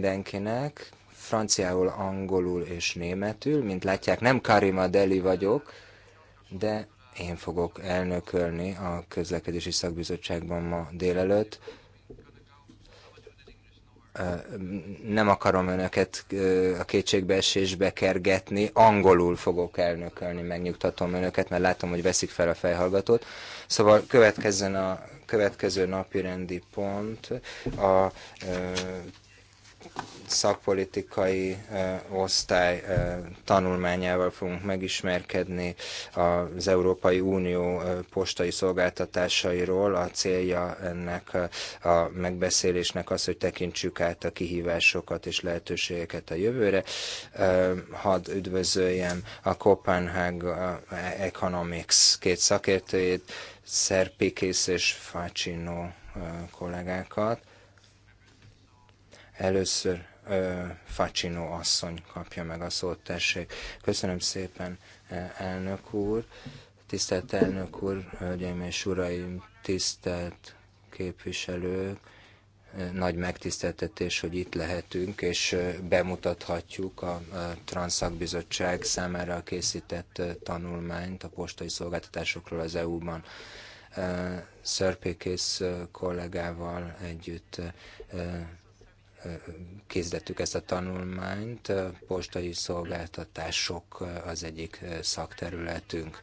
mindenkinek, franciául, angolul és németül. Mint látják, nem Karima Deli vagyok, de én fogok elnökölni a közlekedési szakbizottságban ma délelőtt. Nem akarom önöket a kétségbeesésbe kergetni, angolul fogok elnökölni, megnyugtatom önöket, mert látom, hogy veszik fel a fejhallgatót. Szóval következzen a következő napi rendi pont a szakpolitikai osztály tanulmányával fogunk megismerkedni az Európai Unió postai szolgáltatásairól. A célja ennek a megbeszélésnek az, hogy tekintsük át a kihívásokat és lehetőségeket a jövőre. Hadd üdvözöljem a Copenhagen Economics két szakértőjét, Szerpikész és Facino kollégákat Először Facino asszony kapja meg a szót, tessék. Köszönöm szépen, e, elnök úr. Tisztelt elnök úr, hölgyeim és uraim, tisztelt képviselők, e, nagy megtiszteltetés, hogy itt lehetünk, és bemutathatjuk a Transzakbizottság számára készített tanulmányt a postai szolgáltatásokról az EU-ban. E, Szörpékész kollégával együtt készítettük ezt a tanulmányt, a postai szolgáltatások az egyik szakterületünk.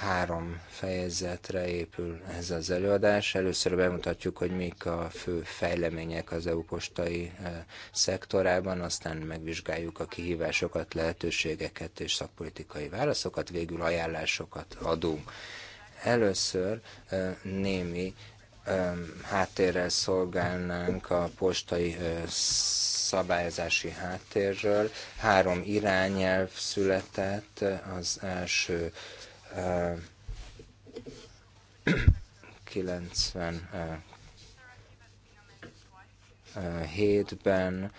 Három fejezetre épül ez az előadás. Először bemutatjuk, hogy mik a fő fejlemények az EU postai e, szektorában, aztán megvizsgáljuk a kihívásokat, lehetőségeket és szakpolitikai válaszokat, végül ajánlásokat adunk. Először e, némi háttérrel szolgálnánk a postai szabályozási háttérről. Három irányelv született, az első 97-ben,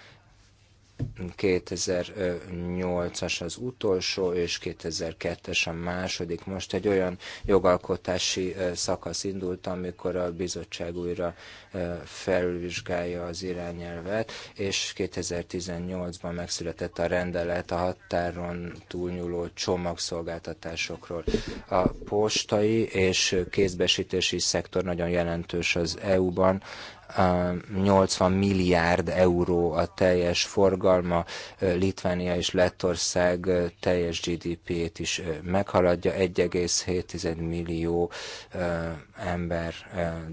2008-as az utolsó, és 2002-es a második. Most egy olyan jogalkotási szakasz indult, amikor a bizottság újra felvizsgálja az irányelvet, és 2018-ban megszületett a rendelet a határon túlnyúló csomagszolgáltatásokról. A postai és kézbesítési szektor nagyon jelentős az EU-ban, 80 milliárd euró a teljes forgalma, Litvánia és Lettország teljes GDP-ét is meghaladja, 1,7 millió ember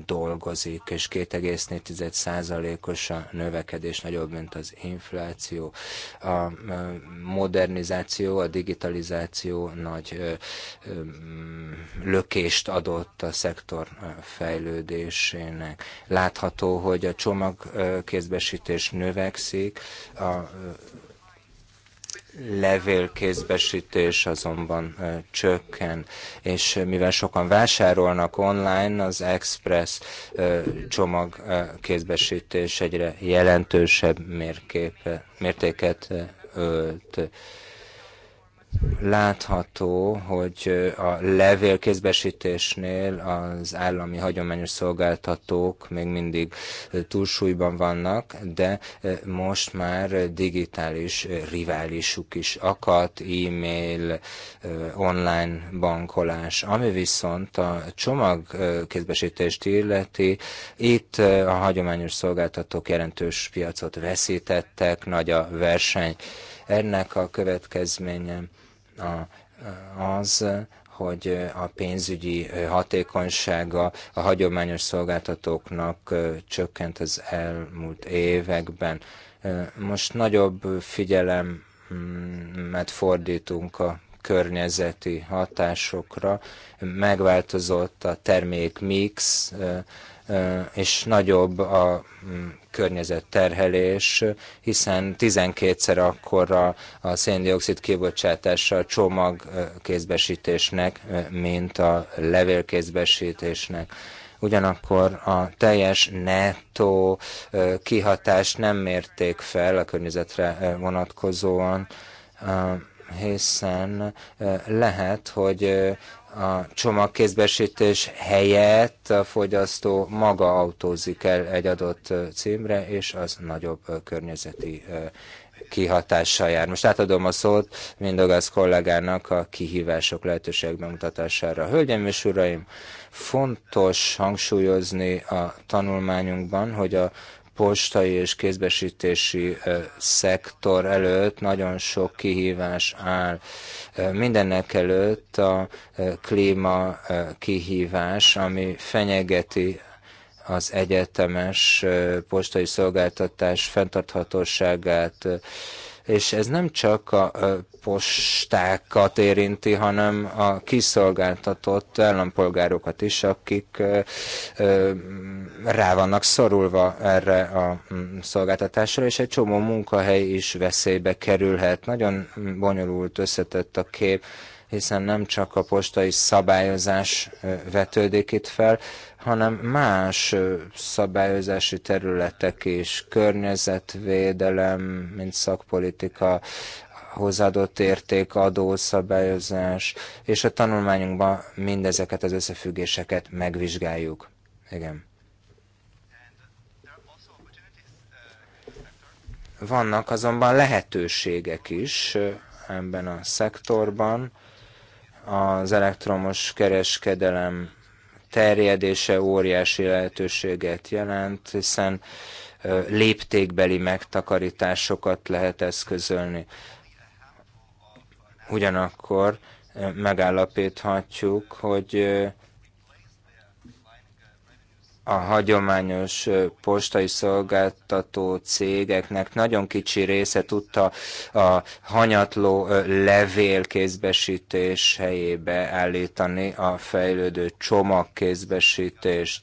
dolgozik, és 2,4%-os a növekedés nagyobb, mint az infláció. A modernizáció, a digitalizáció nagy lökést adott a szektor fejlődésének. Látható, hogy a csomagkézbesítés növekszik, a levélkézbesítés azonban csökken, és mivel sokan vásárolnak online, az express csomag kézbesítés egyre jelentősebb mérképe, mértéket ölt látható, hogy a levélkézbesítésnél az állami hagyományos szolgáltatók még mindig túlsúlyban vannak, de most már digitális riválisuk is akadt, e-mail, online bankolás, ami viszont a csomagkézbesítést illeti, itt a hagyományos szolgáltatók jelentős piacot veszítettek, nagy a verseny. Ennek a következménye a, az, hogy a pénzügyi hatékonysága a hagyományos szolgáltatóknak csökkent az elmúlt években. Most nagyobb figyelemet fordítunk a környezeti hatásokra, megváltozott a termék mix, és nagyobb a mm, környezetterhelés, hiszen 12-szer akkora a széndiokszid kibocsátása a csomagkézbesítésnek, mint a levélkézbesítésnek ugyanakkor a teljes nettó kihatást nem mérték fel a környezetre vonatkozóan, hiszen lehet, hogy a csomagkézbesítés helyett a fogyasztó maga autózik el egy adott címre, és az nagyobb környezeti kihatással jár. Most átadom a szót Mindogász kollégának a kihívások lehetőség bemutatására. Hölgyeim és uraim, fontos hangsúlyozni a tanulmányunkban, hogy a postai és kézbesítési szektor előtt nagyon sok kihívás áll. Mindennek előtt a klíma kihívás, ami fenyegeti az egyetemes postai szolgáltatás fenntarthatóságát, és ez nem csak a postákat érinti, hanem a kiszolgáltatott állampolgárokat is, akik rá vannak szorulva erre a mm, szolgáltatásra, és egy csomó munkahely is veszélybe kerülhet. Nagyon bonyolult, összetett a kép, hiszen nem csak a postai szabályozás vetődik itt fel, hanem más szabályozási területek is, környezetvédelem, mint szakpolitika, hozzáadott érték, adószabályozás, és a tanulmányunkban mindezeket az összefüggéseket megvizsgáljuk. Igen. Vannak azonban lehetőségek is ebben a szektorban. Az elektromos kereskedelem terjedése óriási lehetőséget jelent, hiszen léptékbeli megtakarításokat lehet eszközölni. Ugyanakkor megállapíthatjuk, hogy a hagyományos postai szolgáltató cégeknek nagyon kicsi része tudta a hanyatló levélkézbesítés helyébe állítani a fejlődő csomagkézbesítést.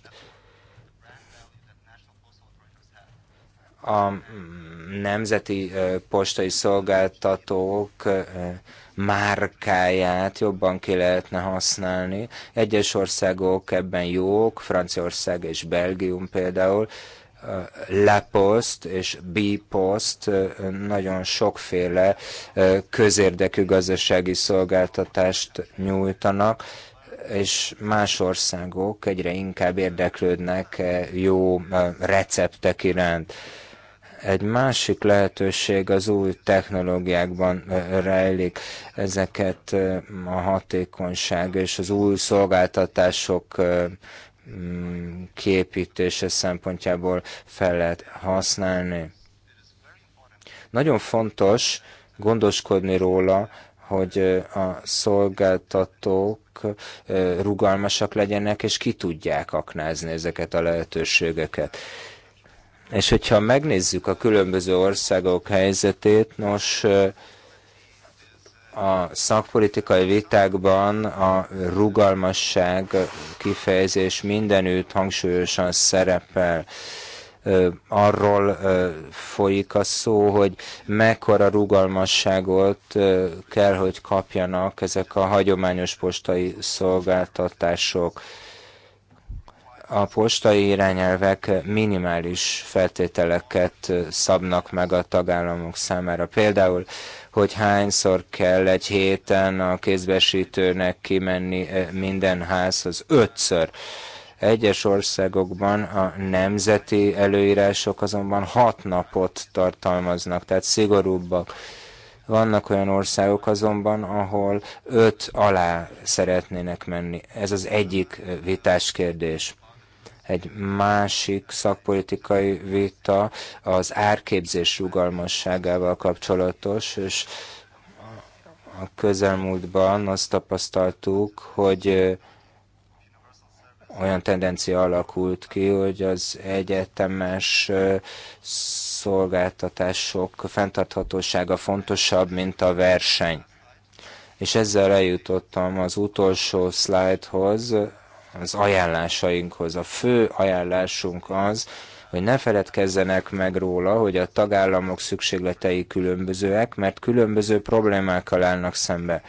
A nemzeti postai szolgáltatók márkáját jobban ki lehetne használni. Egyes országok ebben jók, Franciaország és Belgium például, La Post és B Post nagyon sokféle közérdekű gazdasági szolgáltatást nyújtanak, és más országok egyre inkább érdeklődnek jó receptek iránt egy másik lehetőség az új technológiákban rejlik. Ezeket a hatékonyság és az új szolgáltatások mm, képítése szempontjából fel lehet használni. Nagyon fontos gondoskodni róla, hogy a szolgáltatók rugalmasak legyenek, és ki tudják aknázni ezeket a lehetőségeket. És hogyha megnézzük a különböző országok helyzetét, nos, a szakpolitikai vitákban a rugalmasság kifejezés mindenütt hangsúlyosan szerepel. Arról folyik a szó, hogy mekkora rugalmasságot kell, hogy kapjanak ezek a hagyományos postai szolgáltatások a postai irányelvek minimális feltételeket szabnak meg a tagállamok számára. Például, hogy hányszor kell egy héten a kézbesítőnek kimenni eh, minden házhoz. Ötször. Egyes országokban a nemzeti előírások azonban hat napot tartalmaznak, tehát szigorúbbak. Vannak olyan országok azonban, ahol öt alá szeretnének menni. Ez az egyik eh, vitás kérdés. Egy másik szakpolitikai vita az árképzés rugalmasságával kapcsolatos, és a közelmúltban azt tapasztaltuk, hogy olyan tendencia alakult ki, hogy az egyetemes szolgáltatások fenntarthatósága fontosabb, mint a verseny. És ezzel eljutottam az utolsó szlájdhoz, az ajánlásainkhoz. A fő ajánlásunk az, hogy ne feledkezzenek meg róla, hogy a tagállamok szükségletei különbözőek, mert különböző problémákkal állnak szembe.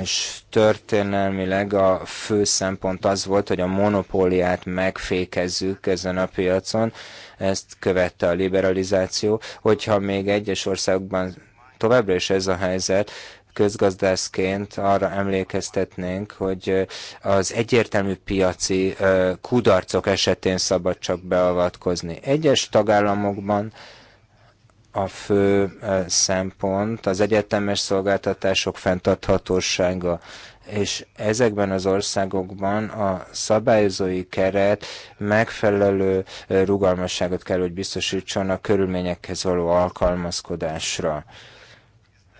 És történelmileg a fő szempont az volt, hogy a monopóliát megfékezzük ezen a piacon, ezt követte a liberalizáció. Hogyha még egyes országokban továbbra is ez a helyzet, közgazdászként arra emlékeztetnénk, hogy az egyértelmű piaci kudarcok esetén szabad csak beavatkozni. Egyes tagállamokban a fő szempont az egyetemes szolgáltatások fenntarthatósága és ezekben az országokban a szabályozói keret megfelelő rugalmasságot kell, hogy biztosítson a körülményekhez való alkalmazkodásra.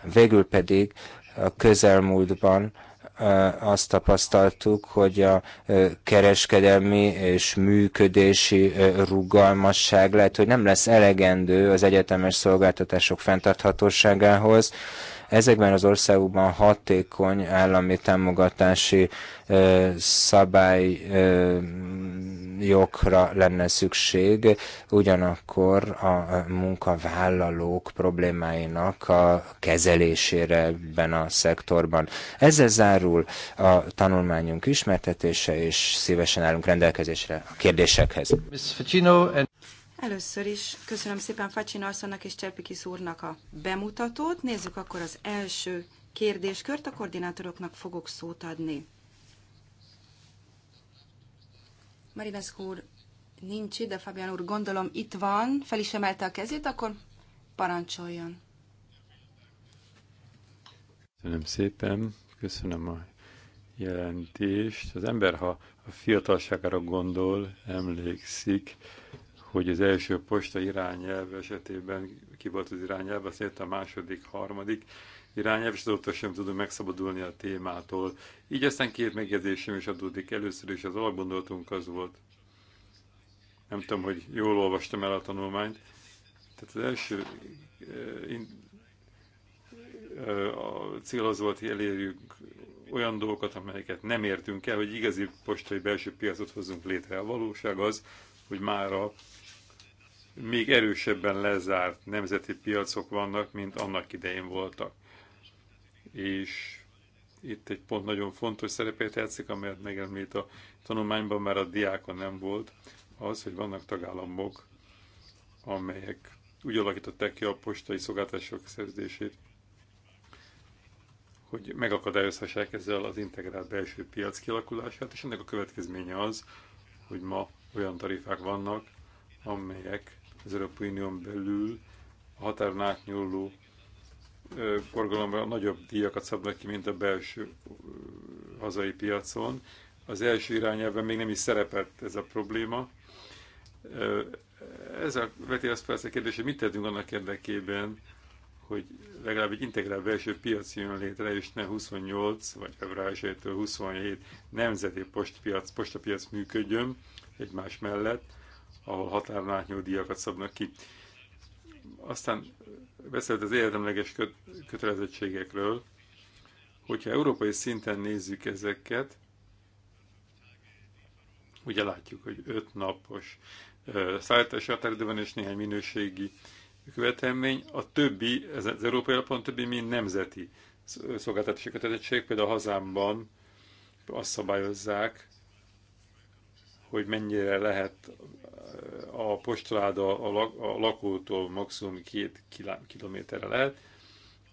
Végül pedig a közelmúltban azt tapasztaltuk, hogy a kereskedelmi és működési rugalmasság lehet, hogy nem lesz elegendő az egyetemes szolgáltatások fenntarthatóságához. Ezekben az országokban hatékony állami támogatási szabály jogra lenne szükség, ugyanakkor a munkavállalók problémáinak a kezelésére ebben a szektorban. Ezzel zárul a tanulmányunk ismertetése, és szívesen állunk rendelkezésre a kérdésekhez. Először is köszönöm szépen Facsina asszonynak és Cserpikis úrnak a bemutatót. Nézzük akkor az első kérdéskört, a koordinátoroknak fogok szót adni. Marinescu úr nincs itt, de Fabián úr gondolom itt van, fel is emelte a kezét, akkor parancsoljon. Köszönöm szépen, köszönöm a jelentést. Az ember, ha a fiatalságára gondol, emlékszik, hogy az első posta irányelv esetében ki volt az irányelv, azt a második, harmadik, irányába, és azóta sem tudom megszabadulni a témától. Így aztán két megjegyzésem is adódik. Először is az alapgondolatunk az volt, nem tudom, hogy jól olvastam el a tanulmányt, tehát az első eh, eh, a cél az volt, hogy elérjük olyan dolgokat, amelyeket nem értünk el, hogy igazi postai belső piacot hozzunk létre. A valóság az, hogy már a még erősebben lezárt nemzeti piacok vannak, mint annak idején voltak és itt egy pont nagyon fontos szerepet játszik, amelyet megemlít a tanulmányban, már a diákon nem volt, az, hogy vannak tagállamok, amelyek úgy alakították ki a postai szolgáltások szerződését, hogy megakadályozhassák ezzel az integrált belső piac kialakulását, és ennek a következménye az, hogy ma olyan tarifák vannak, amelyek az Európai Unión belül a határon átnyúló forgalomra nagyobb díjakat szabnak ki, mint a belső hazai piacon. Az első irányelven még nem is szerepelt ez a probléma. Ez a veti azt fel a kérdés, hogy mit tettünk annak érdekében, hogy legalább egy integrált belső piac jön létre, és ne 28 vagy február 1 27 nemzeti postpiac, postapiac működjön egymás mellett, ahol határnál díjakat szabnak ki. Aztán beszélt az érdemleges köt, kötelezettségekről. Hogyha európai szinten nézzük ezeket, ugye látjuk, hogy öt napos szállítási határidő van, és néhány minőségi követelmény. A többi, ez az európai alapon többi mind nemzeti szolgáltatási kötelezettség. Például a hazámban azt szabályozzák, hogy mennyire lehet a postaláda a, lak, a lakótól maximum két kilométerre lehet,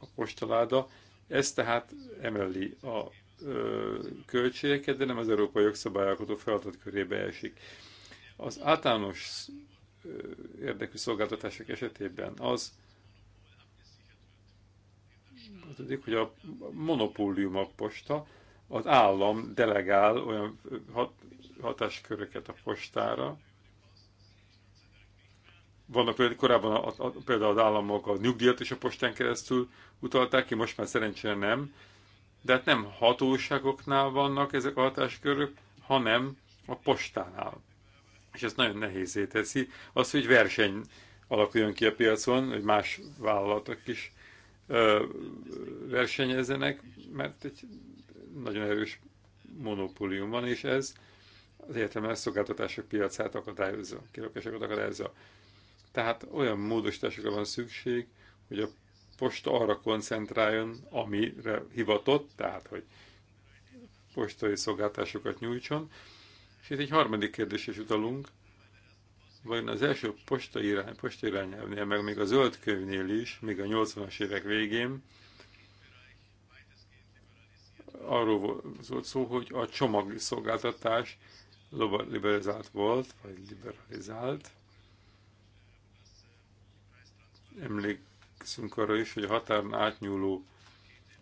a postaláda. Ez tehát emeli a ö, költségeket, de nem az európai jogszabályalkotó feladat körébe esik. Az általános ö, érdekű szolgáltatások esetében az, tudik, hogy a monopólium a posta, az állam delegál olyan hat, hatásköröket a postára, vannak korábban a, a, például az államok a nyugdíjat és a postán keresztül utalták ki, most már szerencsére nem. De hát nem hatóságoknál vannak ezek a hatáskörök, hanem a postánál. És ez nagyon nehézé teszi. Az, hogy verseny alakuljon ki a piacon, hogy más vállalatok is ö, versenyezzenek, mert egy nagyon erős monopólium van, és ez az értelmes szolgáltatások piacát akadályozza, kilökésokat akadályozza. Tehát olyan módosításokra van szükség, hogy a posta arra koncentráljon, amire hivatott, tehát hogy postai szolgáltásokat nyújtson. És itt egy harmadik kérdés is utalunk, vajon az első posta, irány, posta irányelvnél, meg még a zöld könyvnél is, még a 80-as évek végén, arról volt szó, hogy a csomagszolgáltatás liberalizált volt, vagy liberalizált, Emlékszünk arra is, hogy a határon átnyúló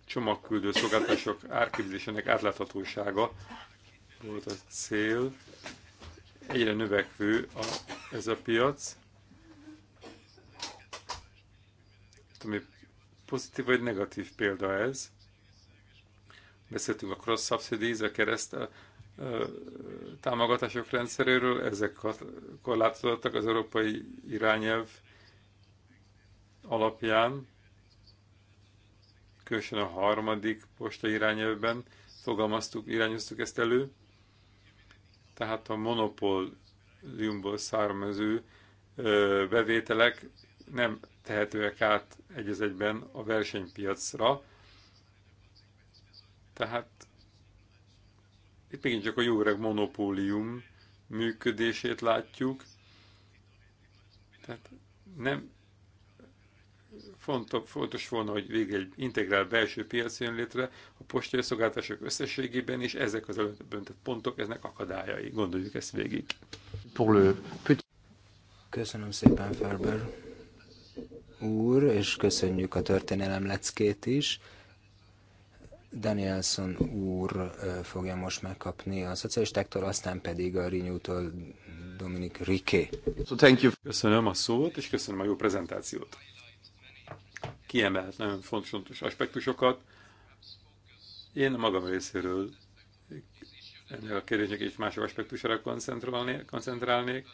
csomagküldő szolgáltatások árképzésének átláthatósága volt a cél. Egyre növekvő a, ez a piac, ami pozitív vagy negatív példa ez. Beszéltünk a cross subsidies, a kereszt a, a, a, támogatások rendszeréről, ezek korlátozottak az európai irányelv alapján, különösen a harmadik posta irányelvben fogalmaztuk, irányoztuk ezt elő, tehát a monopóliumból származó bevételek nem tehetőek át egy az egyben a versenypiacra, tehát itt megint csak a jó öreg monopólium működését látjuk, tehát nem fontos volna, hogy végre egy integrált belső piac jön létre a postai szolgáltatások összességében, és ezek az előbböntött pontok, eznek akadályai. Gondoljuk ezt végig. Köszönöm szépen, Ferber úr, és köszönjük a történelem leckét is. Danielson úr fogja most megkapni a szocialistáktól, aztán pedig a Rinyútól Dominik Riké. So thank you. Köszönöm a szót, és köszönöm a jó prezentációt kiemelt nagyon fontos aspektusokat. Én magam részéről ennél a kérdésnek és mások aspektusra koncentrálnék, koncentrálnék,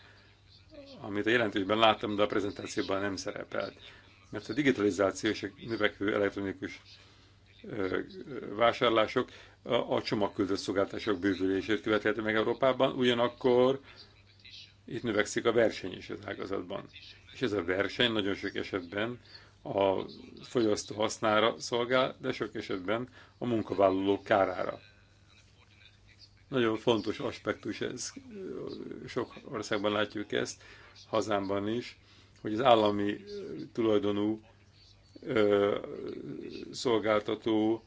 amit a jelentősben láttam, de a prezentációban nem szerepelt. Mert a digitalizáció és a növekvő elektronikus vásárlások a csomagküldő szolgáltatások bővülését követhető meg Európában, ugyanakkor itt növekszik a verseny is az ágazatban. És ez a verseny nagyon sok esetben a fogyasztó hasznára szolgál, de sok esetben a munkavállalók kárára. Nagyon fontos aspektus ez, sok országban látjuk ezt, hazámban is, hogy az állami tulajdonú szolgáltató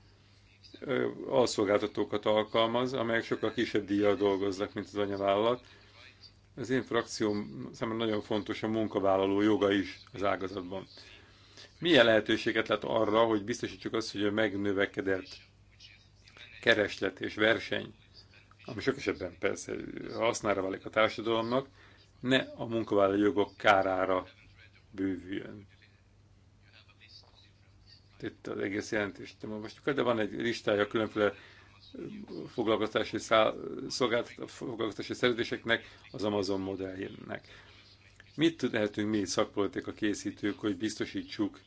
alszolgáltatókat alkalmaz, amelyek sokkal kisebb díjjal dolgoznak, mint az anyavállalat. Az én frakcióm számára nagyon fontos a munkavállaló joga is az ágazatban milyen lehetőséget lát arra, hogy biztosítsuk azt, hogy a megnövekedett kereslet és verseny, ami sok esetben persze hasznára válik a társadalomnak, ne a munkavállalói jogok kárára bővüljön. Itt az egész jelentést nem olvastuk de van egy listája különféle foglalkoztatási, szolgáltatási szerződéseknek, az Amazon modelljének. Mit tudhatunk mi szakpolitika készítők, hogy biztosítsuk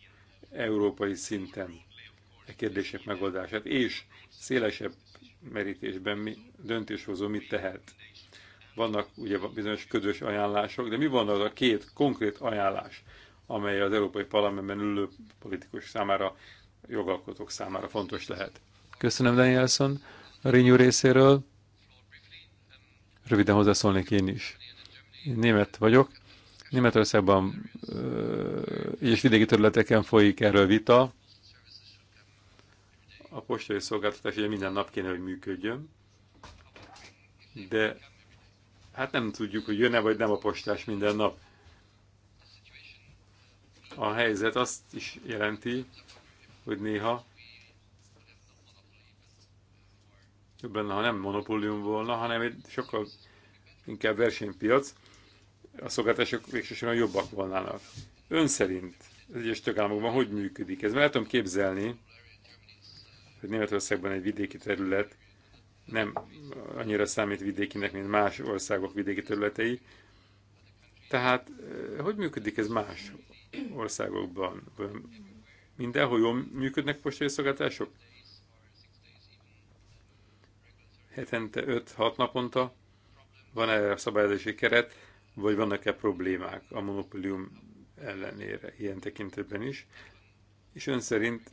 európai szinten a e kérdések megoldását, és szélesebb merítésben mi, döntéshozó mit tehet? Vannak ugye bizonyos közös ajánlások, de mi van az a két konkrét ajánlás, amely az Európai Parlamentben ülő politikus számára, jogalkotók számára fontos lehet? Köszönöm, Danielson. Rinyú részéről röviden hozzászólnék én is. német vagyok, Németországban és vidéki területeken folyik erről vita. A postai szolgáltatás ugye minden nap kéne, hogy működjön, de hát nem tudjuk, hogy jön-e vagy nem a postás minden nap. A helyzet azt is jelenti, hogy néha jobb lenne, ha nem monopólium volna, hanem egy sokkal inkább versenypiac, a szolgáltatások végsősorban jobbak volnának. Ön szerint az egyes tagállamokban hogy működik ez? Mert tudom képzelni, hogy Németországban egy vidéki terület nem annyira számít vidékinek, mint más országok vidéki területei. Tehát eh, hogy működik ez más országokban? Mindenhol jól működnek postai szolgáltatások? Hetente 5-6 naponta van erre a szabályozási keret, vagy vannak-e problémák a monopólium ellenére ilyen tekintetben is. És ön szerint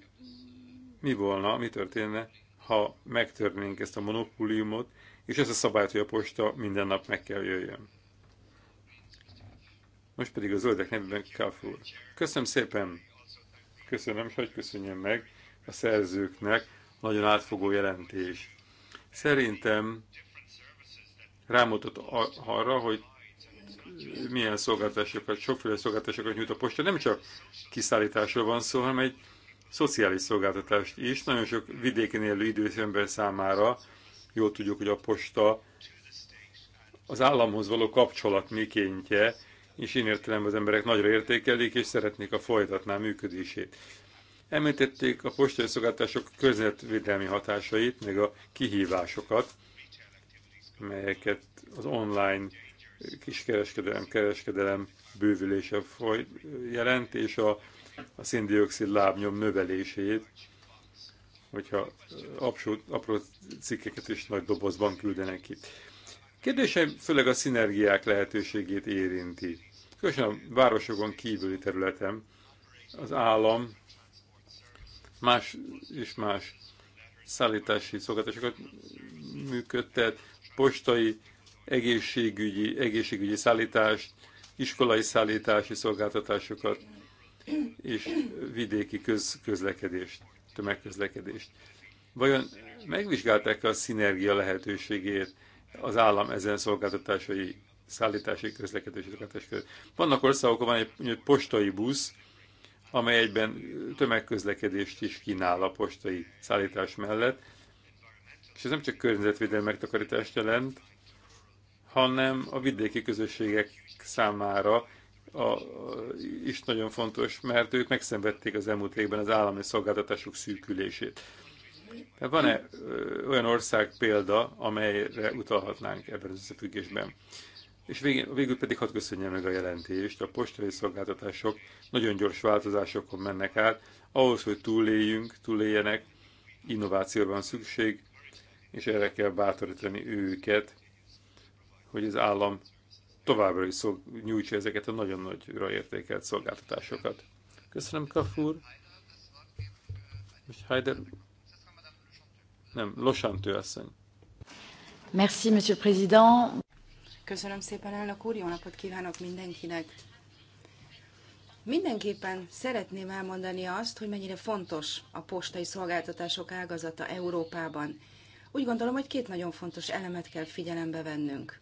mi volna, mi történne, ha megtörnénk ezt a monopóliumot, és ezt a szabályt, hogy a posta minden nap meg kell jöjjön. Most pedig a zöldek nevében Kafur. Köszönöm szépen! Köszönöm, és hogy köszönjem meg a szerzőknek nagyon átfogó jelentés. Szerintem rámutat arra, hogy milyen szolgáltatásokat, sokféle szolgáltatásokat nyújt a posta. Nem csak kiszállításról van szó, hanem egy szociális szolgáltatást is. Nagyon sok vidéken élő idős ember számára jól tudjuk, hogy a posta az államhoz való kapcsolat mikéntje, és én értelemben az emberek nagyra értékelik, és szeretnék a folytatná működését. Említették a postai szolgáltatások környezetvédelmi hatásait, meg a kihívásokat, melyeket az online kiskereskedelem, kereskedelem bővülése jelent, és a, a szindioxid lábnyom növelését, hogyha apró, apró cikkeket is nagy dobozban küldenek ki. Kérdésem főleg a szinergiák lehetőségét érinti. Különösen a városokon kívüli területen az állam más és más szállítási szolgáltatásokat működtet, postai egészségügyi, egészségügyi szállítást, iskolai szállítási szolgáltatásokat és vidéki köz, közlekedést, tömegközlekedést. Vajon megvizsgálták -e a szinergia lehetőségét az állam ezen szolgáltatásai, szállítási közlekedési szolgáltatás között? Vannak országok, van egy, egy postai busz, amely egyben tömegközlekedést is kínál a postai szállítás mellett, és ez nem csak környezetvédelmi megtakarítást jelent, hanem a vidéki közösségek számára a, is nagyon fontos, mert ők megszenvedték az elmúlt évben az állami szolgáltatások szűkülését. Van-e olyan ország példa, amelyre utalhatnánk ebben az összefüggésben? És végül, végül pedig hadd köszönjem meg a jelentést. A postai szolgáltatások nagyon gyors változásokon mennek át. Ahhoz, hogy túléljünk, túléljenek, van szükség, és erre kell bátorítani őket, hogy az állam továbbra is szol, nyújtsa ezeket a nagyon nagyra értékelt szolgáltatásokat. Köszönöm, Kafur. Heider... Nem, Losantő asszony. Merci, Monsieur le Président. Köszönöm szépen, elnök úr, jó napot kívánok mindenkinek. Mindenképpen szeretném elmondani azt, hogy mennyire fontos a postai szolgáltatások ágazata Európában. Úgy gondolom, hogy két nagyon fontos elemet kell figyelembe vennünk.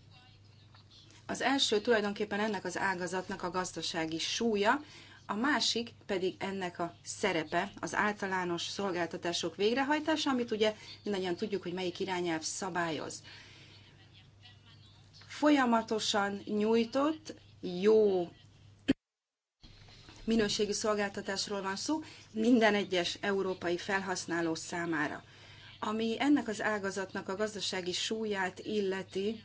Az első tulajdonképpen ennek az ágazatnak a gazdasági súlya, a másik pedig ennek a szerepe, az általános szolgáltatások végrehajtása, amit ugye mindannyian tudjuk, hogy melyik irányelv szabályoz. Folyamatosan nyújtott, jó minőségű szolgáltatásról van szó minden egyes európai felhasználó számára. Ami ennek az ágazatnak a gazdasági súlyát illeti,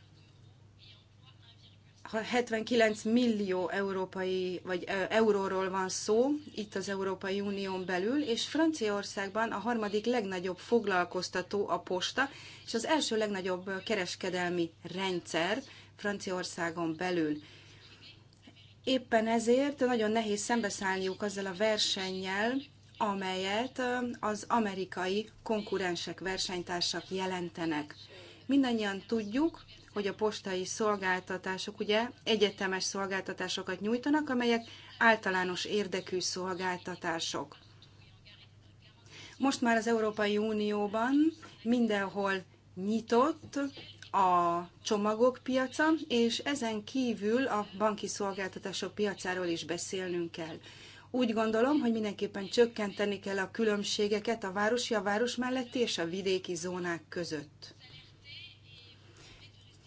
79 millió európai, vagy euróról van szó itt az Európai Unión belül, és Franciaországban a harmadik legnagyobb foglalkoztató a posta, és az első legnagyobb kereskedelmi rendszer Franciaországon belül. Éppen ezért nagyon nehéz szembeszállniuk azzal a versennyel, amelyet az amerikai konkurensek, versenytársak jelentenek. Mindannyian tudjuk, hogy a postai szolgáltatások ugye egyetemes szolgáltatásokat nyújtanak, amelyek általános érdekű szolgáltatások. Most már az Európai Unióban mindenhol nyitott a csomagok piaca, és ezen kívül a banki szolgáltatások piacáról is beszélnünk kell. Úgy gondolom, hogy mindenképpen csökkenteni kell a különbségeket a városi, a város melletti és a vidéki zónák között.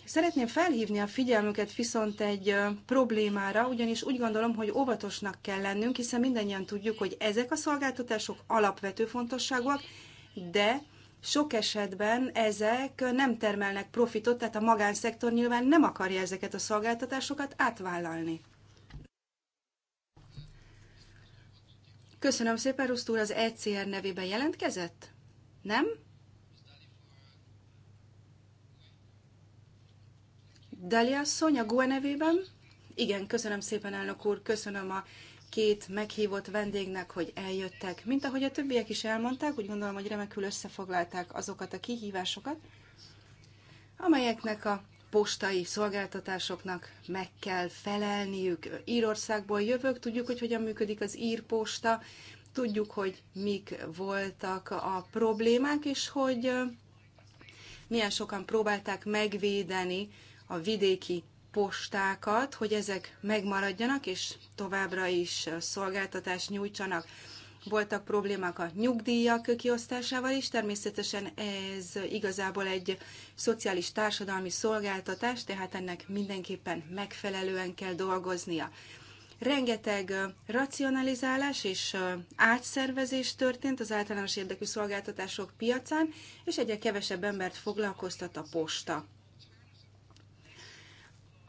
Szeretném felhívni a figyelmüket viszont egy problémára, ugyanis úgy gondolom, hogy óvatosnak kell lennünk, hiszen mindannyian tudjuk, hogy ezek a szolgáltatások alapvető fontosságúak, de sok esetben ezek nem termelnek profitot, tehát a magánszektor nyilván nem akarja ezeket a szolgáltatásokat átvállalni. Köszönöm szépen, Rusztúr az ECR nevében jelentkezett? Nem? Dali asszony a GUE nevében. Igen, köszönöm szépen, elnök úr, köszönöm a két meghívott vendégnek, hogy eljöttek. Mint ahogy a többiek is elmondták, úgy gondolom, hogy remekül összefoglalták azokat a kihívásokat, amelyeknek a postai szolgáltatásoknak meg kell felelniük. Írországból jövök, tudjuk, hogy hogyan működik az írposta, tudjuk, hogy mik voltak a problémák, és hogy milyen sokan próbálták megvédeni a vidéki postákat, hogy ezek megmaradjanak, és továbbra is szolgáltatást nyújtsanak. Voltak problémák a nyugdíjak kiosztásával is, természetesen ez igazából egy szociális társadalmi szolgáltatás, tehát ennek mindenképpen megfelelően kell dolgoznia. Rengeteg racionalizálás és átszervezés történt az általános érdekű szolgáltatások piacán, és egyre kevesebb embert foglalkoztat a posta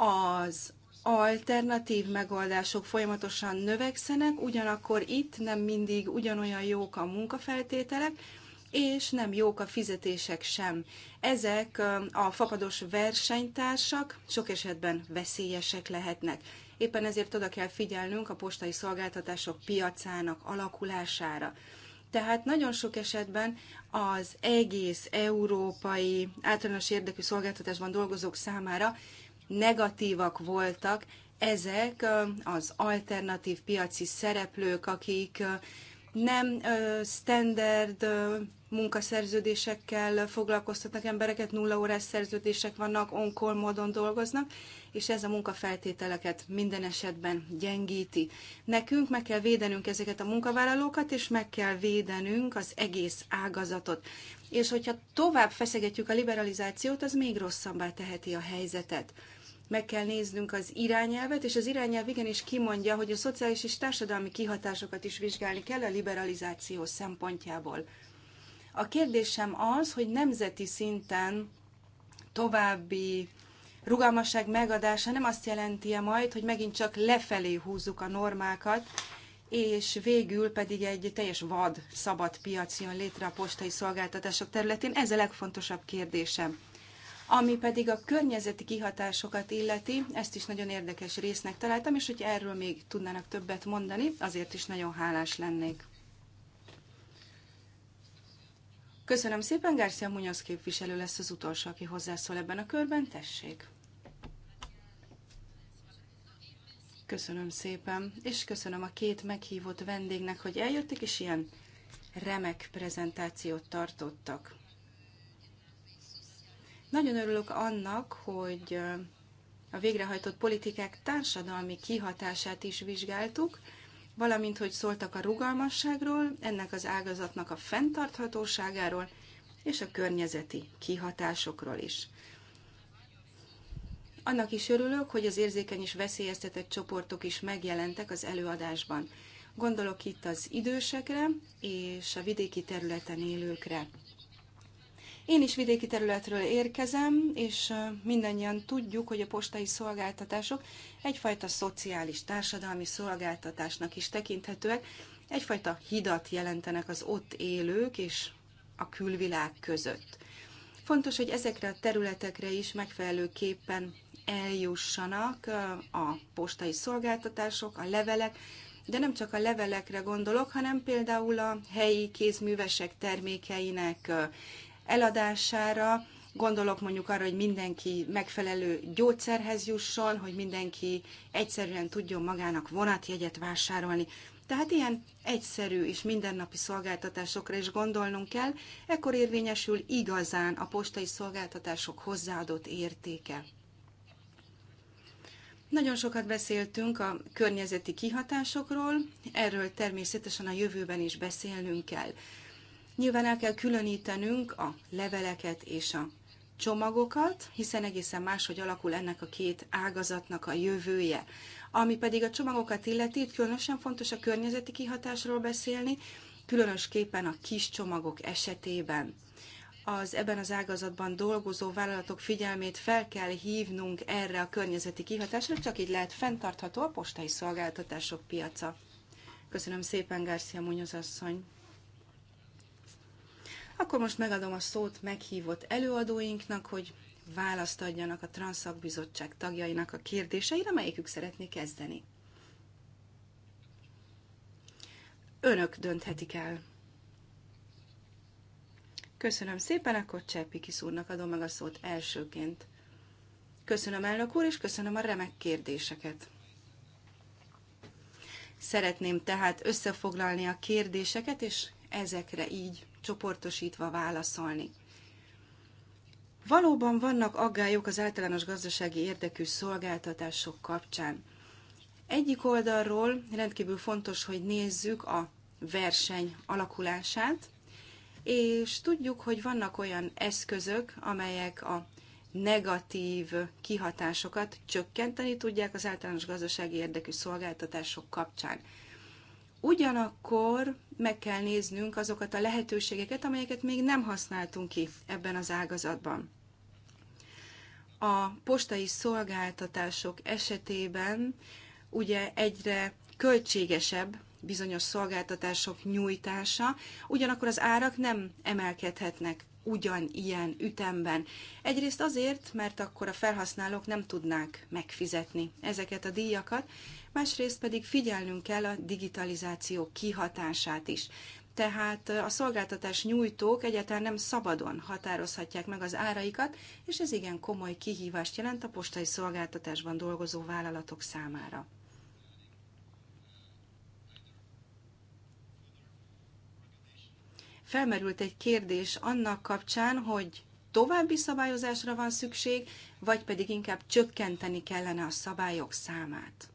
az alternatív megoldások folyamatosan növekszenek, ugyanakkor itt nem mindig ugyanolyan jók a munkafeltételek, és nem jók a fizetések sem. Ezek a fapados versenytársak sok esetben veszélyesek lehetnek. Éppen ezért oda kell figyelnünk a postai szolgáltatások piacának alakulására. Tehát nagyon sok esetben az egész európai általános érdekű szolgáltatásban dolgozók számára negatívak voltak, ezek az alternatív piaci szereplők, akik nem standard munkaszerződésekkel foglalkoztatnak embereket, nulla órás szerződések vannak, onkol módon dolgoznak, és ez a munkafeltételeket minden esetben gyengíti. Nekünk meg kell védenünk ezeket a munkavállalókat, és meg kell védenünk az egész ágazatot. És hogyha tovább feszegetjük a liberalizációt, az még rosszabbá teheti a helyzetet meg kell néznünk az irányelvet, és az irányelv igenis kimondja, hogy a szociális és társadalmi kihatásokat is vizsgálni kell a liberalizáció szempontjából. A kérdésem az, hogy nemzeti szinten további rugalmasság megadása nem azt jelenti -e majd, hogy megint csak lefelé húzzuk a normákat, és végül pedig egy teljes vad, szabad piac jön létre a postai szolgáltatások területén. Ez a legfontosabb kérdésem. Ami pedig a környezeti kihatásokat illeti, ezt is nagyon érdekes résznek találtam, és hogy erről még tudnának többet mondani, azért is nagyon hálás lennék. Köszönöm szépen, Garcia Munoz képviselő lesz az utolsó, aki hozzászól ebben a körben. Tessék! Köszönöm szépen, és köszönöm a két meghívott vendégnek, hogy eljöttek, és ilyen remek prezentációt tartottak. Nagyon örülök annak, hogy a végrehajtott politikák társadalmi kihatását is vizsgáltuk, valamint hogy szóltak a rugalmasságról, ennek az ágazatnak a fenntarthatóságáról és a környezeti kihatásokról is. Annak is örülök, hogy az érzékeny és veszélyeztetett csoportok is megjelentek az előadásban. Gondolok itt az idősekre és a vidéki területen élőkre. Én is vidéki területről érkezem, és mindannyian tudjuk, hogy a postai szolgáltatások egyfajta szociális, társadalmi szolgáltatásnak is tekinthetőek, egyfajta hidat jelentenek az ott élők és a külvilág között. Fontos, hogy ezekre a területekre is megfelelőképpen eljussanak a postai szolgáltatások, a levelek, de nem csak a levelekre gondolok, hanem például a helyi kézművesek termékeinek eladására, gondolok mondjuk arra, hogy mindenki megfelelő gyógyszerhez jusson, hogy mindenki egyszerűen tudjon magának vonatjegyet vásárolni. Tehát ilyen egyszerű és mindennapi szolgáltatásokra is gondolnunk kell, ekkor érvényesül igazán a postai szolgáltatások hozzáadott értéke. Nagyon sokat beszéltünk a környezeti kihatásokról, erről természetesen a jövőben is beszélnünk kell. Nyilván el kell különítenünk a leveleket és a csomagokat, hiszen egészen máshogy alakul ennek a két ágazatnak a jövője. Ami pedig a csomagokat illeti, itt különösen fontos a környezeti kihatásról beszélni, különösképpen a kis csomagok esetében. Az ebben az ágazatban dolgozó vállalatok figyelmét fel kell hívnunk erre a környezeti kihatásra, csak így lehet fenntartható a postai szolgáltatások piaca. Köszönöm szépen, Garcia Munoz asszony! Akkor most megadom a szót meghívott előadóinknak, hogy választ adjanak a Transzakbizottság tagjainak a kérdéseire, melyikük szeretné kezdeni. Önök dönthetik el. Köszönöm szépen, akkor Cseppi kiszúrnak adom meg a szót elsőként. Köszönöm elnök úr, és köszönöm a remek kérdéseket. Szeretném tehát összefoglalni a kérdéseket, és ezekre így csoportosítva válaszolni. Valóban vannak aggályok az általános gazdasági érdekű szolgáltatások kapcsán. Egyik oldalról rendkívül fontos, hogy nézzük a verseny alakulását, és tudjuk, hogy vannak olyan eszközök, amelyek a negatív kihatásokat csökkenteni tudják az általános gazdasági érdekű szolgáltatások kapcsán. Ugyanakkor meg kell néznünk azokat a lehetőségeket, amelyeket még nem használtunk ki ebben az ágazatban. A postai szolgáltatások esetében ugye egyre költségesebb bizonyos szolgáltatások nyújtása, ugyanakkor az árak nem emelkedhetnek ugyanilyen ütemben. Egyrészt azért, mert akkor a felhasználók nem tudnák megfizetni ezeket a díjakat, másrészt pedig figyelnünk kell a digitalizáció kihatását is. Tehát a szolgáltatás nyújtók egyáltalán nem szabadon határozhatják meg az áraikat, és ez igen komoly kihívást jelent a postai szolgáltatásban dolgozó vállalatok számára. felmerült egy kérdés annak kapcsán, hogy további szabályozásra van szükség, vagy pedig inkább csökkenteni kellene a szabályok számát.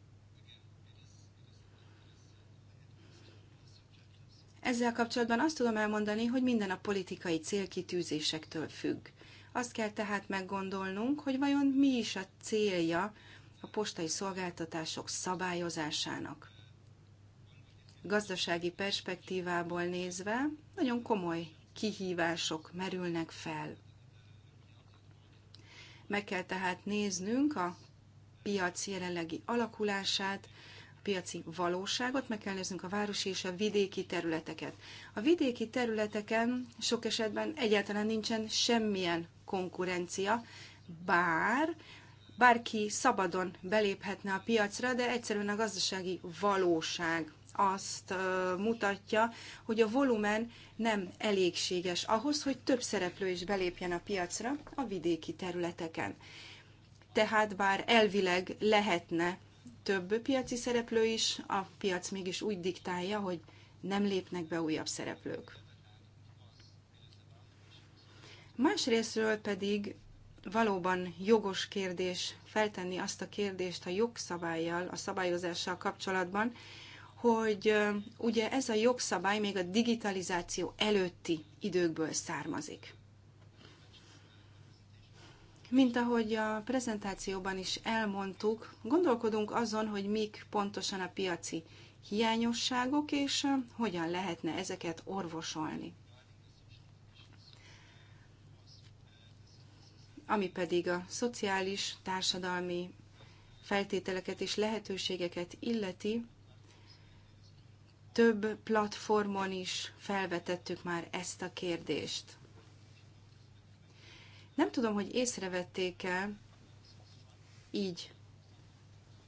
Ezzel kapcsolatban azt tudom elmondani, hogy minden a politikai célkitűzésektől függ. Azt kell tehát meggondolnunk, hogy vajon mi is a célja a postai szolgáltatások szabályozásának gazdasági perspektívából nézve nagyon komoly kihívások merülnek fel. Meg kell tehát néznünk a piac jelenlegi alakulását, a piaci valóságot, meg kell néznünk a városi és a vidéki területeket. A vidéki területeken sok esetben egyáltalán nincsen semmilyen konkurencia, bár bárki szabadon beléphetne a piacra, de egyszerűen a gazdasági valóság azt mutatja, hogy a volumen nem elégséges ahhoz, hogy több szereplő is belépjen a piacra a vidéki területeken. Tehát bár elvileg lehetne több piaci szereplő is, a piac mégis úgy diktálja, hogy nem lépnek be újabb szereplők. Másrésztről pedig valóban jogos kérdés feltenni azt a kérdést a jogszabályjal, a szabályozással kapcsolatban, hogy ugye ez a jogszabály még a digitalizáció előtti időkből származik. Mint ahogy a prezentációban is elmondtuk, gondolkodunk azon, hogy mik pontosan a piaci hiányosságok, és hogyan lehetne ezeket orvosolni. Ami pedig a szociális, társadalmi feltételeket és lehetőségeket illeti, több platformon is felvetettük már ezt a kérdést. Nem tudom, hogy észrevették-e így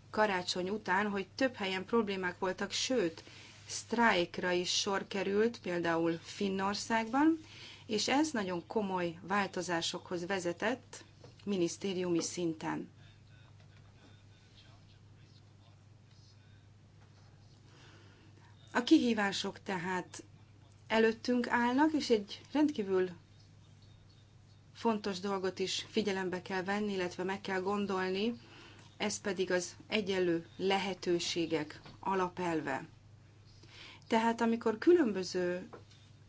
karácsony után, hogy több helyen problémák voltak, sőt, sztrájkra is sor került, például Finnországban, és ez nagyon komoly változásokhoz vezetett minisztériumi szinten. A kihívások tehát előttünk állnak, és egy rendkívül fontos dolgot is figyelembe kell venni, illetve meg kell gondolni, ez pedig az egyenlő lehetőségek alapelve. Tehát amikor különböző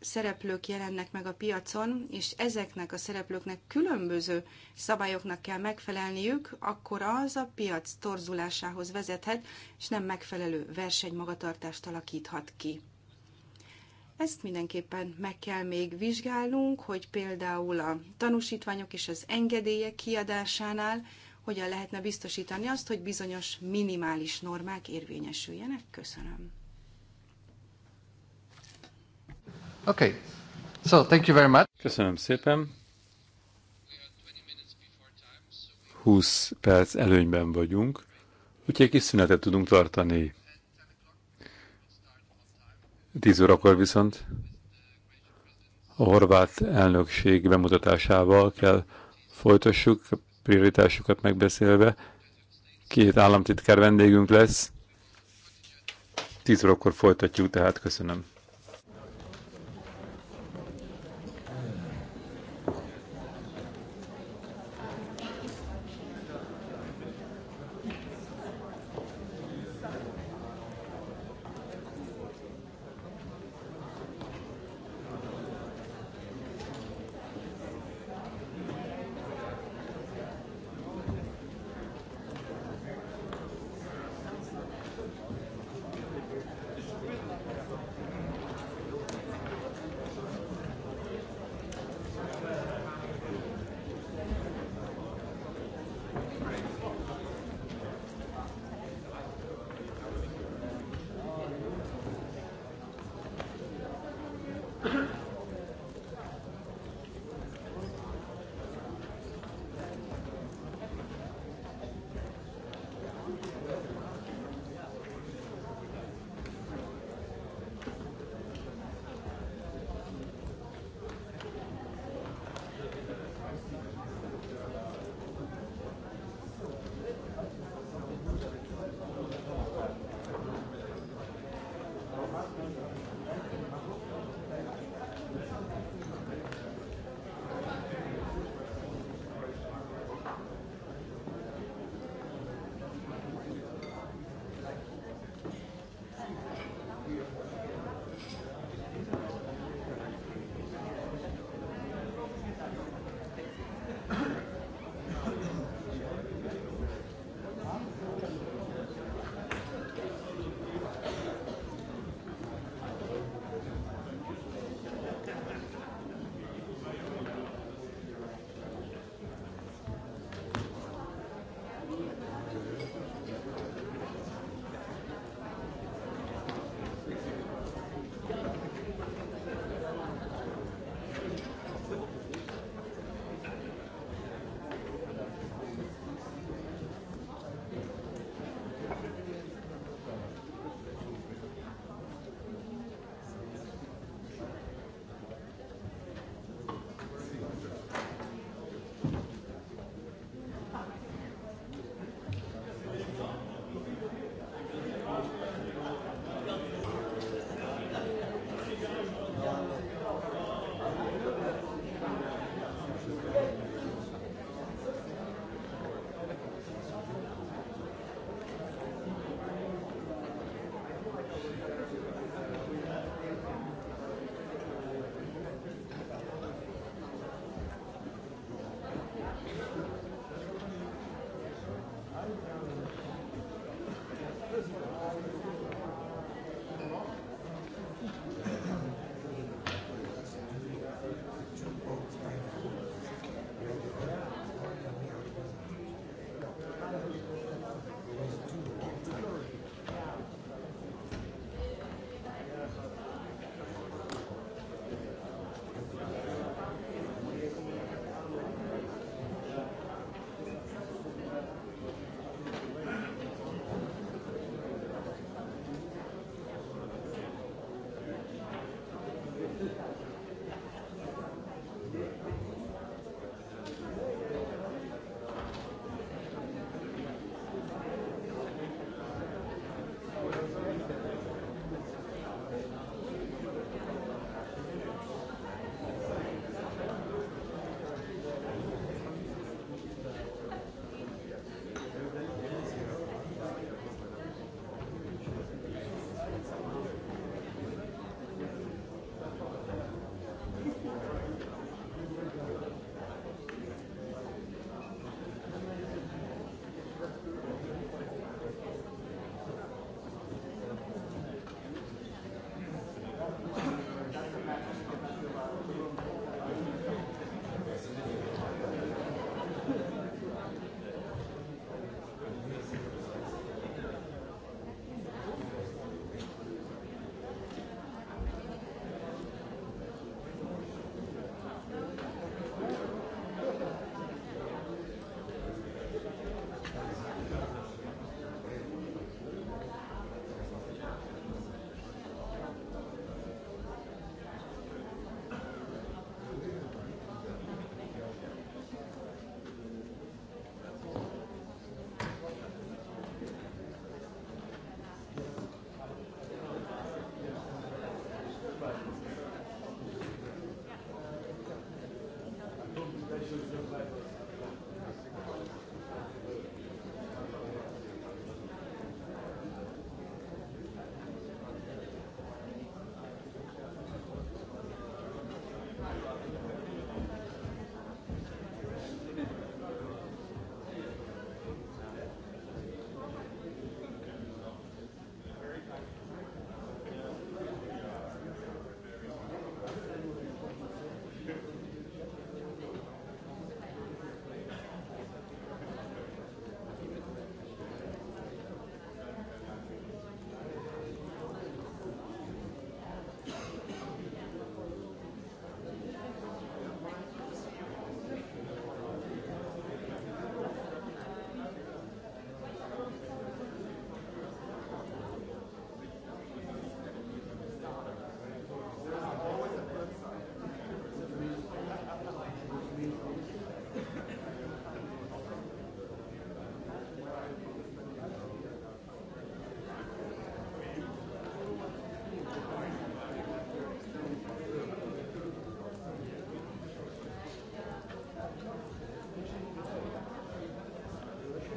szereplők jelennek meg a piacon, és ezeknek a szereplőknek különböző szabályoknak kell megfelelniük, akkor az a piac torzulásához vezethet, és nem megfelelő versenymagatartást alakíthat ki. Ezt mindenképpen meg kell még vizsgálnunk, hogy például a tanúsítványok és az engedélyek kiadásánál hogyan lehetne biztosítani azt, hogy bizonyos minimális normák érvényesüljenek. Köszönöm. Okay. So, thank you very much. Köszönöm szépen. 20 perc előnyben vagyunk, úgyhogy kis szünetet tudunk tartani. 10 órakor viszont a horvát elnökség bemutatásával kell folytassuk, a prioritásokat megbeszélve. Két államtitkár vendégünk lesz. 10 órakor folytatjuk, tehát köszönöm.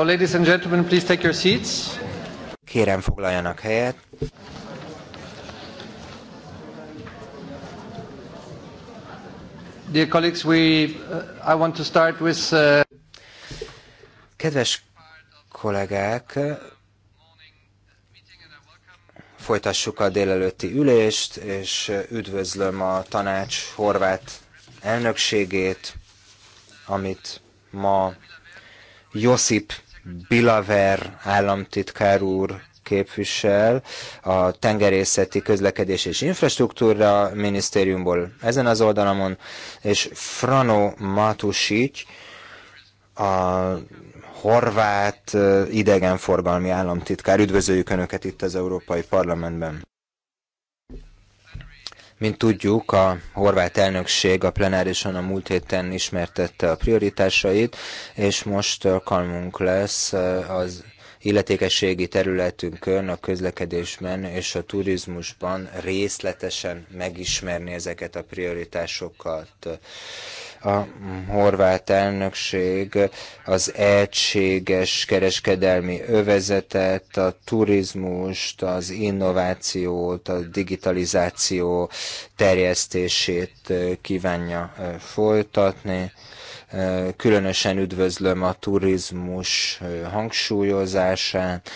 So, ladies and gentlemen, please take your seats. Kérem, foglaljanak helyet. Dear colleagues, we, uh, I want to start with... Uh... Kedves kollégák, folytassuk a délelőtti ülést, és üdvözlöm a tanács horvát elnökségét, amit ma Josip Bilaver államtitkár úr képvisel a Tengerészeti Közlekedés és Infrastruktúra Minisztériumból ezen az oldalamon, és Frano Matusic, a horvát idegenforgalmi államtitkár. Üdvözöljük Önöket itt az Európai Parlamentben. Mint tudjuk, a horvát elnökség a plenárison a múlt héten ismertette a prioritásait, és most alkalmunk lesz az illetékességi területünkön, a közlekedésben és a turizmusban részletesen megismerni ezeket a prioritásokat a horvát elnökség az egységes kereskedelmi övezetet, a turizmust, az innovációt, a digitalizáció terjesztését kívánja eh, folytatni Különösen üdvözlöm a turizmus hangsúlyozását,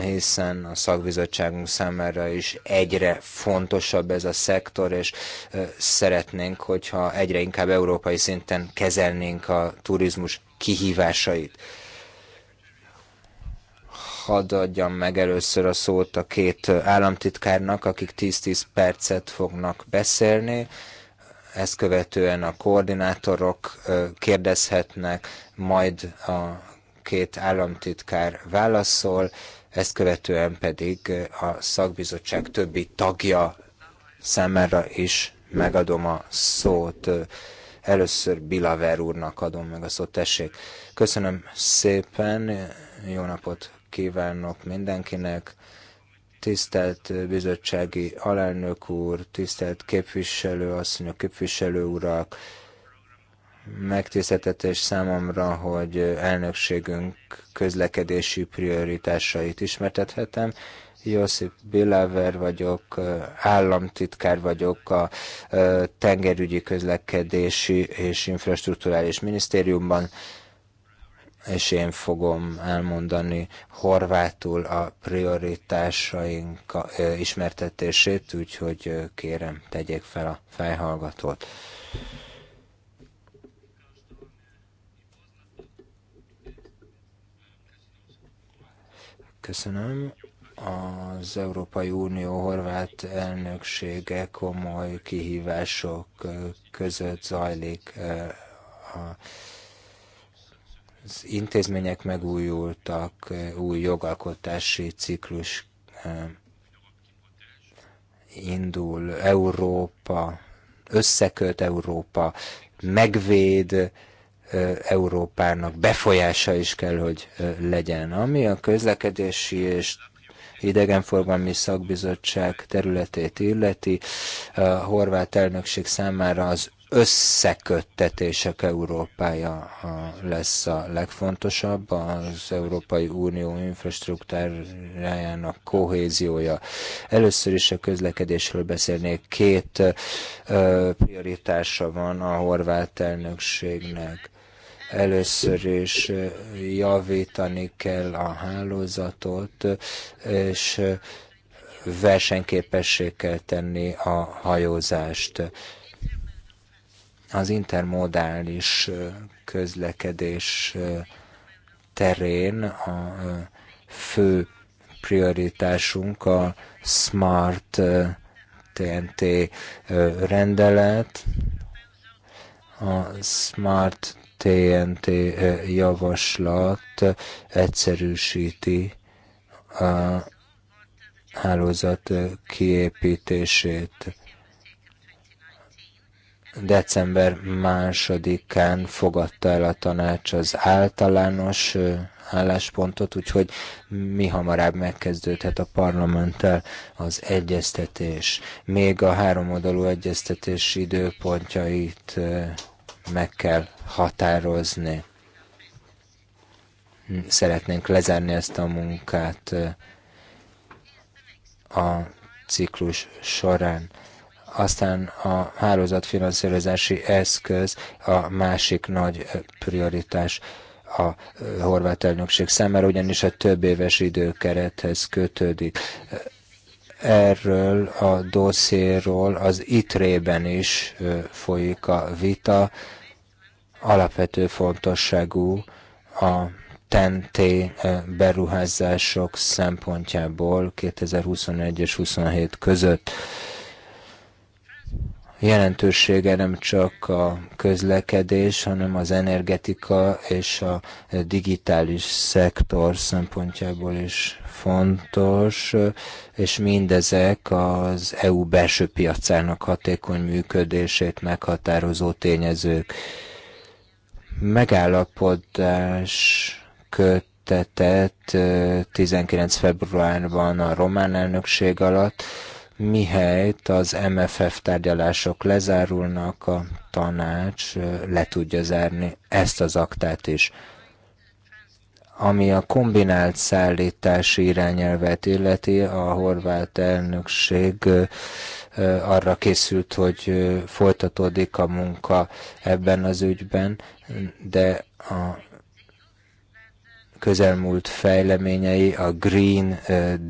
hiszen a szakbizottságunk számára is egyre fontosabb ez a szektor, és szeretnénk, hogyha egyre inkább európai szinten kezelnénk a turizmus kihívásait hadd adjam meg először a szót a két államtitkárnak, akik 10-10 percet fognak beszélni, ezt követően a koordinátorok kérdezhetnek, majd a két államtitkár válaszol, ezt követően pedig a szakbizottság többi tagja számára is megadom a szót. Először Bilaver úrnak adom meg a szót, tessék. Köszönöm szépen, jó napot kívánok mindenkinek. Tisztelt bizottsági alelnök úr, tisztelt képviselő asszonyok, képviselő urak, megtiszteltetés számomra, hogy elnökségünk közlekedési prioritásait ismertethetem. Josip Bilaver vagyok, államtitkár vagyok a tengerügyi közlekedési és infrastruktúrális minisztériumban és én fogom elmondani horvátul a prioritásaink ismertetését, úgyhogy kérem, tegyék fel a fejhallgatót. Köszönöm az Európai Unió horvát elnöksége komoly kihívások között zajlik a az intézmények megújultak, új jogalkotási ciklus indul, Európa, összeköt Európa, megvéd Európának, befolyása is kell, hogy legyen. Ami a közlekedési és idegenforgalmi szakbizottság területét illeti. A horvát elnökség számára az összeköttetések Európája lesz a legfontosabb, az Európai Unió infrastruktúrájának kohéziója. Először is a közlekedésről beszélnék. Két ö, prioritása van a horvát elnökségnek. Először is javítani kell a hálózatot, és versenyképessé kell tenni a hajózást az intermodális közlekedés terén a fő prioritásunk a Smart TNT rendelet, a Smart TNT javaslat egyszerűsíti a hálózat kiépítését December másodikán fogadta el a tanács az általános álláspontot, úgyhogy mi hamarabb megkezdődhet a parlamenttel az egyeztetés. Még a háromoldalú egyeztetés időpontjait meg kell határozni. Szeretnénk lezárni ezt a munkát a ciklus során. Aztán a hálózatfinanszírozási eszköz a másik nagy prioritás a horvát elnökség számára, ugyanis a több éves időkerethez kötődik. Erről a dosszéről az ITRE-ben is folyik a vita, alapvető fontosságú a TNT beruházások szempontjából 2021 és 27 között jelentősége nem csak a közlekedés, hanem az energetika és a digitális szektor szempontjából is fontos, és mindezek az EU belső piacának hatékony működését meghatározó tényezők. Megállapodás köt 19. februárban a román elnökség alatt, mihelyt az MFF tárgyalások lezárulnak, a tanács le tudja zárni ezt az aktát is. Ami a kombinált szállítási irányelvet illeti, a horvát elnökség arra készült, hogy folytatódik a munka ebben az ügyben, de a közelmúlt fejleményei, a Green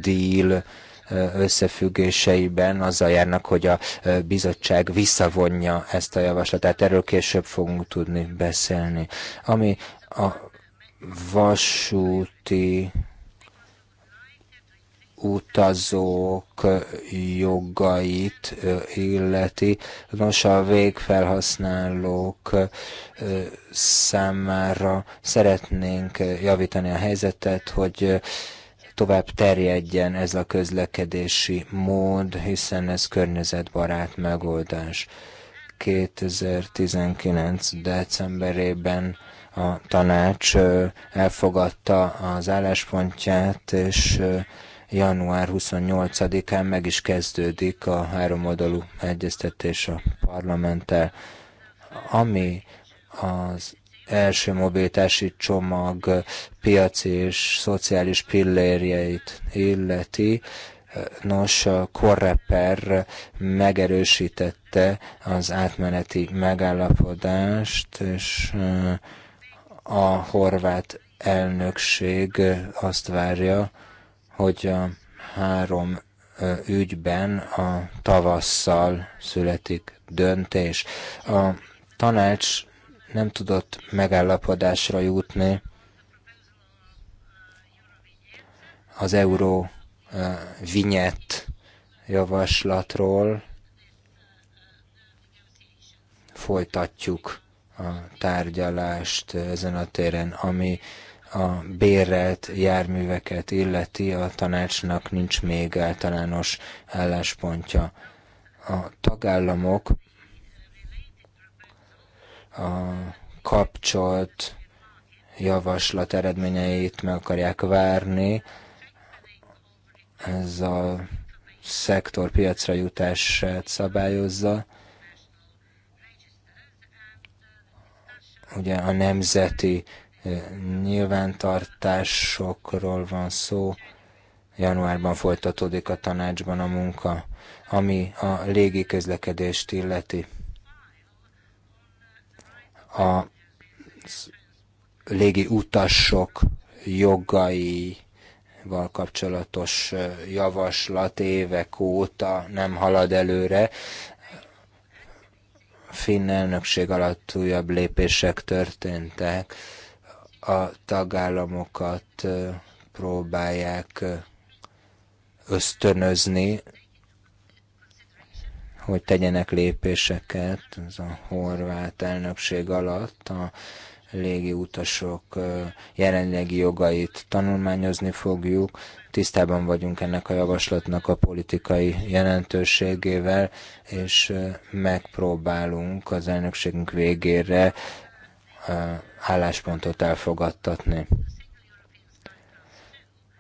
Deal összefüggéseiben azzal járnak, hogy a bizottság visszavonja ezt a javaslatát. Erről később fogunk tudni beszélni. Ami a vasúti utazók jogait illeti. Nos, a végfelhasználók számára szeretnénk javítani a helyzetet, hogy tovább terjedjen ez a közlekedési mód, hiszen ez környezetbarát megoldás. 2019. decemberében a tanács elfogadta az álláspontját, és január 28-án meg is kezdődik a háromoldalú egyeztetés a parlamenttel, ami az első mobilitási csomag piaci és szociális pillérjeit illeti, Nos, a Korreper megerősítette az átmeneti megállapodást, és a horvát elnökség azt várja, hogy a három ügyben a tavasszal születik döntés. A tanács nem tudott megállapodásra jutni az euró vinyett javaslatról. Folytatjuk a tárgyalást ezen a téren, ami a bérelt járműveket illeti, a tanácsnak nincs még általános álláspontja. A tagállamok a kapcsolt javaslat eredményeit meg akarják várni. Ez a szektor piacra jutását szabályozza. Ugye a nemzeti nyilvántartásokról van szó. Januárban folytatódik a tanácsban a munka, ami a légiközlekedést illeti a légi utasok jogai kapcsolatos javaslat évek óta nem halad előre. Finn elnökség alatt újabb lépések történtek. A tagállamokat próbálják ösztönözni hogy tegyenek lépéseket ez a horvát elnökség alatt a légi utasok jelenlegi jogait tanulmányozni fogjuk. Tisztában vagyunk ennek a javaslatnak a politikai jelentőségével, és megpróbálunk az elnökségünk végére álláspontot elfogadtatni.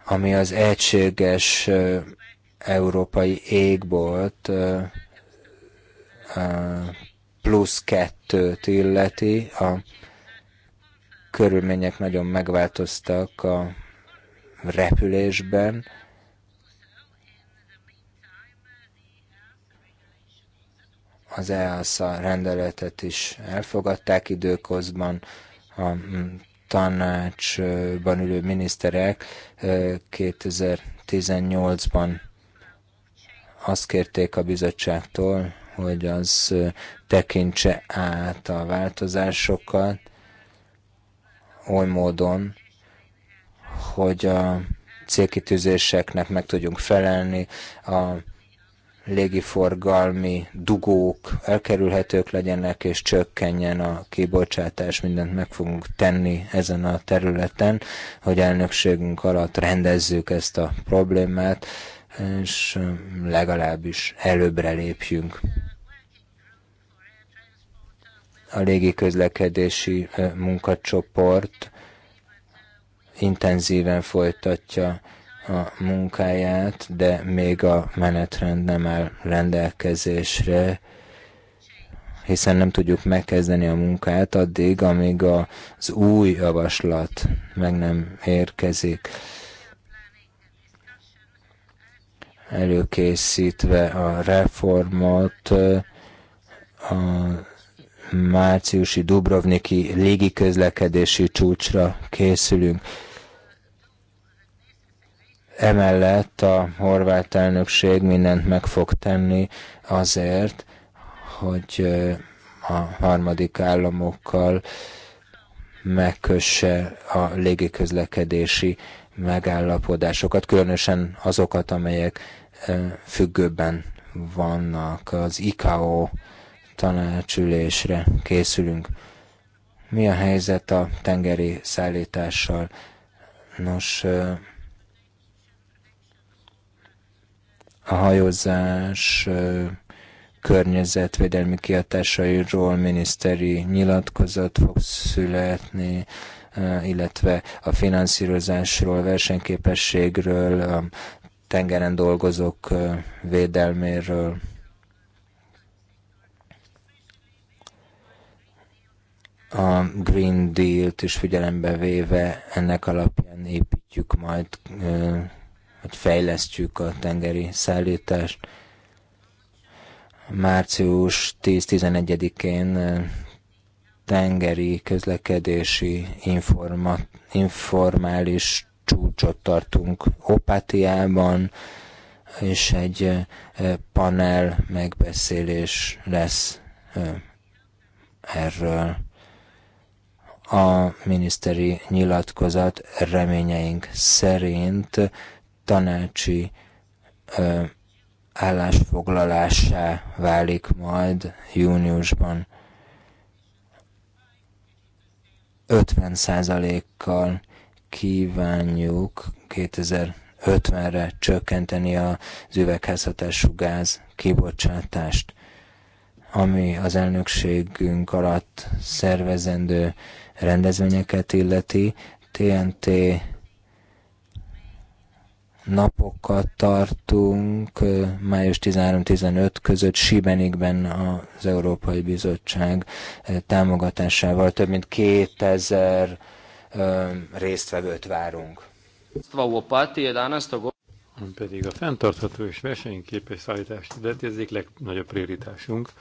Ami az egységes európai égbolt plusz kettőt illeti, a körülmények nagyon megváltoztak a repülésben, az EASA rendeletet is elfogadták időközben, a tanácsban ülő miniszterek 2018-ban azt kérték a bizottságtól, hogy az tekintse át a változásokat oly módon, hogy a célkitűzéseknek meg tudjunk felelni, a légiforgalmi dugók elkerülhetők legyenek, és csökkenjen a kibocsátás, mindent meg fogunk tenni ezen a területen, hogy elnökségünk alatt rendezzük ezt a problémát, és legalábbis előbbre lépjünk. A légi közlekedési munkacsoport intenzíven folytatja a munkáját, de még a menetrend nem áll rendelkezésre, hiszen nem tudjuk megkezdeni a munkát addig, amíg az új javaslat meg nem érkezik. Előkészítve a reformot, a márciusi Dubrovniki légiközlekedési csúcsra készülünk. Emellett a horvát elnökség mindent meg fog tenni azért, hogy a harmadik államokkal megkösse a légiközlekedési megállapodásokat, különösen azokat, amelyek függőben vannak az ICAO tanácsülésre készülünk. Mi a helyzet a tengeri szállítással? Nos, a hajózás környezetvédelmi kiadásairól miniszteri nyilatkozat fog születni, illetve a finanszírozásról, versenyképességről, a tengeren dolgozók védelméről. a Green Deal-t is figyelembe véve ennek alapján építjük majd, hogy fejlesztjük a tengeri szállítást. Március 10-11-én tengeri közlekedési informa, informális csúcsot tartunk Opátiában, és egy panel megbeszélés lesz erről a miniszteri nyilatkozat reményeink szerint tanácsi ö, állásfoglalásá válik majd júniusban. 50%-kal kívánjuk 2050-re csökkenteni az üvegházhatású gáz kibocsátást, ami az elnökségünk alatt szervezendő rendezvényeket illeti, TNT napokat tartunk május 13-15 között Sibenikben az Európai Bizottság támogatásával több mint 2000 résztvevőt várunk. Pedig a fenntartható és versenyképes szállítást illeti ez egyik legnagyobb prioritásunk,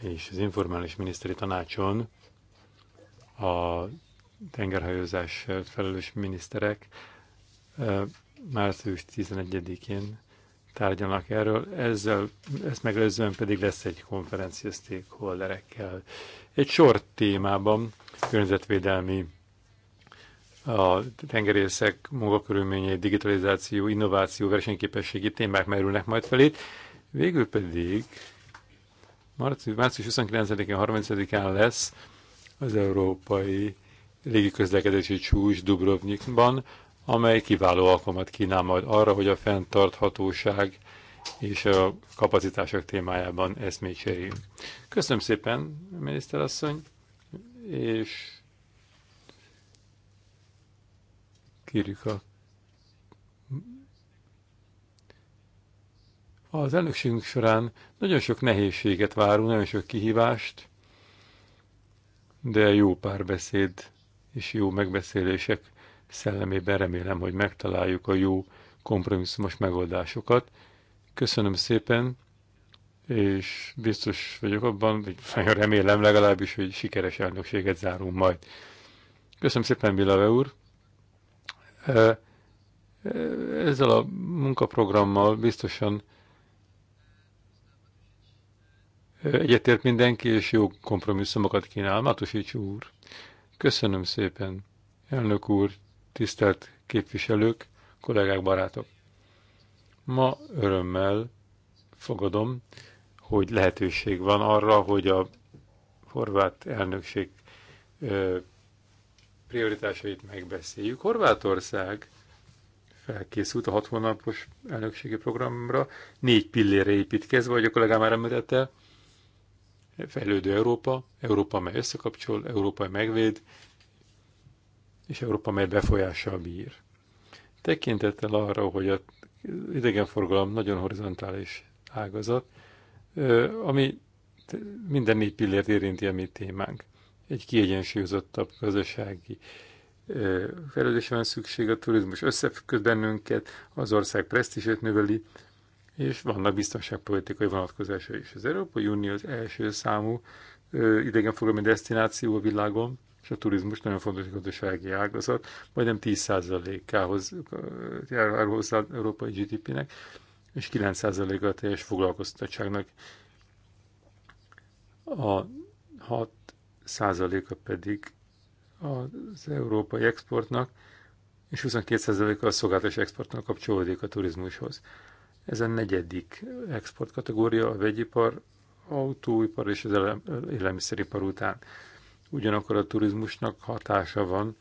és az informális miniszteri tanácson a tengerhajózás felelős miniszterek március 11-én tárgyalnak erről, ezzel, ezt megelőzően pedig lesz egy konferencia stakeholderekkel. Egy sor témában, környezetvédelmi, a tengerészek munkakörülményei, digitalizáció, innováció, versenyképességi témák merülnek majd felé. Végül pedig március 29-én, 30-án lesz az európai légiközlekedési csúcs Dubrovnikban, amely kiváló alkalmat kínál majd arra, hogy a fenntarthatóság és a kapacitások témájában eszmét cseréljünk. Köszönöm szépen, miniszterasszony, és kérjük a Az elnökségünk során nagyon sok nehézséget várunk, nagyon sok kihívást, de jó párbeszéd és jó megbeszélések szellemében remélem, hogy megtaláljuk a jó kompromisszumos megoldásokat. Köszönöm szépen, és biztos vagyok abban, hogy remélem legalábbis, hogy sikeres elnökséget zárunk majd. Köszönöm szépen, Bilave úr! Ezzel a munkaprogrammal biztosan Egyetért mindenki, és jó kompromisszumokat kínál. Matusics úr. Köszönöm szépen, elnök úr, tisztelt képviselők, kollégák, barátok. Ma örömmel fogadom, hogy lehetőség van arra, hogy a horvát elnökség prioritásait megbeszéljük. Horvátország felkészült a hat hónapos elnökségi programra, négy pillére építkezve, vagy a kollégám már említette, fejlődő Európa, Európa, amely összekapcsol, Európa, amely megvéd, és Európa, amely befolyással bír. Tekintettel arra, hogy a idegenforgalom nagyon horizontális ágazat, ami minden négy pillért érinti a mi témánk. Egy kiegyensúlyozottabb gazdasági fejlődésre van szükség, a turizmus összefüggött bennünket, az ország presztízsét növeli, és vannak biztonságpolitikai vonatkozása is. Az Európai Unió az első számú idegenforgalmi destináció a világon, és a turizmus nagyon fontos gazdasági ágazat, majdnem 10%-ához jár hozzá az európai GDP-nek, és 9%-a a teljes foglalkoztatottságnak. A 6%-a pedig az európai exportnak, és 22%-a a szolgáltatás exportnak kapcsolódik a turizmushoz. Ez a negyedik exportkategória a vegyipar, autóipar és az élelmiszeripar után. Ugyanakkor a turizmusnak hatása van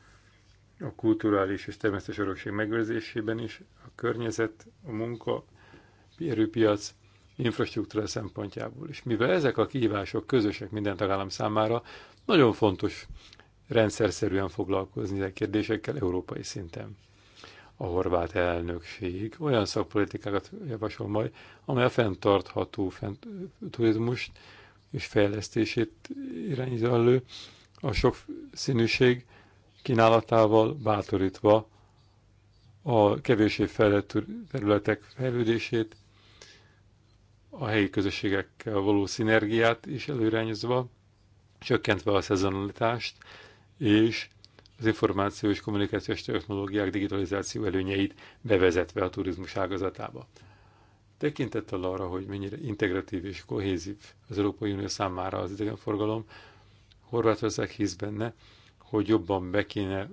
a kulturális és természetes örökség megőrzésében is, a környezet, a munka, erőpiac, infrastruktúra szempontjából is. Mivel ezek a kihívások közösek minden tagállam számára, nagyon fontos rendszerszerűen foglalkozni a kérdésekkel európai szinten a horvát elnökség olyan szakpolitikákat javasol majd, amely a fenntartható fent, turizmust és fejlesztését irányítja elő, a sok színűség kínálatával bátorítva a kevésbé fejlett területek fejlődését, a helyi közösségekkel való szinergiát is előrányozva, csökkentve a szezonalitást, és az információ és kommunikációs technológiák digitalizáció előnyeit bevezetve a turizmus ágazatába. Tekintettel arra, hogy mennyire integratív és kohézív az Európai Unió számára az idegenforgalom, Horvátország hisz benne, hogy jobban be kéne,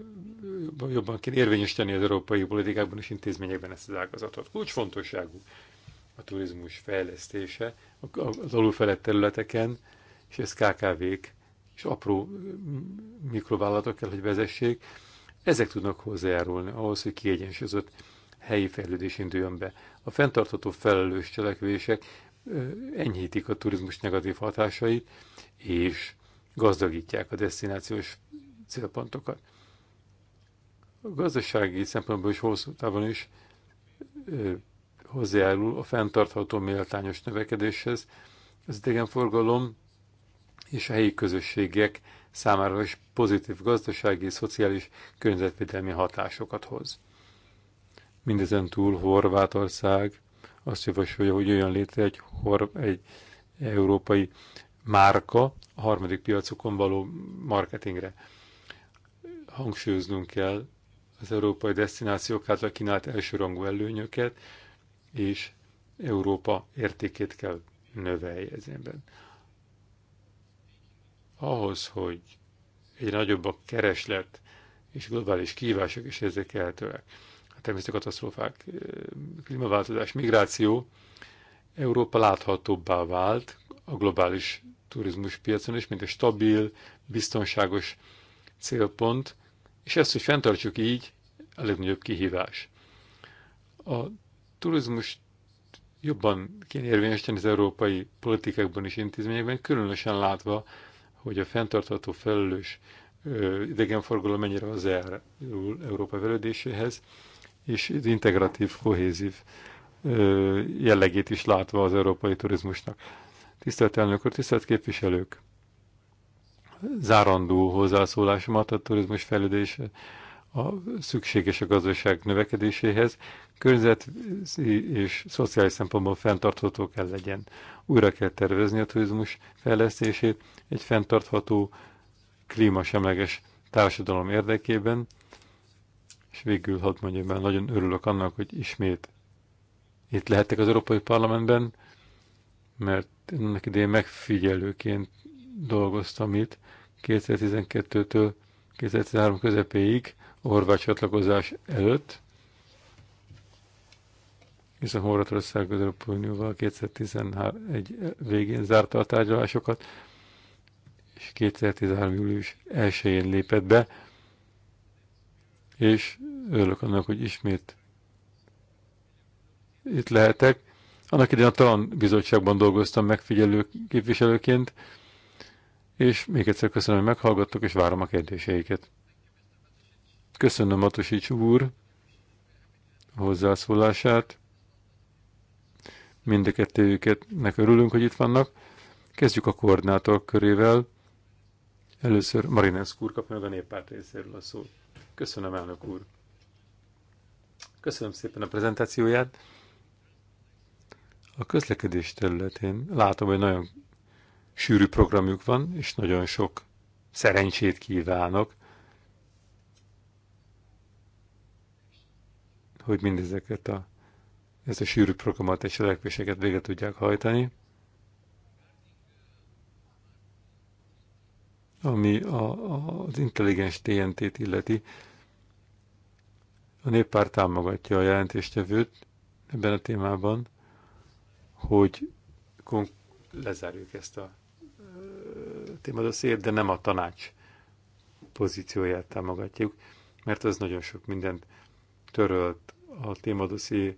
jobban kéne érvényesíteni az európai politikákban és intézményekben ezt az ágazatot. Kulcsfontosságú a turizmus fejlesztése az alulfelett területeken, és ez KKV-k és apró mikrovállalatok kell, hogy vezessék, ezek tudnak hozzájárulni ahhoz, hogy kiegyensúlyozott helyi fejlődés induljon be. A fenntartható felelős cselekvések enyhítik a turizmus negatív hatásait, és gazdagítják a destinációs célpontokat. A gazdasági szempontból is hosszú távon is hozzájárul a fenntartható méltányos növekedéshez. Az idegenforgalom és a helyi közösségek számára is pozitív gazdasági, szociális, környezetvédelmi hatásokat hoz. Mindezen túl Horvátország azt javasolja, hogy olyan létre egy, hor, egy európai márka a harmadik piacokon való marketingre. Hangsúlyoznunk kell az európai destinációk által kínált elsőrangú előnyöket, és Európa értékét kell növelje ezenben ahhoz, hogy egy nagyobb a kereslet és globális kívások is érzékelhetőek. A természeti katasztrófák, klímaváltozás, migráció, Európa láthatóbbá vált a globális turizmus piacon is, mint egy stabil, biztonságos célpont, és ezt, hogy fenntartsuk így, a legnagyobb kihívás. A turizmus jobban kéne érvényesíteni az európai politikákban és intézményekben, különösen látva, hogy a fenntartható felelős idegenforgalom mennyire az Európa velődéséhez, és az integratív, kohézív jellegét is látva az európai turizmusnak. Tisztelt elnök úr, tisztelt képviselők! Zárandó hozzászólásomat a turizmus fejlődése a szükséges a gazdaság növekedéséhez, környezeti és szociális szempontból fenntartható kell legyen. Újra kell tervezni a turizmus fejlesztését egy fenntartható, klímasemleges társadalom érdekében, és végül hadd mondjam, mert nagyon örülök annak, hogy ismét itt lehettek az Európai Parlamentben, mert ennek idején megfigyelőként dolgoztam itt 2012-től 2013 közepéig, a horvát csatlakozás előtt, a Horvátország az Európai Unióval 2011 végén zárta a tárgyalásokat, és 2013. július 1-én lépett be, és örülök annak, hogy ismét itt lehetek. Annak idején a Talan Bizottságban dolgoztam megfigyelő képviselőként, és még egyszer köszönöm, hogy meghallgattok, és várom a kérdéseiket. Köszönöm Matosics úr hozzászólását. Mind a kettőjüketnek örülünk, hogy itt vannak. Kezdjük a koordinátor körével. Először Marinescu úr kap meg a néppárt részéről a szót. Köszönöm, elnök úr. Köszönöm szépen a prezentációját. A közlekedés területén látom, hogy nagyon sűrű programjuk van, és nagyon sok szerencsét kívánok, hogy mindezeket a ezt a sűrű programot és cselekvéseket végre tudják hajtani. Ami a, a, az intelligens TNT-t illeti, a néppár támogatja a jelentéstevőt ebben a témában, hogy lezárjuk ezt a témadosszét, de nem a tanács pozícióját támogatjuk, mert az nagyon sok mindent törölt a témadosszé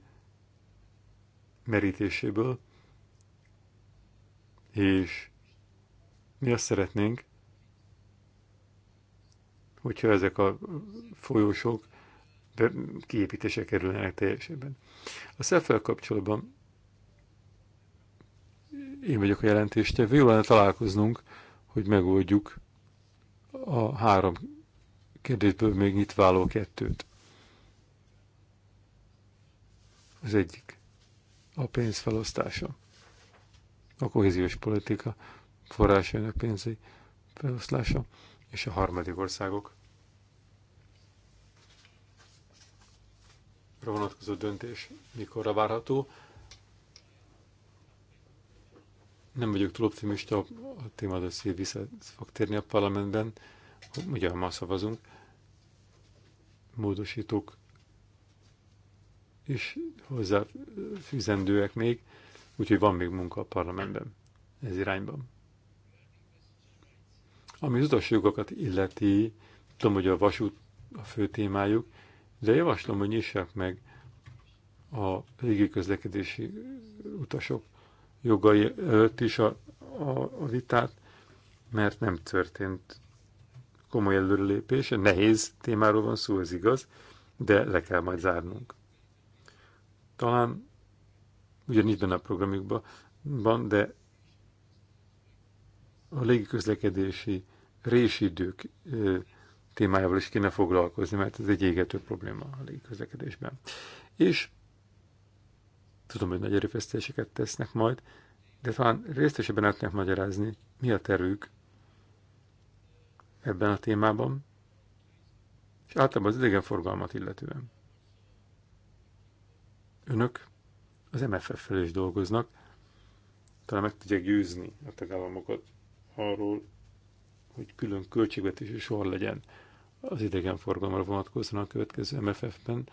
merítéséből, és mi azt szeretnénk, hogyha ezek a folyósok kiépítése kerülnek teljesében. A szelfel kapcsolatban én vagyok a jelentéstevő, jó lenne találkoznunk, hogy megoldjuk a három kérdésből még nyitváló kettőt. Az egyik a pénz felosztása. A kohéziós politika forrásainak pénzi felosztása és a harmadik országok vonatkozó döntés mikorra várható. Nem vagyok túl optimista, a téma dosszié vissza fog térni a parlamentben, ugye ma szavazunk, módosítók is hozzáfűzendőek még, úgyhogy van még munka a parlamentben ez irányban. Ami az utasjogokat illeti, tudom, hogy a vasút a fő témájuk, de javaslom, hogy nyissák meg a közlekedési utasok jogai előtt is a, a, a vitát, mert nem történt komoly előrelépés. Nehéz témáról van szó, ez igaz, de le kell majd zárnunk talán nincs benne a programjukban, de a légiközlekedési résidők témájával is kéne foglalkozni, mert ez egy égető probléma a légiközlekedésben. És tudom, hogy nagy erőfeszítéseket tesznek majd, de talán részletesebben el tudnak magyarázni, mi a terük ebben a témában, és általában az idegenforgalmat illetően. Önök az MFF-fel is dolgoznak, talán meg tudják győzni a tagállamokat arról, hogy külön költségvetési sor legyen az idegenforgalomra vonatkozóan a következő MFF-ben.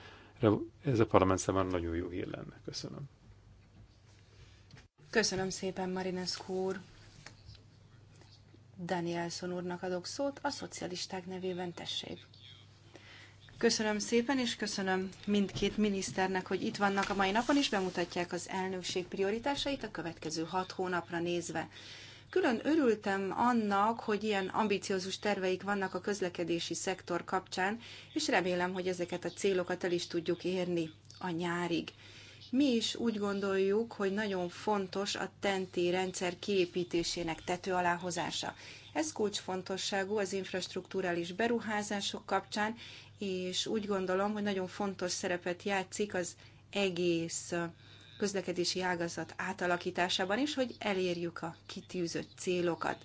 Ez a parlament számára nagyon jó hír lenne. Köszönöm. Köszönöm szépen, Marinescu úr. Danielson úrnak adok szót, a szocialisták nevében tessék. Köszönöm szépen, és köszönöm mindkét miniszternek, hogy itt vannak a mai napon, és bemutatják az elnökség prioritásait a következő hat hónapra nézve. Külön örültem annak, hogy ilyen ambiciózus terveik vannak a közlekedési szektor kapcsán, és remélem, hogy ezeket a célokat el is tudjuk érni a nyárig. Mi is úgy gondoljuk, hogy nagyon fontos a TENTI rendszer kiépítésének tető aláhozása. Ez kulcsfontosságú az infrastruktúrális beruházások kapcsán, és úgy gondolom, hogy nagyon fontos szerepet játszik az egész közlekedési ágazat átalakításában is, hogy elérjük a kitűzött célokat.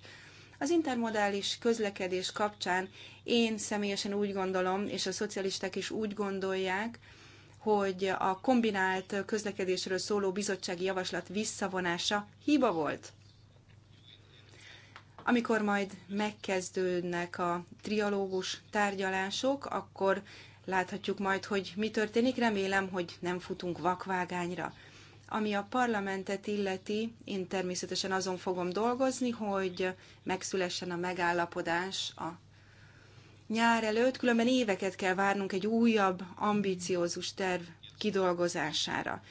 Az intermodális közlekedés kapcsán én személyesen úgy gondolom, és a szocialisták is úgy gondolják, hogy a kombinált közlekedésről szóló bizottsági javaslat visszavonása hiba volt. Amikor majd megkezdődnek a trialógus tárgyalások, akkor láthatjuk majd, hogy mi történik. Remélem, hogy nem futunk vakvágányra. Ami a parlamentet illeti, én természetesen azon fogom dolgozni, hogy megszülessen a megállapodás a nyár előtt, különben éveket kell várnunk egy újabb, ambiciózus terv kidolgozására.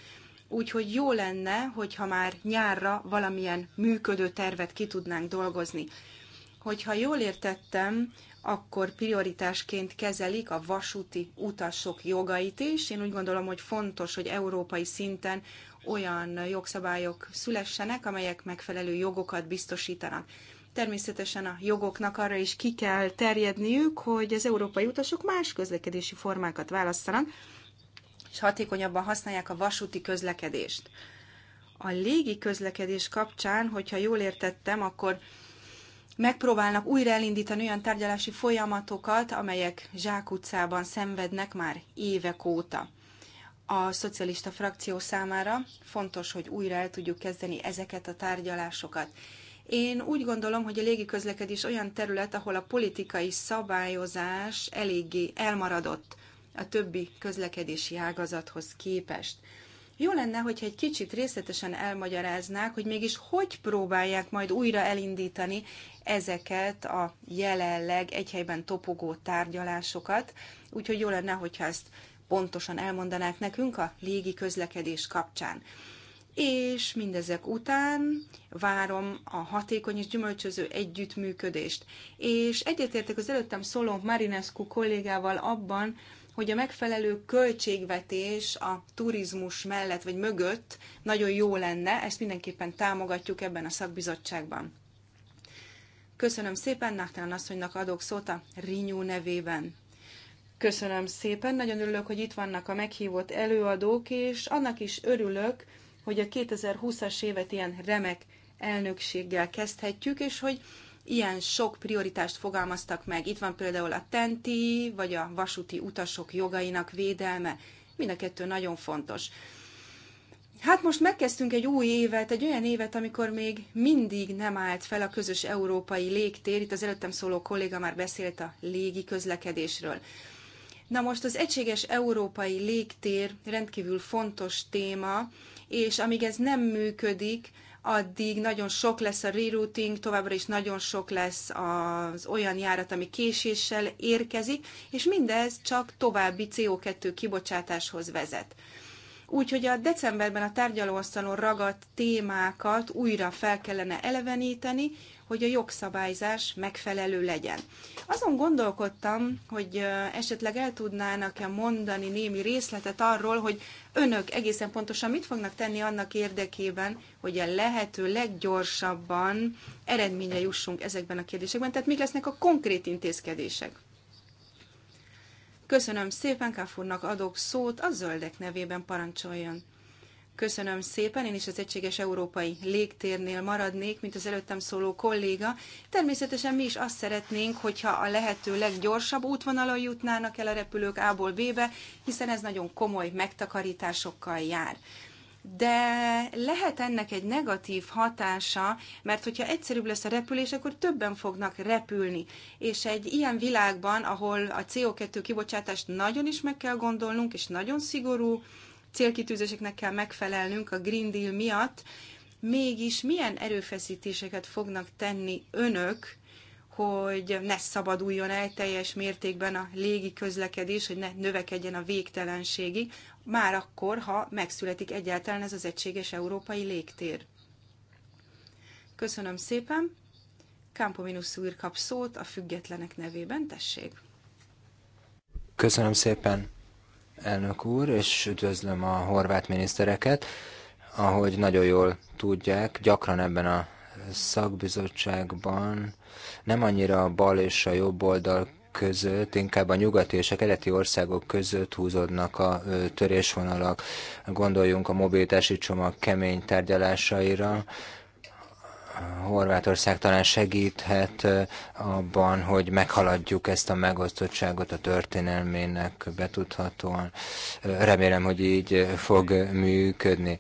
Úgyhogy jó lenne, hogyha már nyárra valamilyen működő tervet ki tudnánk dolgozni. Hogyha jól értettem, akkor prioritásként kezelik a vasúti utasok jogait is. Én úgy gondolom, hogy fontos, hogy európai szinten olyan jogszabályok szülessenek, amelyek megfelelő jogokat biztosítanak. Természetesen a jogoknak arra is ki kell terjedniük, hogy az európai utasok más közlekedési formákat választanak, és hatékonyabban használják a vasúti közlekedést. A légi közlekedés kapcsán, hogyha jól értettem, akkor megpróbálnak újra elindítani olyan tárgyalási folyamatokat, amelyek zsákutcában szenvednek már évek óta. A szocialista frakció számára fontos, hogy újra el tudjuk kezdeni ezeket a tárgyalásokat. Én úgy gondolom, hogy a légiközlekedés olyan terület, ahol a politikai szabályozás eléggé elmaradott a többi közlekedési ágazathoz képest. Jó lenne, hogyha egy kicsit részletesen elmagyaráznák, hogy mégis hogy próbálják majd újra elindítani ezeket a jelenleg egy helyben topogó tárgyalásokat. Úgyhogy jó lenne, hogyha ezt pontosan elmondanák nekünk a légi közlekedés kapcsán. És mindezek után várom a hatékony és gyümölcsöző együttműködést. És egyetértek az előttem szóló Marinescu kollégával abban, hogy a megfelelő költségvetés a turizmus mellett vagy mögött nagyon jó lenne, ezt mindenképpen támogatjuk ebben a szakbizottságban. Köszönöm szépen, Náhtán asszonynak adok szót a Rinyú nevében. Köszönöm szépen, nagyon örülök, hogy itt vannak a meghívott előadók, és annak is örülök, hogy a 2020-as évet ilyen remek elnökséggel kezdhetjük, és hogy ilyen sok prioritást fogalmaztak meg. Itt van például a tenti, vagy a vasúti utasok jogainak védelme. Mind a kettő nagyon fontos. Hát most megkezdtünk egy új évet, egy olyan évet, amikor még mindig nem állt fel a közös európai légtér. Itt az előttem szóló kolléga már beszélt a légi közlekedésről. Na most az egységes európai légtér rendkívül fontos téma, és amíg ez nem működik, addig nagyon sok lesz a rerouting, továbbra is nagyon sok lesz az olyan járat, ami késéssel érkezik, és mindez csak további CO2 kibocsátáshoz vezet. Úgyhogy a decemberben a tárgyalóasztalon ragadt témákat újra fel kellene eleveníteni, hogy a jogszabályzás megfelelő legyen. Azon gondolkodtam, hogy esetleg el tudnának-e mondani némi részletet arról, hogy önök egészen pontosan mit fognak tenni annak érdekében, hogy a lehető leggyorsabban eredményre jussunk ezekben a kérdésekben. Tehát mik lesznek a konkrét intézkedések? Köszönöm szépen, Káfurnak adok szót, a zöldek nevében parancsoljon. Köszönöm szépen, én is az egységes európai légtérnél maradnék, mint az előttem szóló kolléga. Természetesen mi is azt szeretnénk, hogyha a lehető leggyorsabb útvonalon jutnának el a repülők A-ból B-be, hiszen ez nagyon komoly megtakarításokkal jár de lehet ennek egy negatív hatása, mert hogyha egyszerűbb lesz a repülés, akkor többen fognak repülni. És egy ilyen világban, ahol a CO2 kibocsátást nagyon is meg kell gondolnunk, és nagyon szigorú célkitűzéseknek kell megfelelnünk a Green Deal miatt, mégis milyen erőfeszítéseket fognak tenni önök, hogy ne szabaduljon el teljes mértékben a légi közlekedés, hogy ne növekedjen a végtelenségig, már akkor, ha megszületik egyáltalán ez az egységes európai légtér. Köszönöm szépen. Campominus úr kap szót a függetlenek nevében, tessék. Köszönöm szépen elnök úr, és üdvözlöm a horvát minisztereket. Ahogy nagyon jól tudják, gyakran ebben a szakbizottságban nem annyira a bal és a jobb oldal között, inkább a nyugati és a keleti országok között húzódnak a törésvonalak. Gondoljunk a mobilitási csomag kemény tárgyalásaira, Horvátország talán segíthet abban, hogy meghaladjuk ezt a megosztottságot a történelmének betudhatóan. Remélem, hogy így fog működni.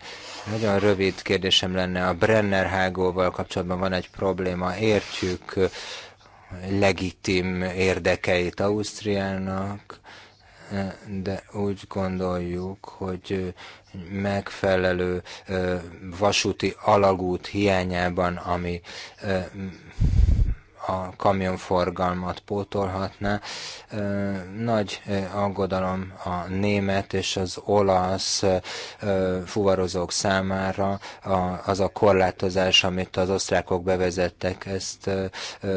Nagyon rövid kérdésem lenne, a Brenner hágóval kapcsolatban van egy probléma. Értjük legitim érdekeit Ausztriának, de úgy gondoljuk, hogy megfelelő vasúti alagút hiányában, ami a kamionforgalmat pótolhatná. Nagy aggodalom a német és az olasz fuvarozók számára az a korlátozás, amit az osztrákok bevezettek, ezt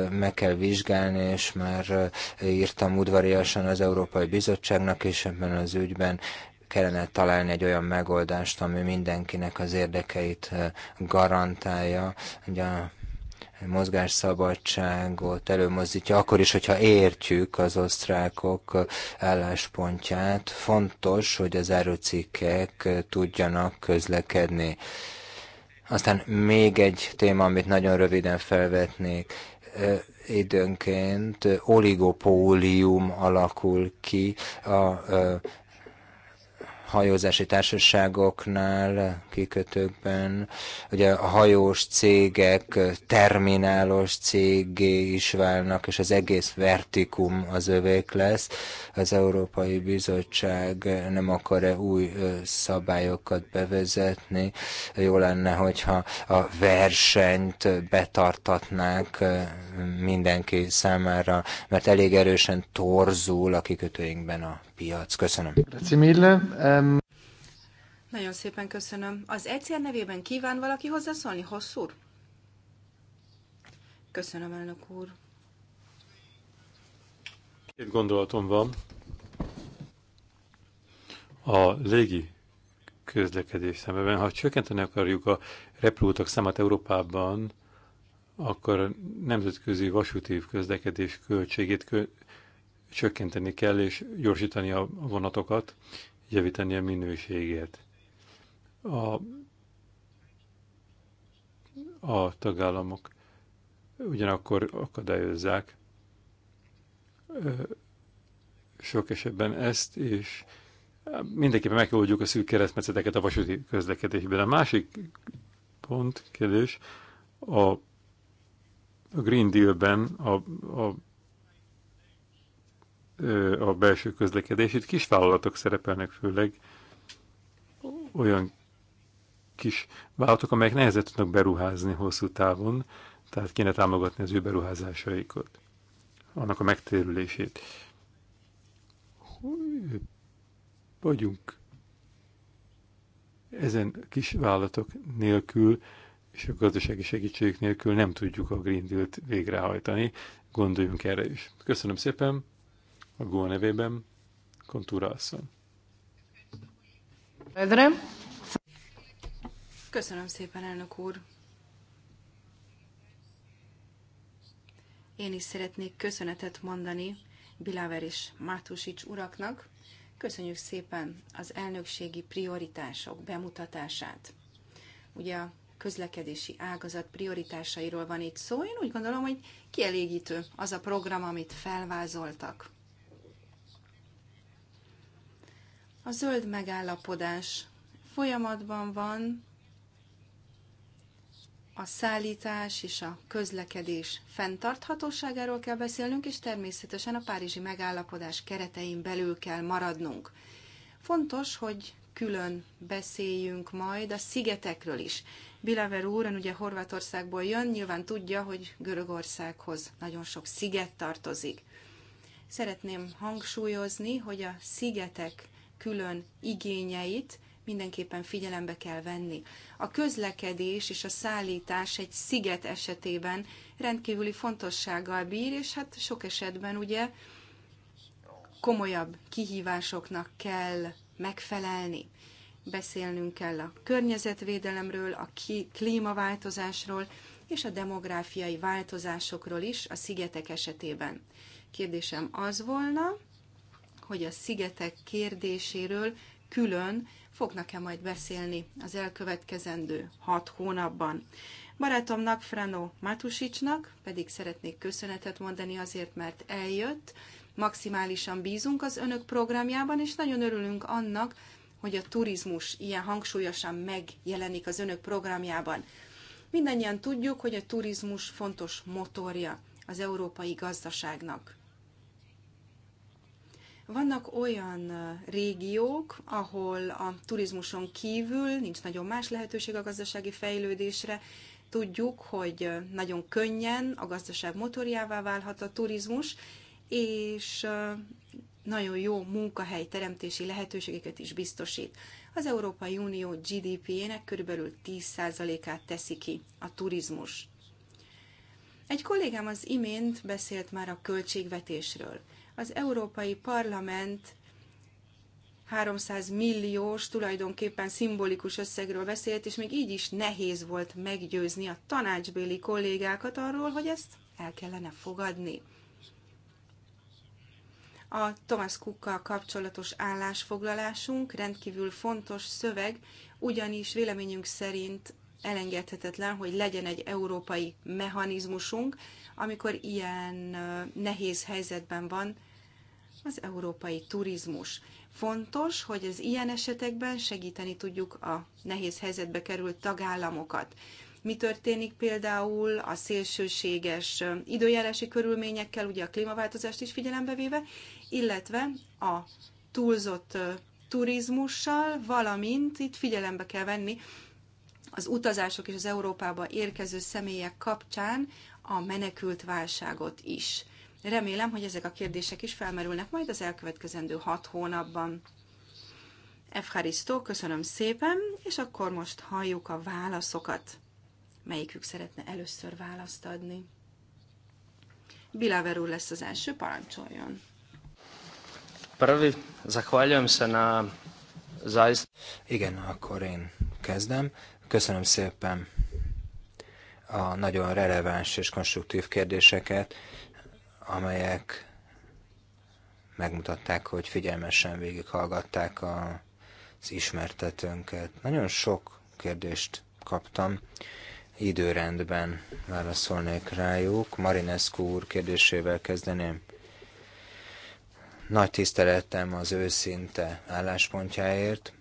meg kell vizsgálni, és már írtam udvariasan az Európai Bizottságnak is ebben az ügyben, kellene találni egy olyan megoldást, ami mindenkinek az érdekeit garantálja. Ugye mozgásszabadságot előmozdítja, akkor is, hogyha értjük az osztrákok álláspontját, fontos, hogy az erőcikkek tudjanak közlekedni. Aztán még egy téma, amit nagyon röviden felvetnék. Időnként oligopólium alakul ki a hajózási társaságoknál, kikötőkben, ugye a hajós cégek, terminálos cégé is válnak, és az egész vertikum az övék lesz. Az Európai Bizottság nem akar-e új szabályokat bevezetni? Jó lenne, hogyha a versenyt betartatnák mindenki számára, mert elég erősen torzul a kikötőinkben a piac. Köszönöm. Nagyon szépen köszönöm. Az ECR nevében kíván valaki hozzászólni? úr? Köszönöm, elnök úr. Két gondolatom van. A légi közlekedés szemben, ha csökkenteni akarjuk a repülőtak számát Európában, akkor nemzetközi vasúti közlekedés költségét csökkenteni kell és gyorsítani a vonatokat, javítani a minőségét. A, a tagállamok ugyanakkor akadályozzák sok esetben ezt, és mindenképpen megoldjuk a szűk keresztmetszeteket a vasúti közlekedésben. A másik pont, kérdés, a, a Green Deal-ben a, a a belső közlekedés. Itt vállalatok szerepelnek főleg, olyan kis vállalatok, amelyek nehezen tudnak beruházni hosszú távon, tehát kéne támogatni az ő beruházásaikat, annak a megtérülését. Hogy vagyunk ezen kis vállalatok nélkül, és a gazdasági segítségük nélkül nem tudjuk a Green Deal-t végrehajtani. Gondoljunk erre is. Köszönöm szépen! A GÓ nevében Kontúra asszony. Köszönöm szépen, elnök úr! Én is szeretnék köszönetet mondani Biláver és Mátusics uraknak. Köszönjük szépen az elnökségi prioritások bemutatását. Ugye a közlekedési ágazat prioritásairól van itt szó. Én úgy gondolom, hogy kielégítő az a program, amit felvázoltak. A zöld megállapodás folyamatban van, a szállítás és a közlekedés fenntarthatóságáról kell beszélnünk, és természetesen a Párizsi megállapodás keretein belül kell maradnunk. Fontos, hogy külön beszéljünk majd a szigetekről is. Bilaver úr, ugye Horvátországból jön, nyilván tudja, hogy Görögországhoz nagyon sok sziget tartozik. Szeretném hangsúlyozni, hogy a szigetek külön igényeit mindenképpen figyelembe kell venni. A közlekedés és a szállítás egy sziget esetében rendkívüli fontossággal bír, és hát sok esetben ugye komolyabb kihívásoknak kell megfelelni. Beszélnünk kell a környezetvédelemről, a klímaváltozásról és a demográfiai változásokról is a szigetek esetében. Kérdésem az volna, hogy a szigetek kérdéséről külön fognak-e majd beszélni az elkövetkezendő hat hónapban. Barátomnak, Frano Matusicsnak pedig szeretnék köszönetet mondani azért, mert eljött. Maximálisan bízunk az önök programjában, és nagyon örülünk annak, hogy a turizmus ilyen hangsúlyosan megjelenik az önök programjában. Mindannyian tudjuk, hogy a turizmus fontos motorja az európai gazdaságnak. Vannak olyan régiók, ahol a turizmuson kívül nincs nagyon más lehetőség a gazdasági fejlődésre. Tudjuk, hogy nagyon könnyen a gazdaság motorjává válhat a turizmus, és nagyon jó munkahely teremtési lehetőségeket is biztosít. Az Európai Unió GDP-jének körülbelül 10%-át teszi ki a turizmus. Egy kollégám az imént beszélt már a költségvetésről. Az Európai Parlament 300 milliós, tulajdonképpen szimbolikus összegről beszélt, és még így is nehéz volt meggyőzni a tanácsbéli kollégákat arról, hogy ezt el kellene fogadni. A Thomas Cookkal kapcsolatos állásfoglalásunk rendkívül fontos szöveg, ugyanis véleményünk szerint elengedhetetlen, hogy legyen egy európai mechanizmusunk, amikor ilyen nehéz helyzetben van az európai turizmus. Fontos, hogy az ilyen esetekben segíteni tudjuk a nehéz helyzetbe került tagállamokat. Mi történik például a szélsőséges időjárási körülményekkel, ugye a klímaváltozást is figyelembe véve, illetve a túlzott turizmussal, valamint itt figyelembe kell venni az utazások és az Európába érkező személyek kapcsán a menekült válságot is. Remélem, hogy ezek a kérdések is felmerülnek majd az elkövetkezendő hat hónapban. Evharisztó, köszönöm szépen, és akkor most halljuk a válaszokat. Melyikük szeretne először választ adni? Bilaver úr lesz az első, parancsoljon. Prvi, zahvaljujem se na zaista. Igen, akkor én kezdem. Köszönöm szépen a nagyon releváns és konstruktív kérdéseket, amelyek megmutatták, hogy figyelmesen végighallgatták az ismertetőnket. Nagyon sok kérdést kaptam, időrendben válaszolnék rájuk. Marinescu úr kérdésével kezdeném. Nagy tiszteletem az őszinte álláspontjáért.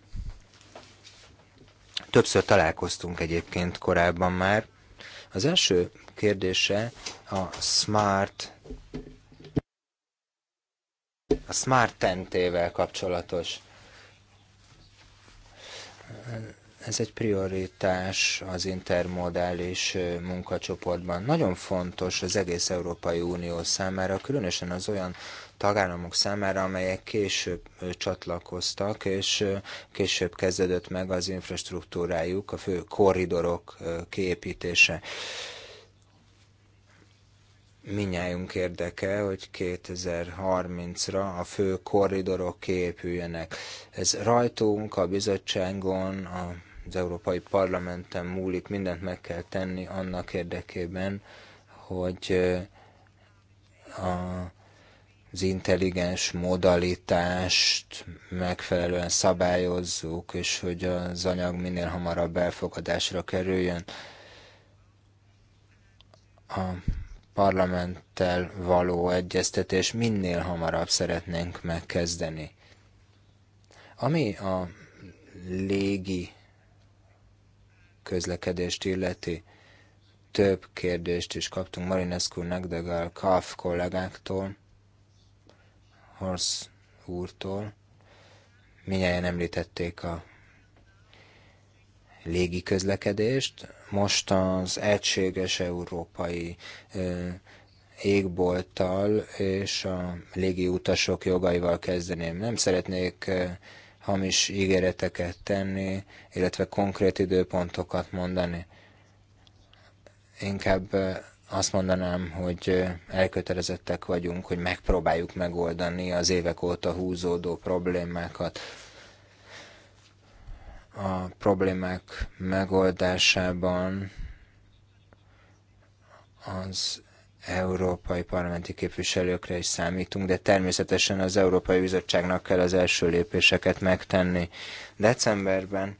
Többször találkoztunk egyébként korábban már, az első kérdése a smart a smart tentével kapcsolatos. Ez egy prioritás az intermodális munkacsoportban. Nagyon fontos az egész Európai Unió számára, különösen az olyan tagállamok számára, amelyek később csatlakoztak, és később kezdődött meg az infrastruktúrájuk, a fő korridorok kiépítése minnyájunk érdeke, hogy 2030-ra a fő korridorok kiépüljenek. Ez rajtunk, a bizottságon, az Európai Parlamenten múlik, mindent meg kell tenni annak érdekében, hogy a az intelligens modalitást megfelelően szabályozzuk, és hogy az anyag minél hamarabb elfogadásra kerüljön. A parlamenttel való egyeztetés minél hamarabb szeretnénk megkezdeni. Ami a légi közlekedést illeti, több kérdést is kaptunk Marinescu-nak, de Gal Kaff kollégáktól. Horse úrtól. Minnyáján említették a légi közlekedést. Most az egységes európai égbolttal és a légi utasok jogaival kezdeném. Nem szeretnék hamis ígéreteket tenni, illetve konkrét időpontokat mondani. Inkább azt mondanám, hogy elkötelezettek vagyunk, hogy megpróbáljuk megoldani az évek óta húzódó problémákat. A problémák megoldásában az európai parlamenti képviselőkre is számítunk, de természetesen az Európai Bizottságnak kell az első lépéseket megtenni. Decemberben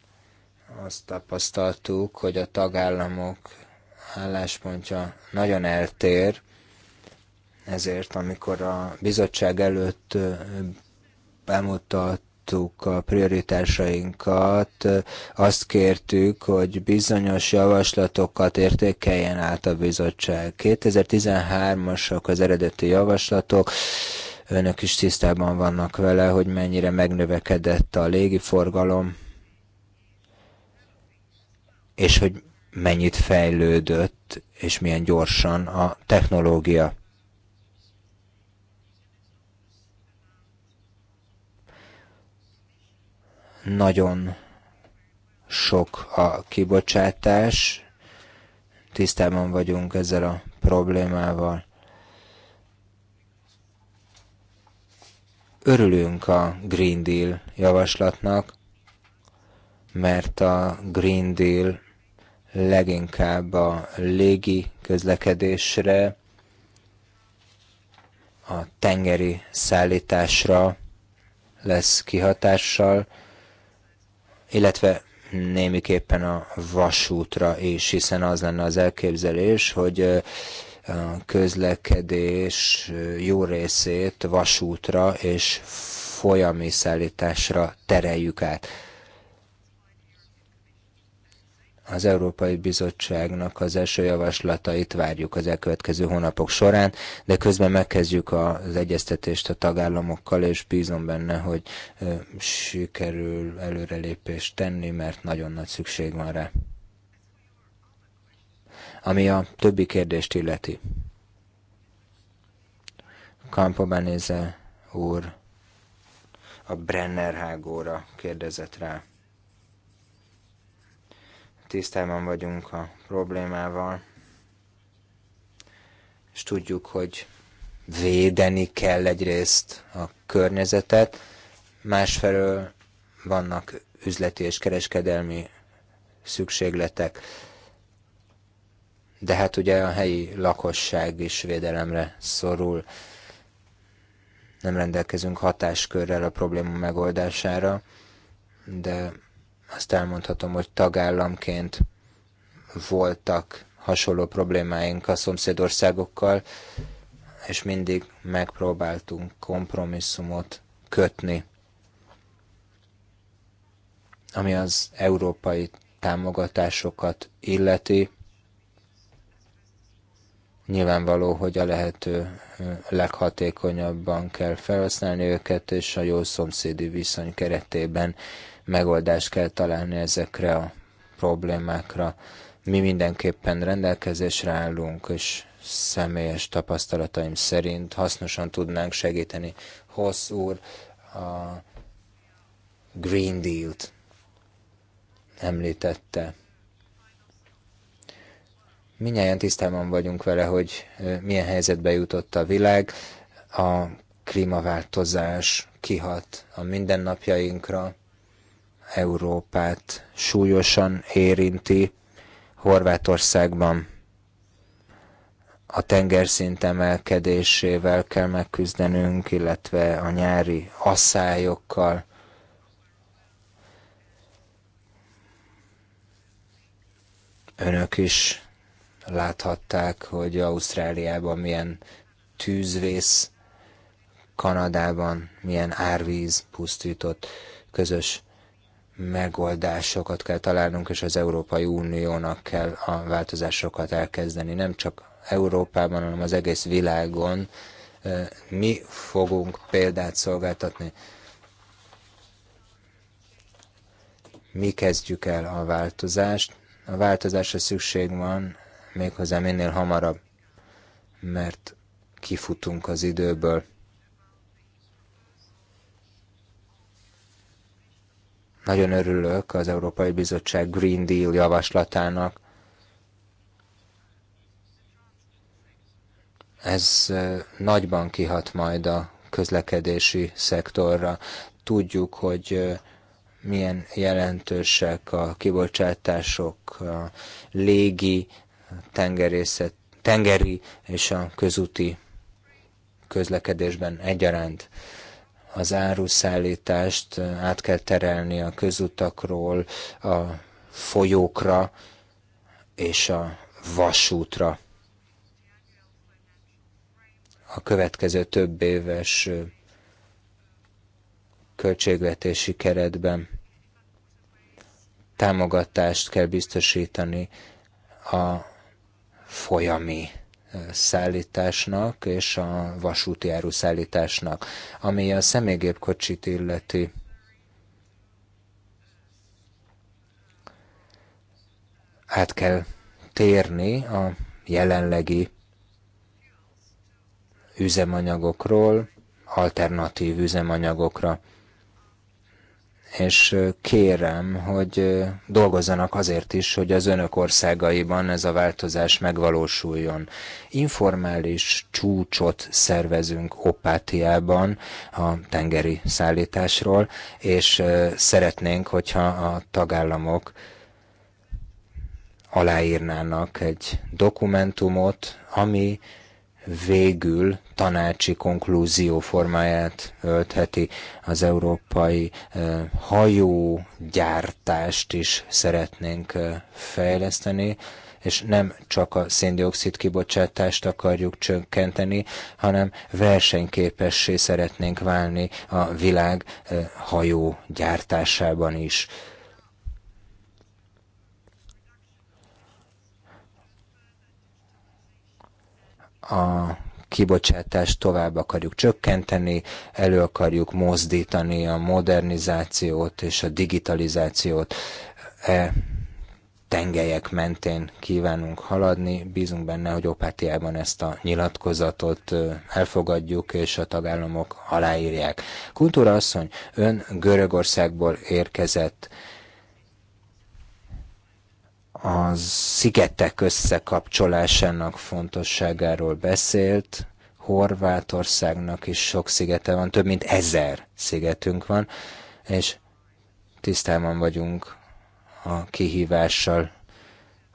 azt tapasztaltuk, hogy a tagállamok álláspontja nagyon eltér, ezért amikor a bizottság előtt bemutat a prioritásainkat, azt kértük, hogy bizonyos javaslatokat értékeljen át a bizottság. 2013-asak az eredeti javaslatok, önök is tisztában vannak vele, hogy mennyire megnövekedett a légiforgalom, és hogy mennyit fejlődött és milyen gyorsan a technológia. Nagyon sok a kibocsátás, tisztában vagyunk ezzel a problémával. Örülünk a Green Deal javaslatnak, mert a Green Deal leginkább a légi közlekedésre, a tengeri szállításra lesz kihatással, illetve némiképpen a vasútra is, hiszen az lenne az elképzelés, hogy a közlekedés jó részét vasútra és folyami szállításra tereljük át. Az Európai Bizottságnak az első javaslatait várjuk az elkövetkező hónapok során, de közben megkezdjük az egyeztetést a tagállamokkal, és bízom benne, hogy sikerül előrelépést tenni, mert nagyon nagy szükség van rá. Ami a többi kérdést illeti. Campo Benéze úr a Brenner hágóra kérdezett rá tisztában vagyunk a problémával, és tudjuk, hogy védeni kell egyrészt a környezetet, másfelől vannak üzleti és kereskedelmi szükségletek, de hát ugye a helyi lakosság is védelemre szorul. Nem rendelkezünk hatáskörrel a probléma megoldására, de azt elmondhatom, hogy tagállamként voltak hasonló problémáink a szomszédországokkal, és mindig megpróbáltunk kompromisszumot kötni, ami az európai támogatásokat illeti. Nyilvánvaló, hogy a lehető leghatékonyabban kell felhasználni őket, és a jó szomszédi viszony keretében megoldást kell találni ezekre a problémákra. Mi mindenképpen rendelkezésre állunk, és személyes tapasztalataim szerint hasznosan tudnánk segíteni Hossz úr a Green Deal-t említette. Minnyáján tisztában vagyunk vele, hogy milyen helyzetbe jutott a világ, a klímaváltozás kihat a mindennapjainkra, Európát súlyosan érinti Horvátországban. A tengerszint emelkedésével kell megküzdenünk, illetve a nyári asszályokkal. Önök is láthatták, hogy Ausztráliában milyen tűzvész, Kanadában milyen árvíz pusztított közös megoldásokat kell találnunk, és az Európai Uniónak kell a változásokat elkezdeni. Nem csak Európában, hanem az egész világon mi fogunk példát szolgáltatni. Mi kezdjük el a változást. A változásra szükség van méghozzá minél hamarabb, mert kifutunk az időből. Nagyon örülök az Európai Bizottság Green Deal javaslatának. Ez nagyban kihat majd a közlekedési szektorra. Tudjuk, hogy milyen jelentősek a kibocsátások a légi, tengerészet, tengeri és a közúti közlekedésben egyaránt az áruszállítást át kell terelni a közutakról a folyókra és a vasútra. A következő több éves költségvetési keretben támogatást kell biztosítani a folyami szállításnak és a vasúti áruszállításnak. Ami a személygépkocsit illeti, át kell térni a jelenlegi üzemanyagokról alternatív üzemanyagokra és kérem, hogy dolgozzanak azért is, hogy az önök országaiban ez a változás megvalósuljon. Informális csúcsot szervezünk Opátiában a tengeri szállításról, és szeretnénk, hogyha a tagállamok aláírnának egy dokumentumot, ami végül tanácsi konklúzió formáját öltheti. Az európai eh, hajógyártást is szeretnénk eh, fejleszteni, és nem csak a széndiokszid kibocsátást akarjuk csökkenteni, hanem versenyképessé szeretnénk válni a világ eh, hajógyártásában is. a kibocsátást tovább akarjuk csökkenteni, elő akarjuk mozdítani a modernizációt és a digitalizációt. E tengelyek mentén kívánunk haladni. Bízunk benne, hogy Opátiában ezt a nyilatkozatot elfogadjuk, és a tagállamok aláírják. Kultúra asszony, ön Görögországból érkezett a szigetek összekapcsolásának fontosságáról beszélt. Horvátországnak is sok szigete van, több mint ezer szigetünk van, és tisztában vagyunk a kihívással,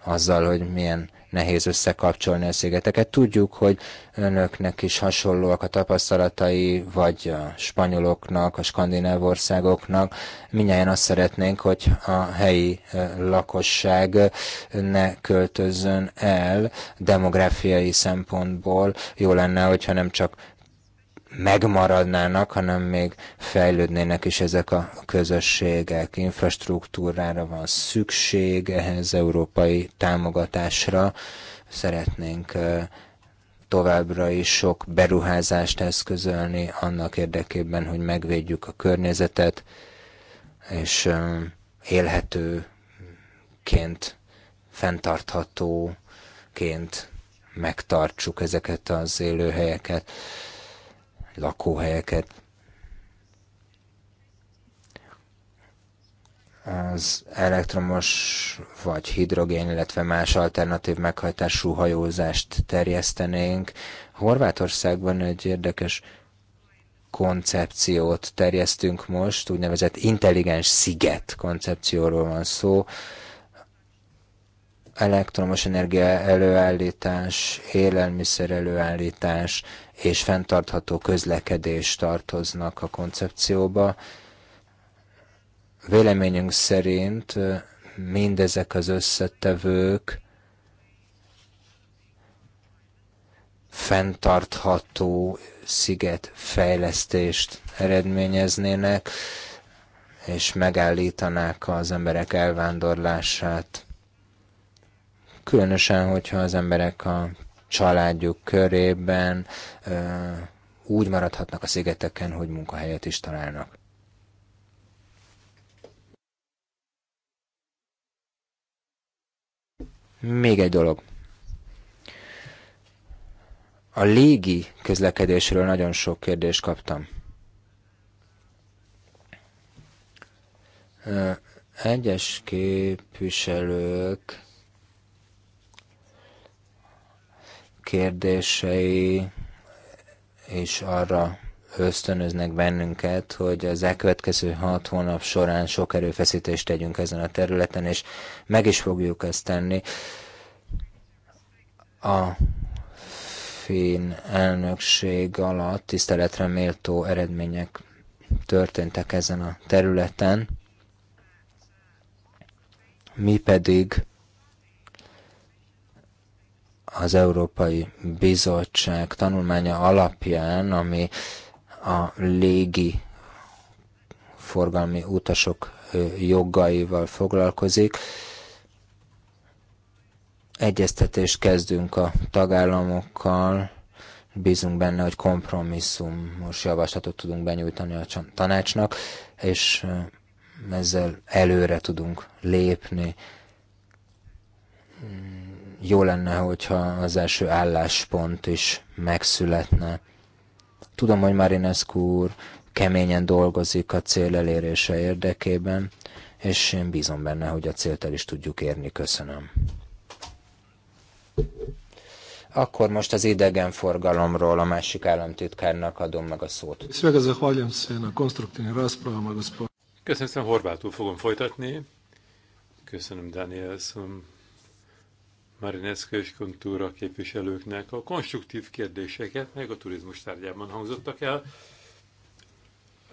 azzal, hogy milyen nehéz összekapcsolni a szigeteket. Tudjuk, hogy önöknek is hasonlóak a tapasztalatai, vagy a spanyoloknak, a skandináv országoknak. Mindjárt azt szeretnénk, hogy a helyi lakosság ne költözön el demográfiai szempontból. Jó lenne, hogyha nem csak megmaradnának, hanem még fejlődnének is ezek a közösségek. Infrastruktúrára van szükség, ehhez európai támogatásra szeretnénk továbbra is sok beruházást eszközölni annak érdekében, hogy megvédjük a környezetet, és élhetőként, fenntarthatóként megtartsuk ezeket az élőhelyeket lakóhelyeket. Az elektromos vagy hidrogén, illetve más alternatív meghajtású hajózást terjesztenénk. Horvátországban egy érdekes koncepciót terjesztünk most, úgynevezett intelligens sziget koncepcióról van szó. Elektromos energia előállítás, élelmiszer előállítás, és fenntartható közlekedés tartoznak a koncepcióba. Véleményünk szerint mindezek az összetevők fenntartható sziget fejlesztést eredményeznének, és megállítanák az emberek elvándorlását. Különösen, hogyha az emberek a családjuk körében úgy maradhatnak a szigeteken, hogy munkahelyet is találnak. Még egy dolog. A légi közlekedésről nagyon sok kérdést kaptam. Egyes képviselők kérdései is arra ösztönöznek bennünket, hogy az elkövetkező hat hónap során sok erőfeszítést tegyünk ezen a területen, és meg is fogjuk ezt tenni. A finn elnökség alatt tiszteletre méltó eredmények történtek ezen a területen, mi pedig az Európai Bizottság tanulmánya alapján, ami a légi forgalmi utasok jogaival foglalkozik. Egyeztetést kezdünk a tagállamokkal, bízunk benne, hogy kompromisszumos javaslatot tudunk benyújtani a tanácsnak, és ezzel előre tudunk lépni jó lenne, hogyha az első álláspont is megszületne. Tudom, hogy Marinescu úr keményen dolgozik a cél elérése érdekében, és én bízom benne, hogy a célt el is tudjuk érni. Köszönöm. Akkor most az idegenforgalomról a másik államtitkárnak adom meg a szót. Köszönöm, Horvátul fogom folytatni. Köszönöm, Danielson Marinescu és Kontúra képviselőknek a konstruktív kérdéseket, meg a turizmus tárgyában hangzottak el,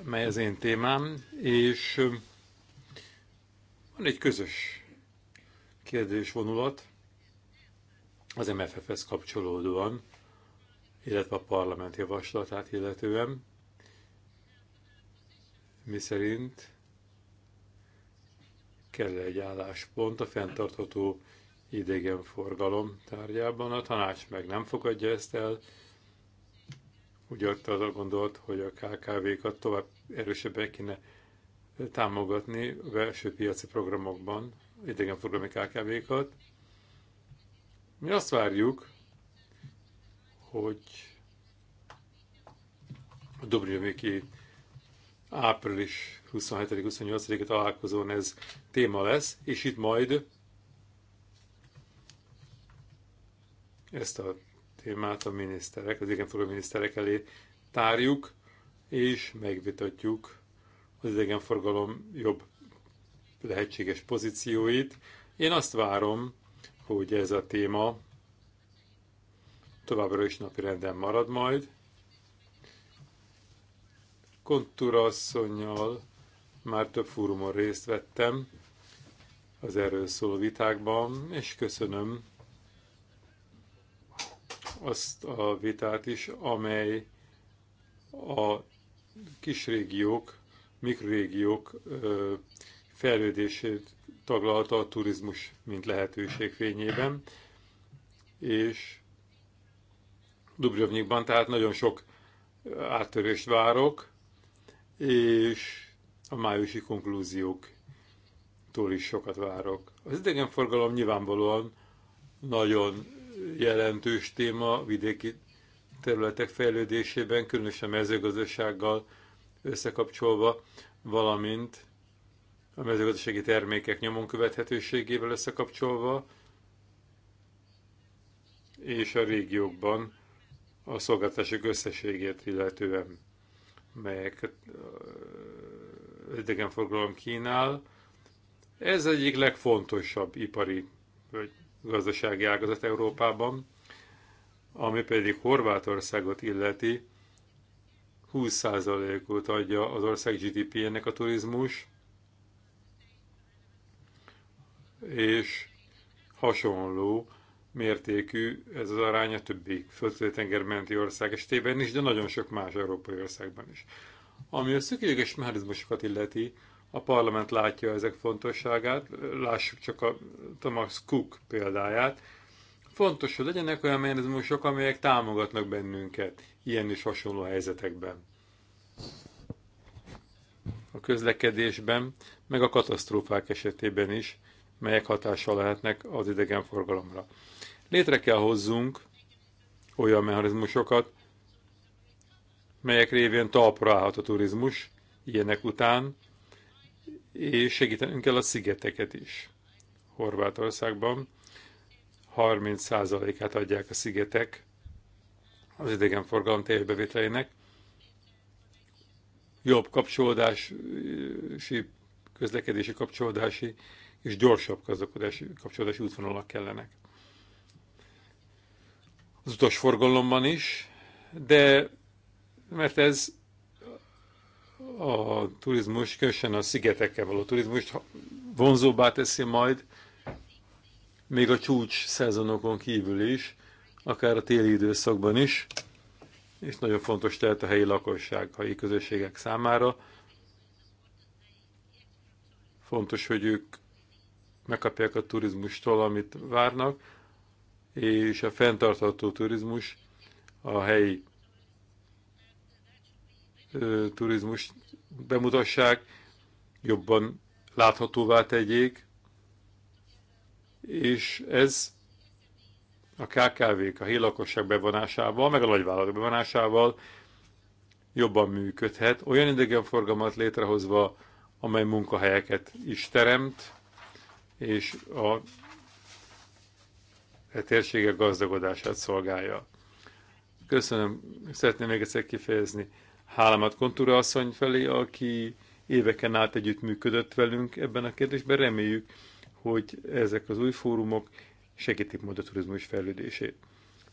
mely az én témám, és van egy közös kérdésvonulat az MFF-hez kapcsolódóan, illetve a parlament javaslatát illetően, mi szerint kell egy álláspont a fenntartható idegenforgalom tárgyában. A tanács meg nem fogadja ezt el. Úgy adta az a gondolt, hogy a KKV-kat tovább erősebben kéne támogatni a belső piaci programokban, idegenforgalmi KKV-kat. Mi azt várjuk, hogy a Dobrinyomiki április 27-28-a találkozón ez téma lesz, és itt majd ezt a témát a miniszterek, az idegenforgalmi miniszterek elé tárjuk, és megvitatjuk az idegenforgalom jobb lehetséges pozícióit. Én azt várom, hogy ez a téma továbbra is napi renden marad majd. Kontúra asszonynal már több fórumon részt vettem az erről szóló vitákban, és köszönöm azt a vitát is, amely a kisrégiók, mikrorégiók fejlődését taglalta a turizmus, mint lehetőség fényében, és Dubrovnikban tehát nagyon sok áttörést várok, és a májusi konklúzióktól is sokat várok. Az idegenforgalom nyilvánvalóan nagyon jelentős téma vidéki területek fejlődésében, különösen mezőgazdasággal összekapcsolva, valamint a mezőgazdasági termékek nyomon követhetőségével összekapcsolva, és a régiókban a szolgáltatások összességét illetően, melyeket idegenforgalom kínál. Ez egyik legfontosabb ipari vagy gazdasági ágazat Európában, ami pedig Horvátországot illeti, 20%-ot adja az ország GDP-ének a turizmus, és hasonló mértékű ez az arány a többi földtenger menti ország esetében is, de nagyon sok más európai országban is. Ami a szükséges mechanizmusokat illeti, a parlament látja ezek fontosságát, lássuk csak a Thomas Cook példáját. Fontos, hogy legyenek olyan mechanizmusok, amelyek támogatnak bennünket ilyen és hasonló helyzetekben. A közlekedésben, meg a katasztrófák esetében is, melyek hatással lehetnek az idegenforgalomra. Létre kell hozzunk olyan mechanizmusokat, melyek révén talpra állhat a turizmus ilyenek után, és segítenünk kell a szigeteket is. Horvátországban 30%-át adják a szigetek az idegenforgalom teljes bevételének. Jobb kapcsolódási, közlekedési kapcsolódási és gyorsabb közlekedési kapcsolódási útvonalak kellenek. Az utas forgalomban is, de mert ez a turizmus, különösen a szigetekkel való turizmus vonzóbbá teszi majd, még a csúcs szezonokon kívül is, akár a téli időszakban is, és nagyon fontos tehát a helyi lakosság, a helyi közösségek számára. Fontos, hogy ők megkapják a turizmustól, amit várnak, és a fenntartható turizmus a helyi turizmus bemutassák, jobban láthatóvá tegyék, és ez a KKV-k, a hélakosság bevonásával, meg a nagyvállalatok bevonásával jobban működhet, olyan idegenforgalmat létrehozva, amely munkahelyeket is teremt, és a, a e térségek gazdagodását szolgálja. Köszönöm, szeretném még egyszer kifejezni hálámat Kontúra asszony felé, aki éveken át együttműködött velünk ebben a kérdésben. Reméljük, hogy ezek az új fórumok segítik majd a turizmus fejlődését.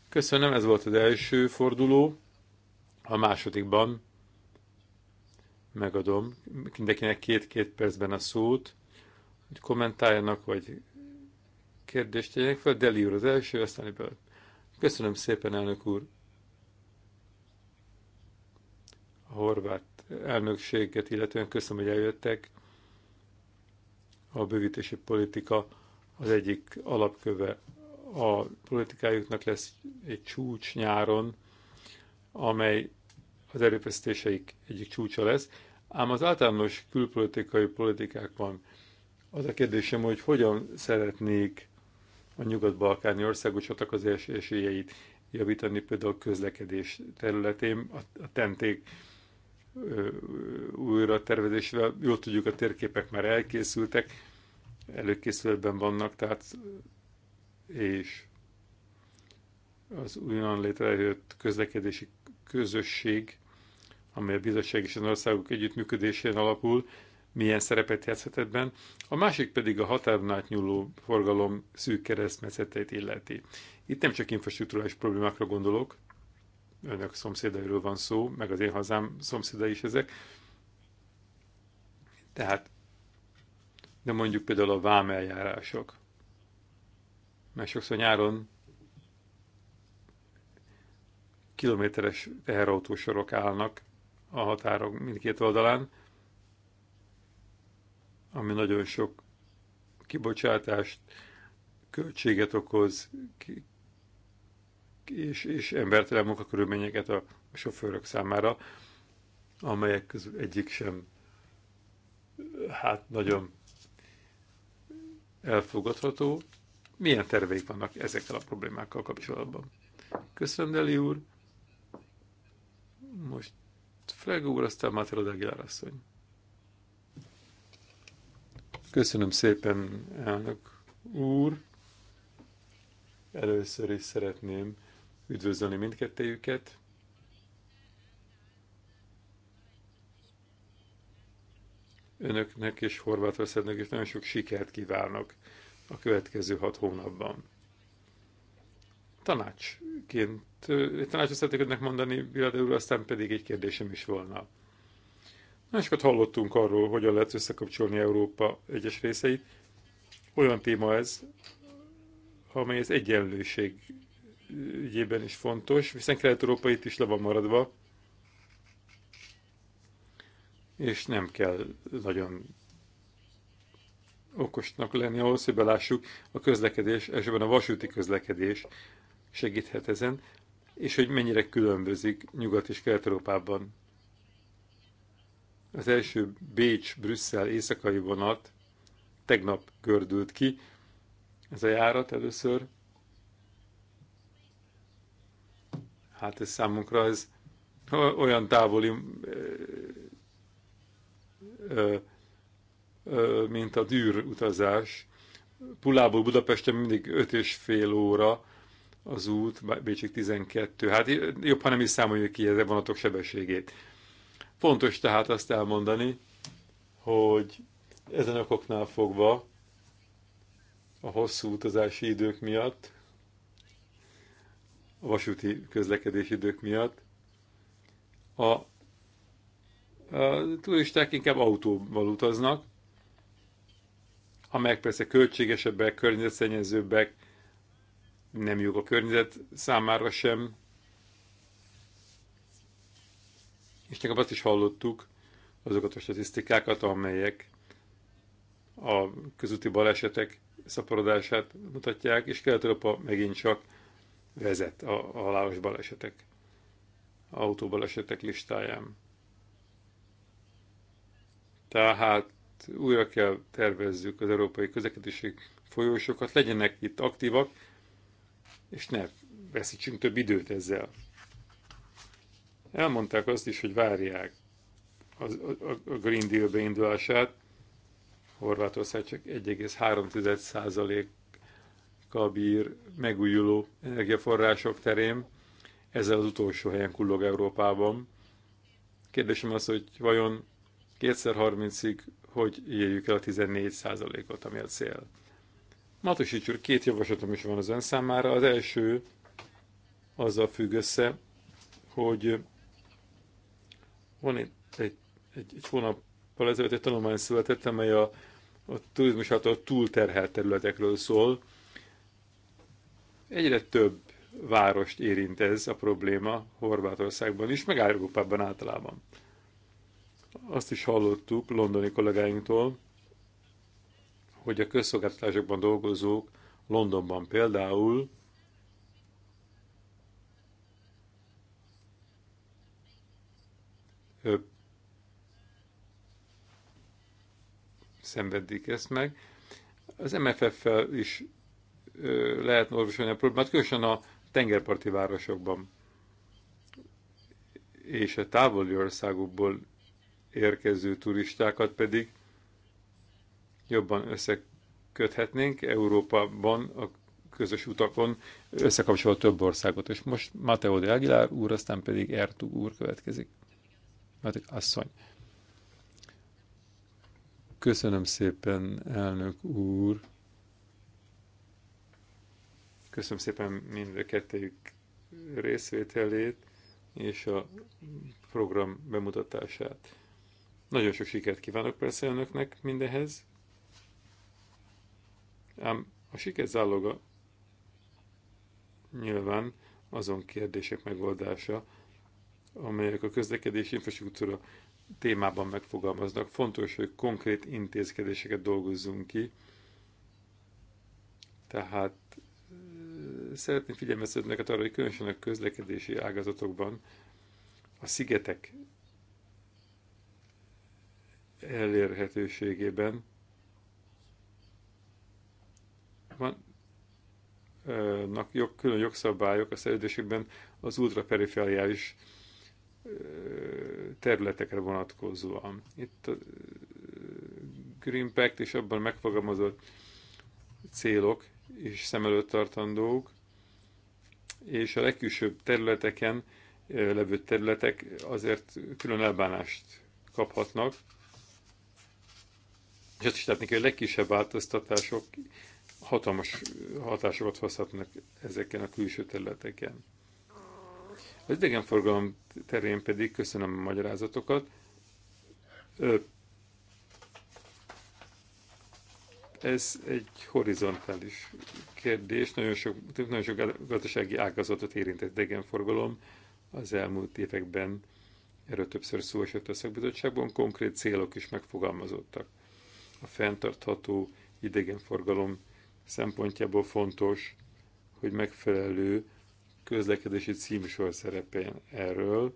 Köszönöm, ez volt az első forduló. A másodikban megadom mindenkinek két-két percben a szót, hogy kommentáljanak, vagy kérdést tegyenek fel. Deli úr az első, aztán ebből. Köszönöm szépen, elnök úr. horvát elnökséget, illetően köszönöm, hogy eljöttek. A bővítési politika az egyik alapköve a politikájuknak lesz egy csúcs nyáron, amely az erőfeszítéseik egyik csúcsa lesz, ám az általános külpolitikai politikákban az a kérdésem, hogy hogyan szeretnék a nyugat-balkáni országos az esélyeit javítani, például a közlekedés területén, a, a tenték újra tervezésre. Jól tudjuk, a térképek már elkészültek, előkészületben vannak, tehát és az újonnan létrejött közlekedési közösség, amely a bizottság és az országok együttműködésén alapul, milyen szerepet játszhat ebben, a másik pedig a határon átnyúló forgalom szűk keresztmetszeteit illeti. Itt nem csak infrastruktúrális problémákra gondolok, önök szomszédairól van szó, meg az én hazám szomszédai is ezek. Tehát, de mondjuk például a vámeljárások. Mert sokszor nyáron kilométeres teherautósorok állnak a határok mindkét oldalán, ami nagyon sok kibocsátást, költséget okoz, és, és embertelen munkakörülményeket a, a sofőrök számára, amelyek közül egyik sem hát nagyon elfogadható. Milyen terveik vannak ezekkel a problémákkal kapcsolatban? Köszönöm, Deli úr. Most Fregó úr, aztán Máté Aguilar asszony. Köszönöm szépen, elnök úr. Először is szeretném üdvözölni mindkettőjüket. Önöknek és Horvátországnak is nagyon sok sikert kívánok a következő hat hónapban. Tanácsként, tanácsot szeretnék önnek mondani, Bilade úr, aztán pedig egy kérdésem is volna. Nagyon sokat hallottunk arról, hogyan lehet összekapcsolni Európa egyes részeit. Olyan téma ez, amely az egyenlőség ügyében is fontos, hiszen Kelet-Európa itt is le van maradva, és nem kell nagyon okosnak lenni ahhoz, hogy belássuk, a közlekedés, elsőben a vasúti közlekedés segíthet ezen, és hogy mennyire különbözik Nyugat és Kelet-Európában. Az első Bécs-Brüsszel éjszakai vonat tegnap gördült ki, ez a járat először, Hát ez számunkra ez olyan távoli, mint a dűr utazás. Pulából Budapesten mindig 5 és fél óra az út, Bécsik 12. Hát jobb, ha nem is számoljuk ki ezen vonatok sebességét. Fontos tehát azt elmondani, hogy ezen okoknál fogva a hosszú utazási idők miatt vasúti közlekedési idők miatt. A, a turisták inkább autóval utaznak, amelyek persze költségesebbek, környezetszennyezőbbek, nem jók a környezet számára sem. És nekem azt is hallottuk, azokat a statisztikákat, amelyek a közúti balesetek szaporodását mutatják, és Kelet-Európa megint csak vezet a, halálos balesetek, autóbalesetek listáján. Tehát újra kell tervezzük az európai közlekedési folyósokat, legyenek itt aktívak, és ne veszítsünk több időt ezzel. Elmondták azt is, hogy várják az, a, a Green Deal beindulását. Horvátország csak bír megújuló energiaforrások terén. Ezzel az utolsó helyen kullog Európában. Kérdésem az, hogy vajon 2030-ig hogy érjük el a 14%-ot, ami a cél. Matosics úr, két javaslatom is van az ön számára. Az első azzal függ össze, hogy van egy, egy, egy, egy hónappal ezelőtt egy tanulmány született, amely a, a turizmus által túlterhelt területekről szól. Egyre több várost érint ez a probléma Horvátországban is, meg Európában általában. Azt is hallottuk londoni kollégáinktól, hogy a közszolgáltatásokban dolgozók Londonban például ö, szenvedik ezt meg. Az MFF-fel is lehet orvosolni a problémát, különösen a tengerparti városokban és a távoli országokból érkező turistákat pedig jobban összeköthetnénk Európában a közös utakon összekapcsolva több országot. És most Mateo de Aguilar úr, aztán pedig Ertu úr következik. Mateo asszony. Köszönöm szépen, elnök úr. Köszönöm szépen mind a kettőjük részvételét és a program bemutatását. Nagyon sok sikert kívánok persze önöknek mindehez, ám a siker záloga nyilván azon kérdések megoldása, amelyek a közlekedési infrastruktúra témában megfogalmaznak. Fontos, hogy konkrét intézkedéseket dolgozzunk ki, tehát szeretném figyelmeztetni neked arra, hogy különösen a közlekedési ágazatokban a szigetek elérhetőségében van jog, külön jogszabályok a szerződésekben az ultraperifériális területekre vonatkozóan. Itt a Green Pact és abban megfogalmazott célok és szem előtt tartandók és a legkülsőbb területeken levő területek azért külön elbánást kaphatnak. És azt is látni hogy a legkisebb változtatások hatalmas hatásokat hozhatnak ezeken a külső területeken. Az idegenforgalom terén pedig köszönöm a magyarázatokat. Ez egy horizontális kérdés, nagyon sok, nagyon sok gazdasági ágazatot érintett idegenforgalom az elmúlt években, erről többször szó esett a szakbizottságban, konkrét célok is megfogalmazottak. A fenntartható idegenforgalom szempontjából fontos, hogy megfelelő közlekedési címsor szerepeljen erről.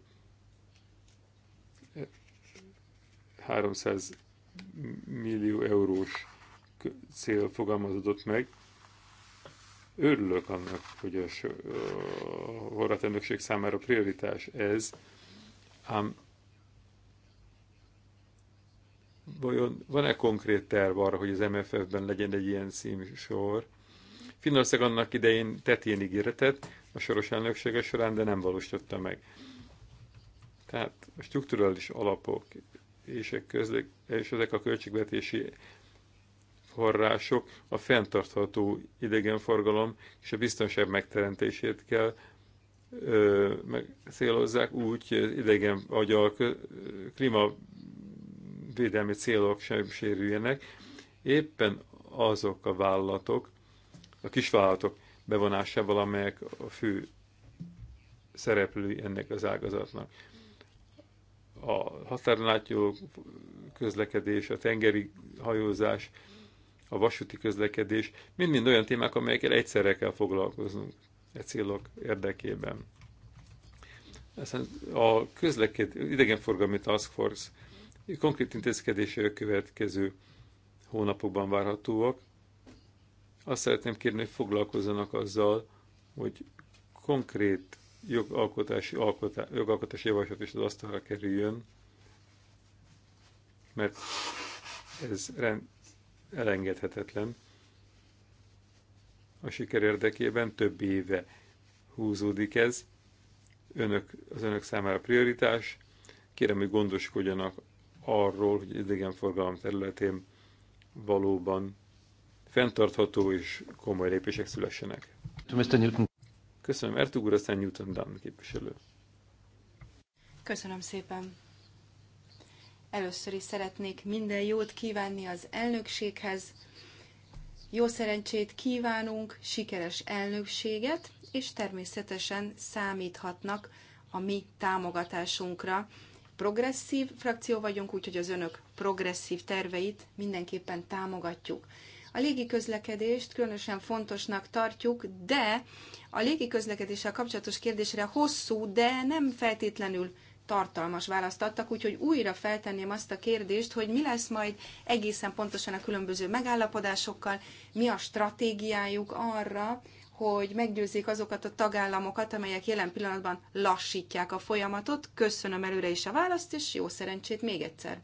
300 millió eurós cél fogalmazódott meg. Örülök annak, hogy a, horvát elnökség számára prioritás ez, ám vajon van-e konkrét terv arra, hogy az MFF-ben legyen egy ilyen színsor? Finnország annak idején tett ilyen ígéretet a soros elnöksége során, de nem valósította meg. Tehát a strukturális alapok és, a közlek, és ezek a költségvetési források, a fenntartható idegenforgalom és a biztonság megteremtését kell ö, meg célozzák úgy, idegen, vagy a klímavédelmi célok sem sérüljenek. Éppen azok a vállalatok, a kisvállalatok bevonásával, amelyek a fő szereplői ennek az ágazatnak. A határon közlekedés, a tengeri hajózás, a vasúti közlekedés, mind-mind olyan témák, amelyekkel egyszerre kell foglalkoznunk e célok érdekében. a közleked, idegenforgalmi task force konkrét intézkedése a következő hónapokban várhatóak. Azt szeretném kérni, hogy foglalkozzanak azzal, hogy konkrét jogalkotási, alkotá, jogalkotási javaslat is az asztalra kerüljön, mert ez rend, elengedhetetlen. A siker érdekében több éve húzódik ez. Önök, az önök számára prioritás. Kérem, hogy gondoskodjanak arról, hogy idegenforgalom területén valóban fenntartható és komoly lépések szülessenek. Mr. Newton. Köszönöm, Ertug úr, aztán Newton Dunn képviselő. Köszönöm szépen. Először is szeretnék minden jót kívánni az elnökséghez. Jó szerencsét kívánunk, sikeres elnökséget, és természetesen számíthatnak a mi támogatásunkra. Progresszív frakció vagyunk, úgyhogy az önök progresszív terveit mindenképpen támogatjuk. A légi közlekedést különösen fontosnak tartjuk, de a légi közlekedéssel kapcsolatos kérdésre hosszú, de nem feltétlenül tartalmas választ adtak, úgyhogy újra feltenném azt a kérdést, hogy mi lesz majd egészen pontosan a különböző megállapodásokkal, mi a stratégiájuk arra, hogy meggyőzzék azokat a tagállamokat, amelyek jelen pillanatban lassítják a folyamatot. Köszönöm előre is a választ, és jó szerencsét még egyszer.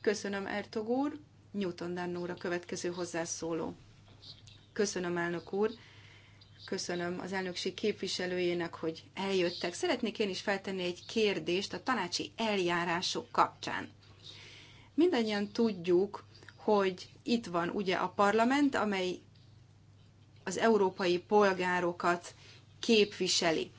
Köszönöm, Ertog úr. Newton Dan úr a következő hozzászóló. Köszönöm, elnök úr. Köszönöm az elnökség képviselőjének, hogy eljöttek. Szeretnék én is feltenni egy kérdést a tanácsi eljárások kapcsán. Mindannyian tudjuk, hogy itt van ugye a parlament, amely az európai polgárokat képviseli.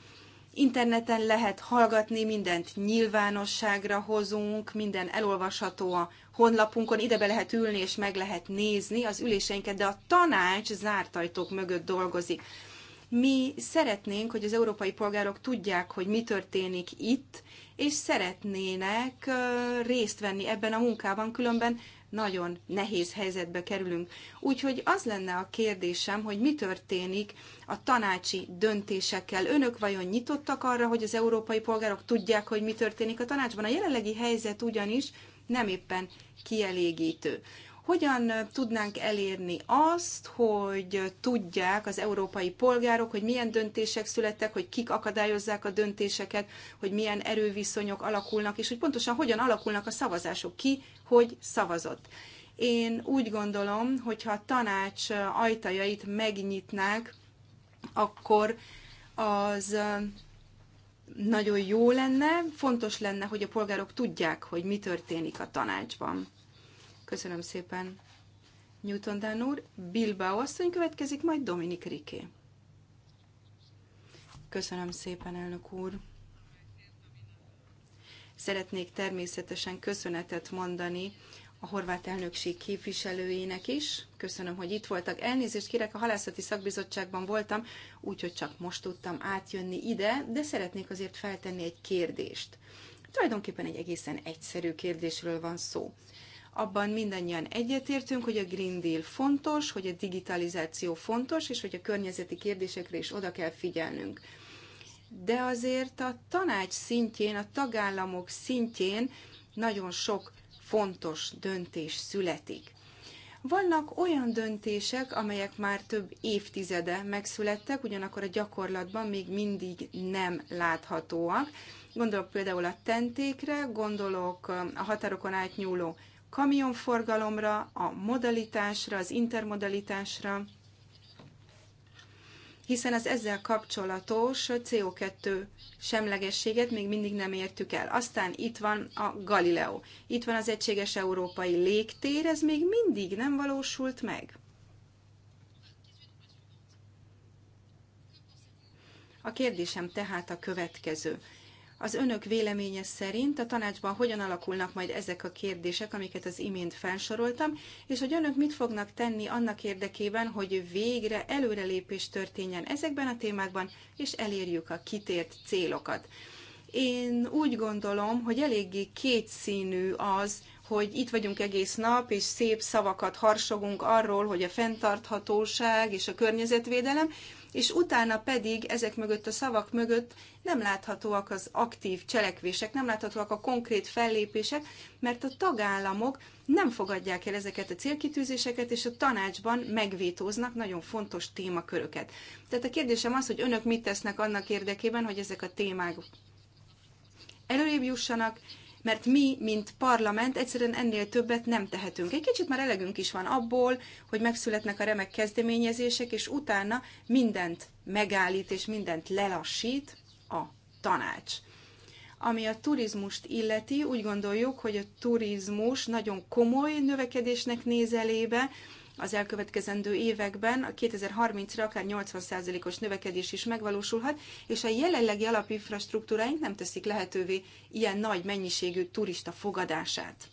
Interneten lehet hallgatni, mindent nyilvánosságra hozunk, minden elolvasható a honlapunkon, ide be lehet ülni és meg lehet nézni az üléseinket, de a tanács zárt ajtók mögött dolgozik. Mi szeretnénk, hogy az európai polgárok tudják, hogy mi történik itt, és szeretnének részt venni ebben a munkában, különben nagyon nehéz helyzetbe kerülünk. Úgyhogy az lenne a kérdésem, hogy mi történik a tanácsi döntésekkel. Önök vajon nyitottak arra, hogy az európai polgárok tudják, hogy mi történik a tanácsban? A jelenlegi helyzet ugyanis nem éppen kielégítő hogyan tudnánk elérni azt, hogy tudják az európai polgárok, hogy milyen döntések születtek, hogy kik akadályozzák a döntéseket, hogy milyen erőviszonyok alakulnak, és hogy pontosan hogyan alakulnak a szavazások, ki hogy szavazott. Én úgy gondolom, hogyha a tanács ajtajait megnyitnák, akkor az nagyon jó lenne, fontos lenne, hogy a polgárok tudják, hogy mi történik a tanácsban. Köszönöm szépen, Newton Dán úr. Bilbao asszony következik, majd Dominik Riké. Köszönöm szépen, elnök úr. Szeretnék természetesen köszönetet mondani a horvát elnökség képviselőjének is. Köszönöm, hogy itt voltak. Elnézést kérek, a halászati szakbizottságban voltam, úgyhogy csak most tudtam átjönni ide, de szeretnék azért feltenni egy kérdést. Tulajdonképpen egy egészen egyszerű kérdésről van szó abban mindannyian egyetértünk, hogy a Green Deal fontos, hogy a digitalizáció fontos, és hogy a környezeti kérdésekre is oda kell figyelnünk. De azért a tanács szintjén, a tagállamok szintjén nagyon sok fontos döntés születik. Vannak olyan döntések, amelyek már több évtizede megszülettek, ugyanakkor a gyakorlatban még mindig nem láthatóak. Gondolok például a tentékre, gondolok a határokon átnyúló kamionforgalomra, a modalitásra, az intermodalitásra, hiszen az ezzel kapcsolatos CO2 semlegességet még mindig nem értük el. Aztán itt van a Galileo, itt van az egységes európai légtér, ez még mindig nem valósult meg. A kérdésem tehát a következő. Az önök véleménye szerint a tanácsban hogyan alakulnak majd ezek a kérdések, amiket az imént felsoroltam, és hogy önök mit fognak tenni annak érdekében, hogy végre előrelépés történjen ezekben a témákban, és elérjük a kitért célokat. Én úgy gondolom, hogy eléggé kétszínű az, hogy itt vagyunk egész nap, és szép szavakat harsogunk arról, hogy a fenntarthatóság és a környezetvédelem, és utána pedig ezek mögött a szavak mögött nem láthatóak az aktív cselekvések, nem láthatóak a konkrét fellépések, mert a tagállamok nem fogadják el ezeket a célkitűzéseket, és a tanácsban megvétóznak nagyon fontos témaköröket. Tehát a kérdésem az, hogy önök mit tesznek annak érdekében, hogy ezek a témák előrébb jussanak, mert mi, mint parlament, egyszerűen ennél többet nem tehetünk. Egy kicsit már elegünk is van abból, hogy megszületnek a remek kezdeményezések, és utána mindent megállít és mindent lelassít a tanács. Ami a turizmust illeti, úgy gondoljuk, hogy a turizmus nagyon komoly növekedésnek nézelébe, az elkövetkezendő években, a 2030-ra akár 80%-os növekedés is megvalósulhat, és a jelenlegi alapinfrastruktúráink nem teszik lehetővé ilyen nagy mennyiségű turista fogadását.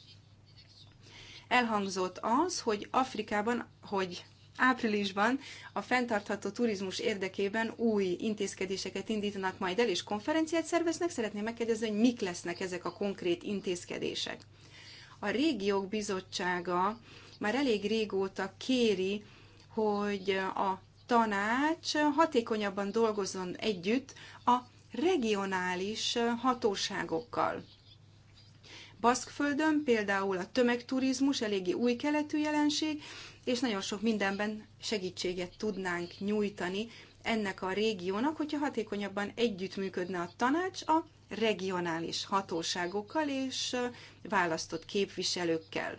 Elhangzott az, hogy Afrikában, hogy áprilisban a fenntartható turizmus érdekében új intézkedéseket indítanak majd el, és konferenciát szerveznek. Szeretném megkérdezni, hogy mik lesznek ezek a konkrét intézkedések. A régiók bizottsága már elég régóta kéri, hogy a tanács hatékonyabban dolgozzon együtt a regionális hatóságokkal. Baszkföldön például a tömegturizmus eléggé új keletű jelenség, és nagyon sok mindenben segítséget tudnánk nyújtani ennek a régiónak, hogyha hatékonyabban együttműködne a tanács a regionális hatóságokkal és választott képviselőkkel.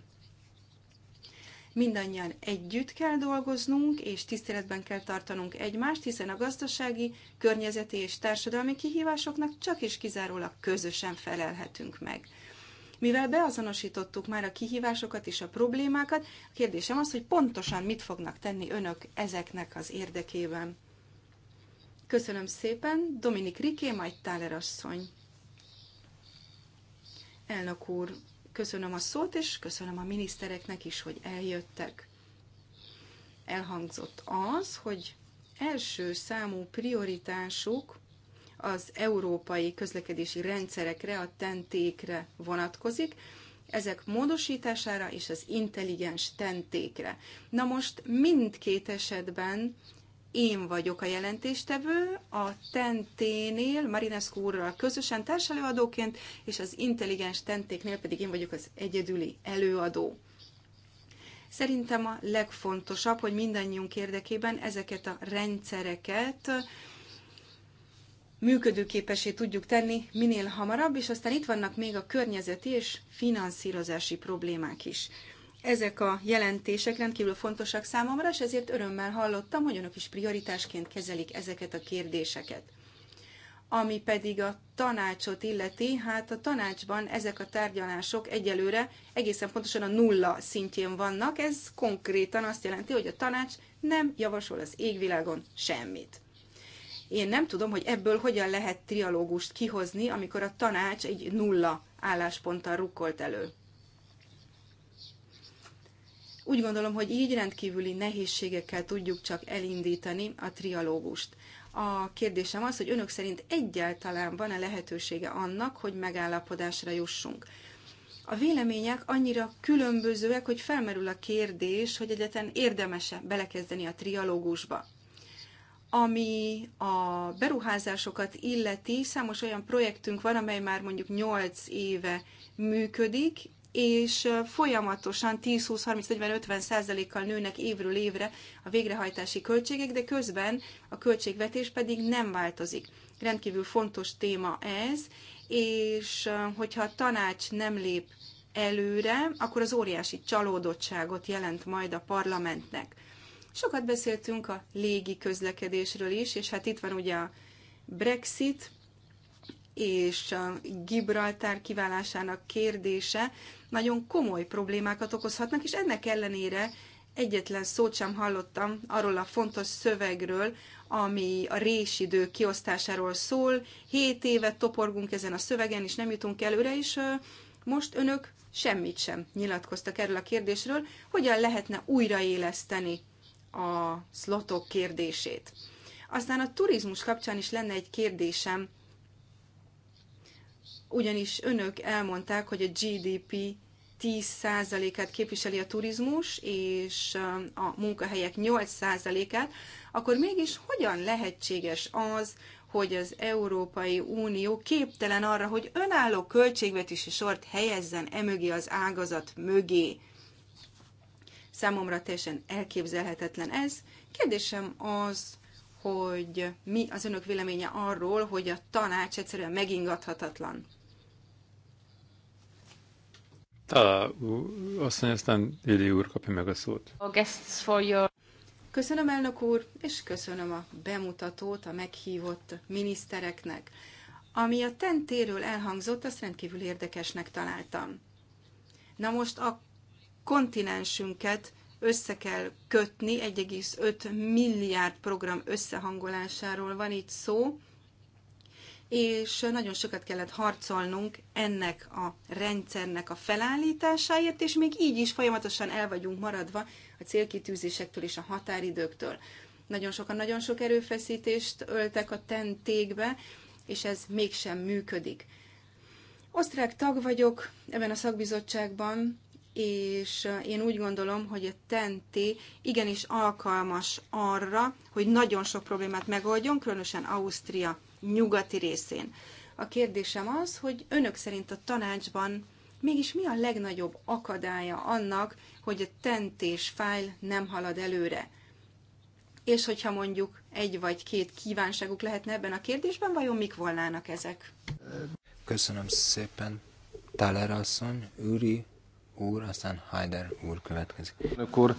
Mindannyian együtt kell dolgoznunk, és tiszteletben kell tartanunk egymást, hiszen a gazdasági, környezeti és társadalmi kihívásoknak csak is kizárólag közösen felelhetünk meg. Mivel beazonosítottuk már a kihívásokat és a problémákat, a kérdésem az, hogy pontosan mit fognak tenni önök ezeknek az érdekében. Köszönöm szépen, Dominik Riké, majd Táler asszony. Elnök úr, Köszönöm a szót, és köszönöm a minisztereknek is, hogy eljöttek. Elhangzott az, hogy első számú prioritásuk az európai közlekedési rendszerekre, a tentékre vonatkozik, ezek módosítására és az intelligens tentékre. Na most mindkét esetben én vagyok a jelentéstevő, a Tenténél, Marinescu úrral közösen társelőadóként, és az intelligens Tentéknél pedig én vagyok az egyedüli előadó. Szerintem a legfontosabb, hogy mindannyiunk érdekében ezeket a rendszereket működőképesé tudjuk tenni minél hamarabb, és aztán itt vannak még a környezeti és finanszírozási problémák is. Ezek a jelentések rendkívül fontosak számomra, és ezért örömmel hallottam, hogy önök is prioritásként kezelik ezeket a kérdéseket. Ami pedig a tanácsot illeti, hát a tanácsban ezek a tárgyalások egyelőre egészen pontosan a nulla szintjén vannak. Ez konkrétan azt jelenti, hogy a tanács nem javasol az égvilágon semmit. Én nem tudom, hogy ebből hogyan lehet trialógust kihozni, amikor a tanács egy nulla állásponttal rukkolt elő. Úgy gondolom, hogy így rendkívüli nehézségekkel tudjuk csak elindítani a trialógust. A kérdésem az, hogy önök szerint egyáltalán van-e lehetősége annak, hogy megállapodásra jussunk. A vélemények annyira különbözőek, hogy felmerül a kérdés, hogy egyetlen érdemese belekezdeni a trialógusba. Ami a beruházásokat illeti, számos olyan projektünk van, amely már mondjuk 8 éve működik, és folyamatosan 10-20-30-40-50 százalékkal nőnek évről évre a végrehajtási költségek, de közben a költségvetés pedig nem változik. Rendkívül fontos téma ez, és hogyha a tanács nem lép előre, akkor az óriási csalódottságot jelent majd a parlamentnek. Sokat beszéltünk a légi közlekedésről is, és hát itt van ugye a Brexit, és Gibraltár kiválásának kérdése nagyon komoly problémákat okozhatnak, és ennek ellenére egyetlen szót sem hallottam arról a fontos szövegről, ami a résidő kiosztásáról szól. Hét évet toporgunk ezen a szövegen, és nem jutunk előre, és most önök semmit sem nyilatkoztak erről a kérdésről, hogyan lehetne újraéleszteni a szlotok kérdését. Aztán a turizmus kapcsán is lenne egy kérdésem ugyanis önök elmondták, hogy a GDP 10%-át képviseli a turizmus, és a munkahelyek 8%-át, akkor mégis hogyan lehetséges az, hogy az Európai Unió képtelen arra, hogy önálló költségvetési sort helyezzen emögé az ágazat mögé. Számomra teljesen elképzelhetetlen ez. Kérdésem az, hogy mi az önök véleménye arról, hogy a tanács egyszerűen megingathatatlan. Talá, aztán aztán Vili úr kapja meg a szót. Köszönöm, elnök úr, és köszönöm a bemutatót a meghívott minisztereknek. Ami a tentéről elhangzott, azt rendkívül érdekesnek találtam. Na most a kontinensünket össze kell kötni, 1,5 milliárd program összehangolásáról van itt szó, és nagyon sokat kellett harcolnunk ennek a rendszernek a felállításáért, és még így is folyamatosan el vagyunk maradva a célkitűzésektől és a határidőktől. Nagyon sokan nagyon sok erőfeszítést öltek a tentékbe, és ez mégsem működik. Osztrák tag vagyok ebben a szakbizottságban, és én úgy gondolom, hogy a TNT igenis alkalmas arra, hogy nagyon sok problémát megoldjon, különösen Ausztria nyugati részén. A kérdésem az, hogy önök szerint a tanácsban mégis mi a legnagyobb akadálya annak, hogy a tentés fájl nem halad előre? És hogyha mondjuk egy vagy két kívánságuk lehetne ebben a kérdésben, vajon mik volnának ezek? Köszönöm szépen. Taler asszony, Üri úr, aztán Haider úr következik. Önök úr,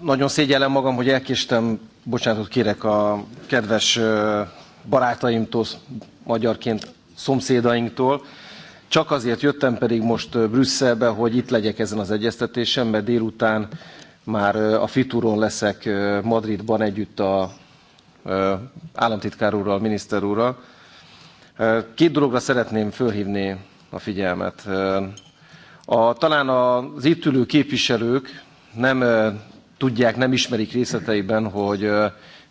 nagyon szégyellem magam, hogy elkéstem, bocsánatot kérek a kedves barátaimtól, magyarként szomszédainktól. Csak azért jöttem pedig most Brüsszelbe, hogy itt legyek ezen az egyeztetésen, mert délután már a Fituron leszek Madridban együtt a államtitkár úrral, miniszter úrral. Két dologra szeretném fölhívni a figyelmet. A, talán az itt ülő képviselők nem tudják, nem ismerik részleteiben, hogy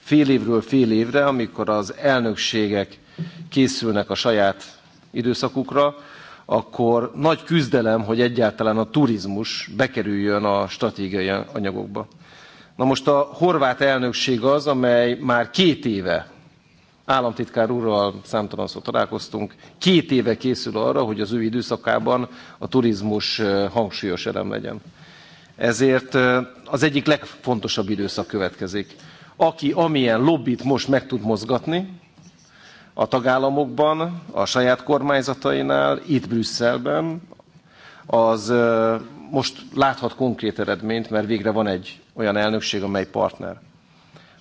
fél évről fél évre, amikor az elnökségek készülnek a saját időszakukra, akkor nagy küzdelem, hogy egyáltalán a turizmus bekerüljön a stratégiai anyagokba. Na most a horvát elnökség az, amely már két éve, államtitkár úrral szó találkoztunk, két éve készül arra, hogy az ő időszakában a turizmus hangsúlyos elem legyen. Ezért az egyik legfontosabb időszak következik aki amilyen lobbit most meg tud mozgatni a tagállamokban, a saját kormányzatainál, itt Brüsszelben, az most láthat konkrét eredményt, mert végre van egy olyan elnökség, amely partner.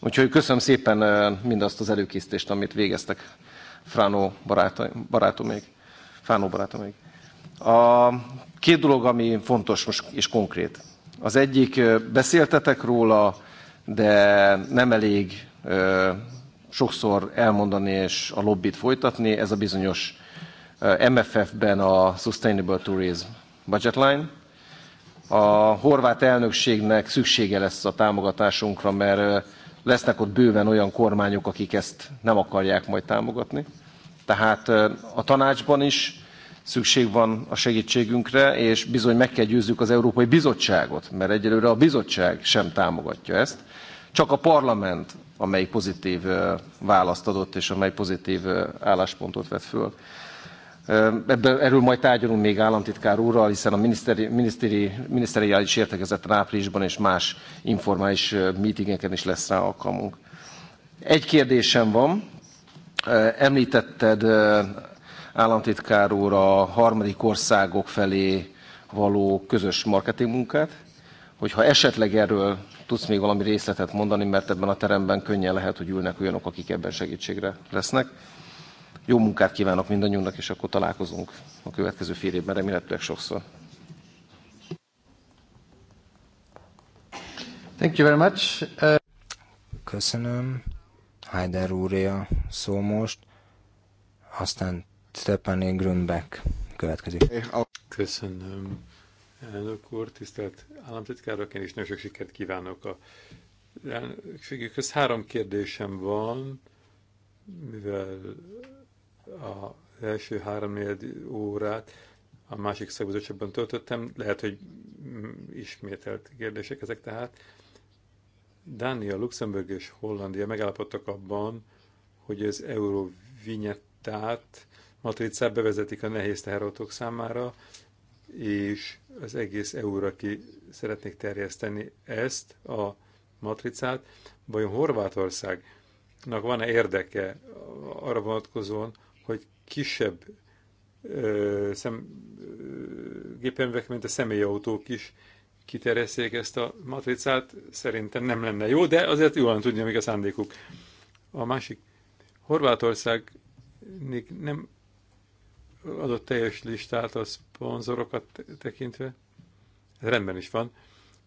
Úgyhogy köszönöm szépen mindazt az előkészítést, amit végeztek Fránó barátom, barátomék. Fánó barátomék. A két dolog, ami fontos most és konkrét. Az egyik, beszéltetek róla, de nem elég sokszor elmondani és a lobbit folytatni, ez a bizonyos MFF-ben a Sustainable Tourism Budget Line. A horvát elnökségnek szüksége lesz a támogatásunkra, mert lesznek ott bőven olyan kormányok, akik ezt nem akarják majd támogatni. Tehát a tanácsban is szükség van a segítségünkre, és bizony meg kell győzzük az Európai Bizottságot, mert egyelőre a bizottság sem támogatja ezt. Csak a parlament, amely pozitív választ adott, és amely pozitív álláspontot vett föl. Ebből, erről majd tárgyalunk még államtitkár úrral, hiszen a miniszteri, miniszteri, értekezett áprilisban és más informális meetingeken is lesz rá alkalmunk. Egy kérdésem van. Említetted államtitkár úr a harmadik országok felé való közös marketing munkát. Hogyha esetleg erről tudsz még valami részletet mondani, mert ebben a teremben könnyen lehet, hogy ülnek olyanok, akik ebben segítségre lesznek. Jó munkát kívánok mindannyiunknak, és akkor találkozunk a következő fél évben, remélhetőleg sokszor. Thank you very much. Uh... Köszönöm. Heider úré a szó most, aztán Stephanie Grünbeck következik. Köszönöm, elnök úr, tisztelt államtitkárok, én is nagyon sok sikert kívánok a elnökségükhöz. Három kérdésem van, mivel a első három órát a másik szakbizottságban töltöttem, lehet, hogy ismételt kérdések ezek tehát. Dánia, Luxemburg és Hollandia megállapodtak abban, hogy az euróvinyettát matricát bevezetik a nehéz teherautók számára, és az egész EU-ra ki szeretnék terjeszteni ezt a matricát. Vajon Horvátországnak van-e érdeke arra vonatkozóan, hogy kisebb gépenvek mint a személyautók is kiterjeszték ezt a matricát, szerintem nem lenne jó, de azért jól tudni, amik a szándékuk. A másik, Horvátország nem adott teljes listát a szponzorokat tekintve. Ez rendben is van,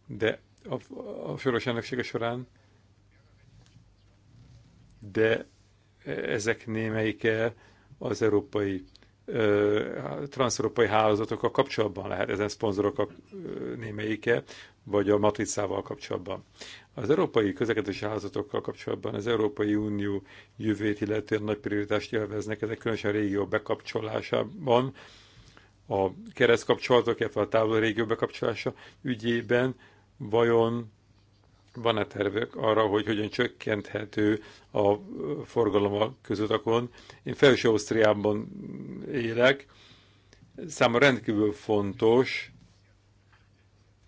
de a, a soros elnöksége során, de ezek némelyike az európai transzeurópai hálózatokkal kapcsolatban lehet, ezen szponzorok a némelyike, vagy a matricával kapcsolatban. Az európai közlekedési házatokkal kapcsolatban az Európai Unió jövőt illetően nagy prioritást élveznek, ezek különösen a régió bekapcsolásában, a keresztkapcsolatok, illetve a távol régió bekapcsolása ügyében, vajon van-e tervek arra, hogy hogyan csökkenthető a forgalom a közutakon. Én Felső Ausztriában élek, számomra rendkívül fontos,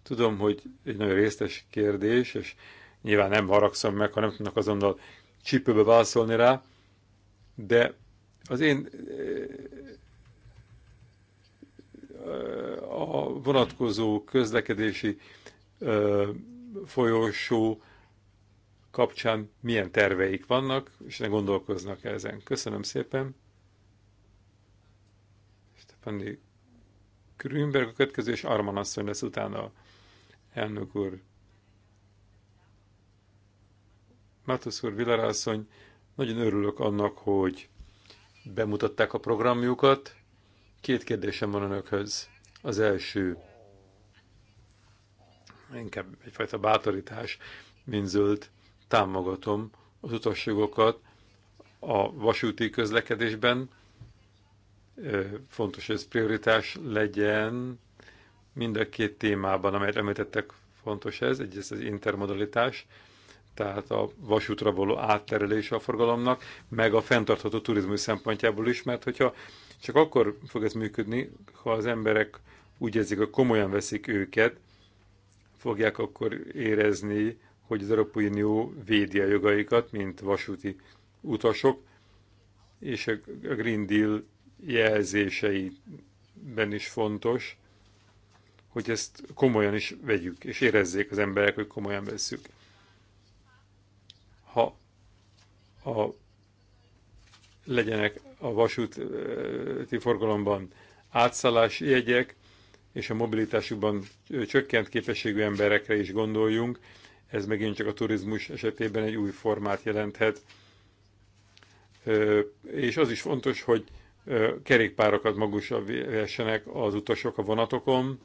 tudom, hogy egy nagyon résztes kérdés, és Nyilván nem haragszom meg, ha nem tudnak azonnal csípőbe válaszolni rá, de az én eh, a vonatkozó közlekedési eh, folyósó kapcsán milyen terveik vannak, és ne gondolkoznak ezen. Köszönöm szépen. Stefani Grünberg a következő, és Arman asszony lesz utána elnök úr. Mátusz úr, Vilarászony, nagyon örülök annak, hogy bemutatták a programjukat. Két kérdésem van önökhöz. Az első, inkább egyfajta bátorítás, mint zöld, támogatom az utasjogokat a vasúti közlekedésben. Fontos, hogy ez prioritás legyen mind a két témában, amelyet említettek, fontos ez. Egyrészt az intermodalitás, tehát a vasútra való átterelése a forgalomnak, meg a fenntartható turizmus szempontjából is, mert hogyha csak akkor fog ez működni, ha az emberek úgy érzik, hogy komolyan veszik őket, fogják akkor érezni, hogy az Európai Unió védi a jogaikat, mint vasúti utasok, és a Green Deal jelzéseiben is fontos, hogy ezt komolyan is vegyük, és érezzék az emberek, hogy komolyan vesszük ha a, legyenek a vasúti forgalomban átszállás jegyek, és a mobilitásukban csökkent képességű emberekre is gondoljunk, ez megint csak a turizmus esetében egy új formát jelenthet. És az is fontos, hogy kerékpárokat magusabb vessenek az utasok a vonatokon,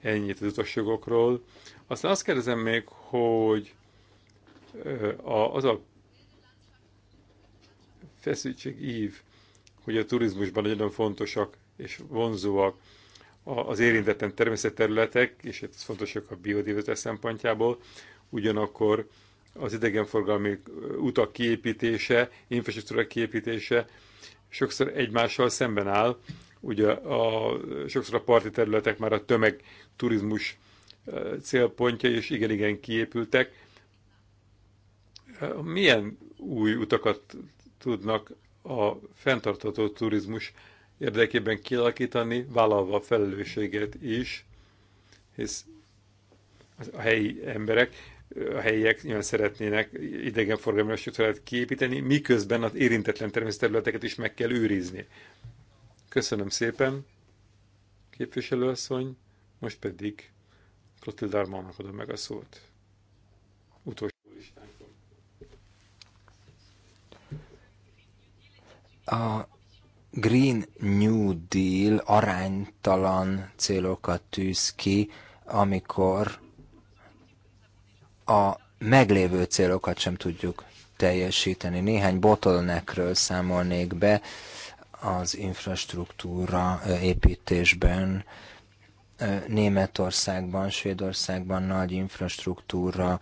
ennyit az utasjogokról. Aztán azt kérdezem még, hogy az a feszültség ív, hogy a turizmusban nagyon fontosak és vonzóak az érintetlen természetterületek, és ez fontosak a biodiverzitás szempontjából, ugyanakkor az idegenforgalmi utak kiépítése, infrastruktúra kiépítése sokszor egymással szemben áll, ugye a, sokszor a parti területek már a tömeg turizmus célpontja, és igen-igen kiépültek, milyen új utakat tudnak a fenntartható turizmus érdekében kialakítani, vállalva a felelősséget is, hisz a helyi emberek, a helyiek nyilván szeretnének idegenforgalmi struktúrát kiépíteni, miközben az érintetlen természetterületeket is meg kell őrizni. Köszönöm szépen, képviselőasszony, most pedig Klotildár Armának adom meg a szót. Utolsó A Green New Deal aránytalan célokat tűz ki, amikor a meglévő célokat sem tudjuk teljesíteni. Néhány bottleneckről számolnék be az infrastruktúra építésben, Németországban, Svédországban nagy infrastruktúra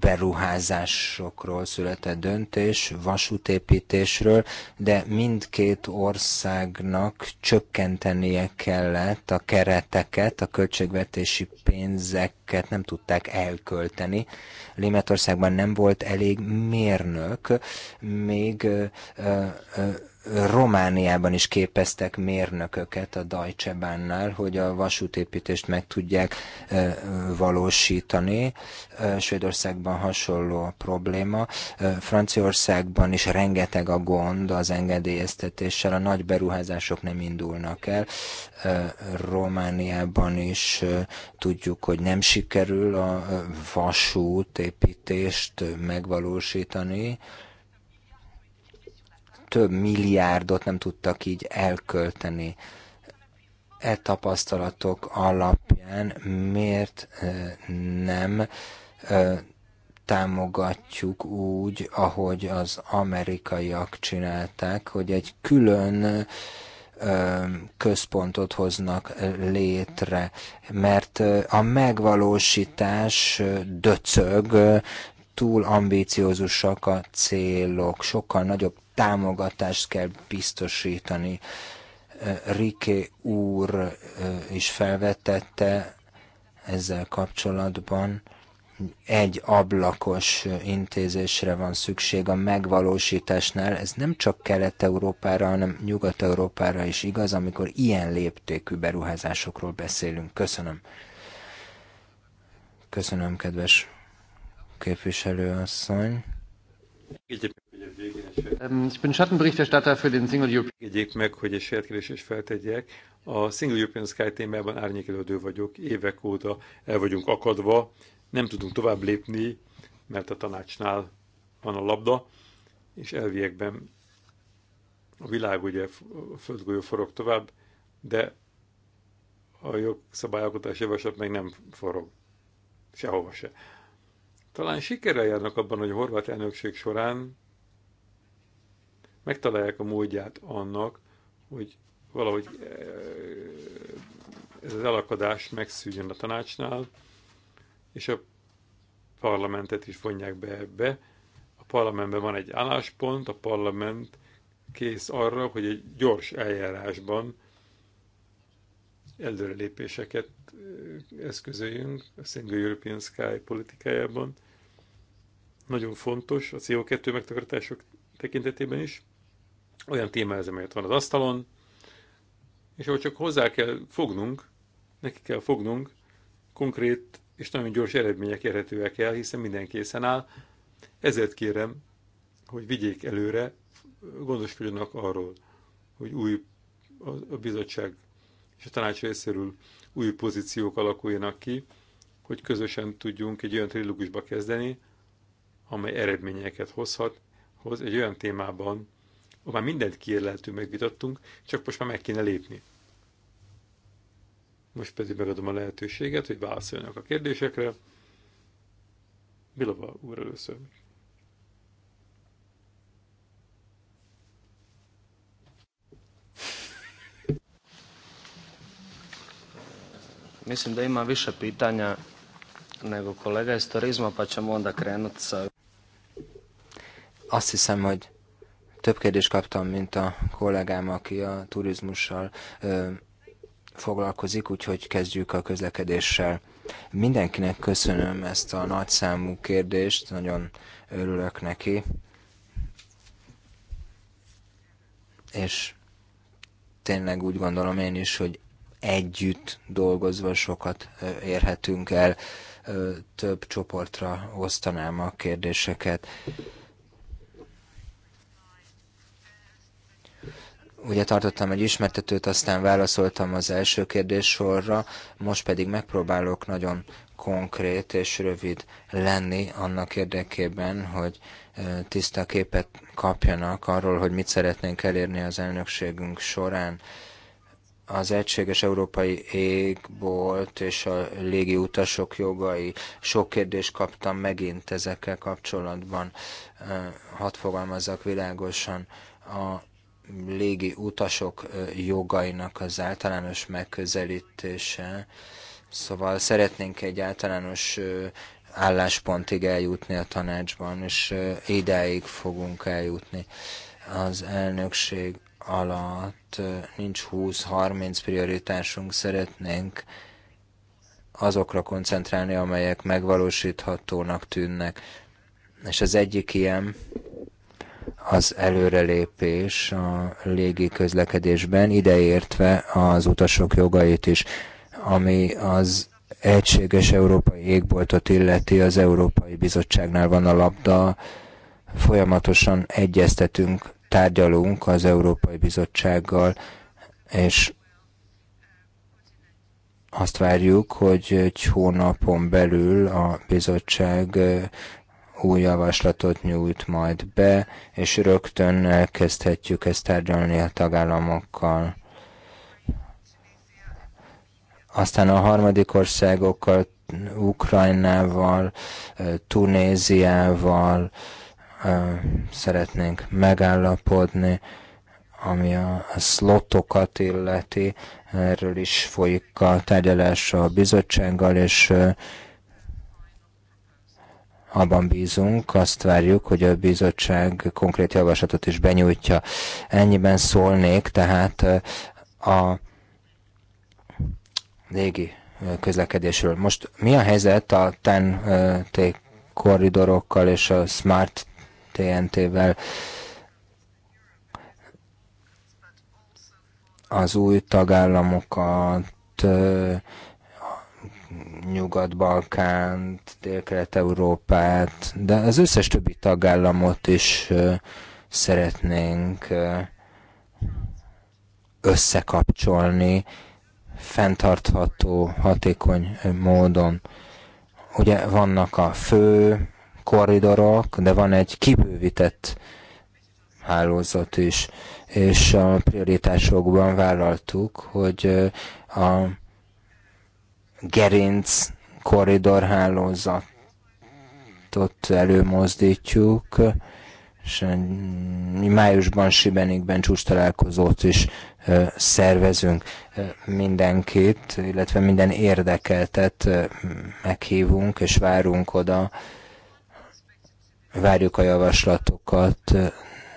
beruházásokról született döntés, vasútépítésről, de mindkét országnak csökkentenie kellett a kereteket, a költségvetési pénzeket nem tudták elkölteni. Németországban nem volt elég mérnök, még Romániában is képeztek mérnököket a Deutsche Bahnnál, hogy a vasútépítést meg tudják valósítani. Svédországban hasonló a probléma. Franciaországban is rengeteg a gond az engedélyeztetéssel, a nagy beruházások nem indulnak el. Romániában is tudjuk, hogy nem sikerül a vasútépítést megvalósítani, több milliárdot nem tudtak így elkölteni. E tapasztalatok alapján miért nem támogatjuk úgy, ahogy az amerikaiak csinálták, hogy egy külön központot hoznak létre, mert a megvalósítás döcög, túl ambíciózusak a célok, sokkal nagyobb támogatást kell biztosítani. Riké úr is felvetette ezzel kapcsolatban, egy ablakos intézésre van szükség a megvalósításnál. Ez nem csak Kelet-Európára, hanem Nyugat-Európára is igaz, amikor ilyen léptékű beruházásokról beszélünk. Köszönöm. Köszönöm, kedves képviselőasszony. Ich bin Schattenberichterstatter für den Single European. Egyék meg, hogy egy saját kérdést feltegyek. A Single European Sky témában árnyékelődő vagyok. Évek óta el vagyunk akadva, nem tudunk tovább lépni, mert a tanácsnál van a labda, és elviekben a világ ugye a földgolyó forog tovább, de a jogszabályalkotás javaslat meg nem forog. Sehova se. Talán sikerrel járnak abban, hogy a horvát elnökség során megtalálják a módját annak, hogy valahogy e, ez az elakadás megszűnjön a tanácsnál, és a parlamentet is vonják be ebbe. A parlamentben van egy álláspont, a parlament kész arra, hogy egy gyors eljárásban előrelépéseket e, eszközöljünk a Single European Sky politikájában. Nagyon fontos a CO2 megtakarítások tekintetében is olyan témához, amelyet van az asztalon, és ahol csak hozzá kell fognunk, neki kell fognunk, konkrét és nagyon gyors eredmények érhetőek el, hiszen minden készen áll. Ezért kérem, hogy vigyék előre, gondoskodjanak arról, hogy új a bizottság és a tanács részéről új pozíciók alakuljanak ki, hogy közösen tudjunk egy olyan trilógusba kezdeni, amely eredményeket hozhat, hoz egy olyan témában, már mindent kiérleltünk, megvitattunk, csak most már meg kéne lépni. Most pedig megadom a lehetőséget, hogy válaszoljanak a kérdésekre. Bilova úr először. Mislim da ima više pitanja nego kolega iz turizma, pa ćemo onda krenuti sa... Azt hiszem, hogy több kérdést kaptam, mint a kollégám, aki a turizmussal foglalkozik, úgyhogy kezdjük a közlekedéssel. Mindenkinek köszönöm ezt a nagyszámú kérdést, nagyon örülök neki. És tényleg úgy gondolom én is, hogy együtt dolgozva sokat érhetünk el. Több csoportra osztanám a kérdéseket. Ugye tartottam egy ismertetőt, aztán válaszoltam az első kérdés sorra. most pedig megpróbálok nagyon konkrét és rövid lenni annak érdekében, hogy tiszta képet kapjanak arról, hogy mit szeretnénk elérni az elnökségünk során. Az egységes európai égbolt és a légi utasok jogai. Sok kérdést kaptam megint ezekkel kapcsolatban. Hadd fogalmazzak világosan. A légi utasok jogainak az általános megközelítése. Szóval szeretnénk egy általános álláspontig eljutni a tanácsban, és ideig fogunk eljutni. Az elnökség alatt nincs 20-30 prioritásunk, szeretnénk azokra koncentrálni, amelyek megvalósíthatónak tűnnek. És az egyik ilyen az előrelépés a légi közlekedésben, ideértve az utasok jogait is, ami az egységes európai égboltot illeti, az Európai Bizottságnál van a labda, folyamatosan egyeztetünk, tárgyalunk az Európai Bizottsággal, és azt várjuk, hogy egy hónapon belül a bizottság új javaslatot nyújt majd be, és rögtön kezdhetjük ezt tárgyalni a tagállamokkal. Aztán a harmadik országokkal, Ukrajnával, eh, Tunéziával eh, szeretnénk megállapodni, ami a szlotokat illeti, erről is folyik a tárgyalás a bizottsággal, és eh, abban bízunk, azt várjuk, hogy a bizottság konkrét javaslatot is benyújtja. Ennyiben szólnék, tehát a légi közlekedésről. Most mi a helyzet a TEN-T korridorokkal és a Smart TNT-vel? Az új tagállamokat Nyugat-Balkánt, Dél-Kelet-Európát, de az összes többi tagállamot is szeretnénk összekapcsolni fenntartható, hatékony módon. Ugye vannak a fő korridorok, de van egy kibővített hálózat is, és a prioritásokban vállaltuk, hogy a gerinc koridorhálózatot előmozdítjuk, és májusban Sibenikben csúcs találkozót is szervezünk mindenkit, illetve minden érdekeltet meghívunk, és várunk oda, várjuk a javaslatokat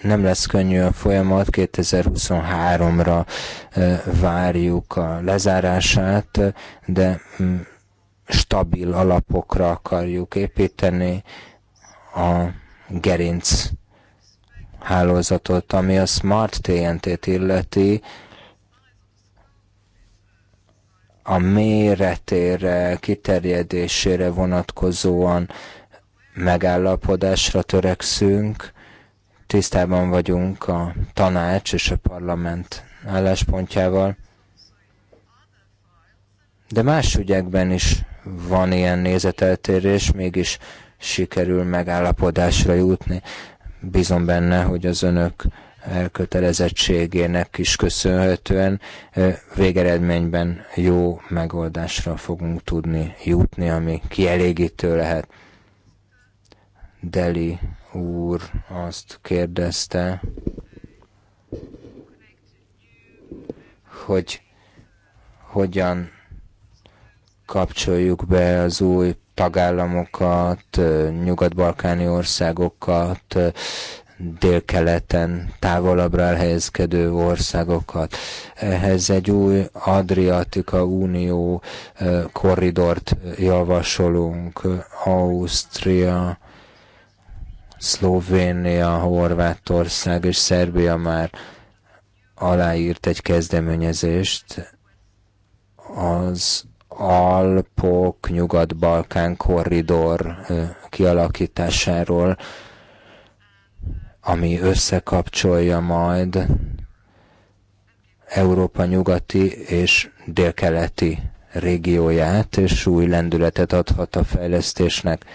nem lesz könnyű a folyamat, 2023-ra várjuk a lezárását, de mm, stabil alapokra akarjuk építeni a gerinc hálózatot, ami a Smart TNT-t illeti, a méretére, kiterjedésére vonatkozóan megállapodásra törekszünk, Tisztában vagyunk a tanács és a parlament álláspontjával, de más ügyekben is van ilyen nézeteltérés, mégis sikerül megállapodásra jutni. Bízom benne, hogy az önök elkötelezettségének is köszönhetően végeredményben jó megoldásra fogunk tudni jutni, ami kielégítő lehet. Deli úr azt kérdezte, hogy hogyan kapcsoljuk be az új tagállamokat, nyugat-balkáni országokat, délkeleten távolabbra elhelyezkedő országokat. Ehhez egy új Adriatika Unió korridort javasolunk. Ausztria, Szlovénia, Horvátország és Szerbia már aláírt egy kezdeményezést az Alpok Nyugat-Balkán korridor kialakításáról, ami összekapcsolja majd Európa nyugati és délkeleti régióját, és új lendületet adhat a fejlesztésnek.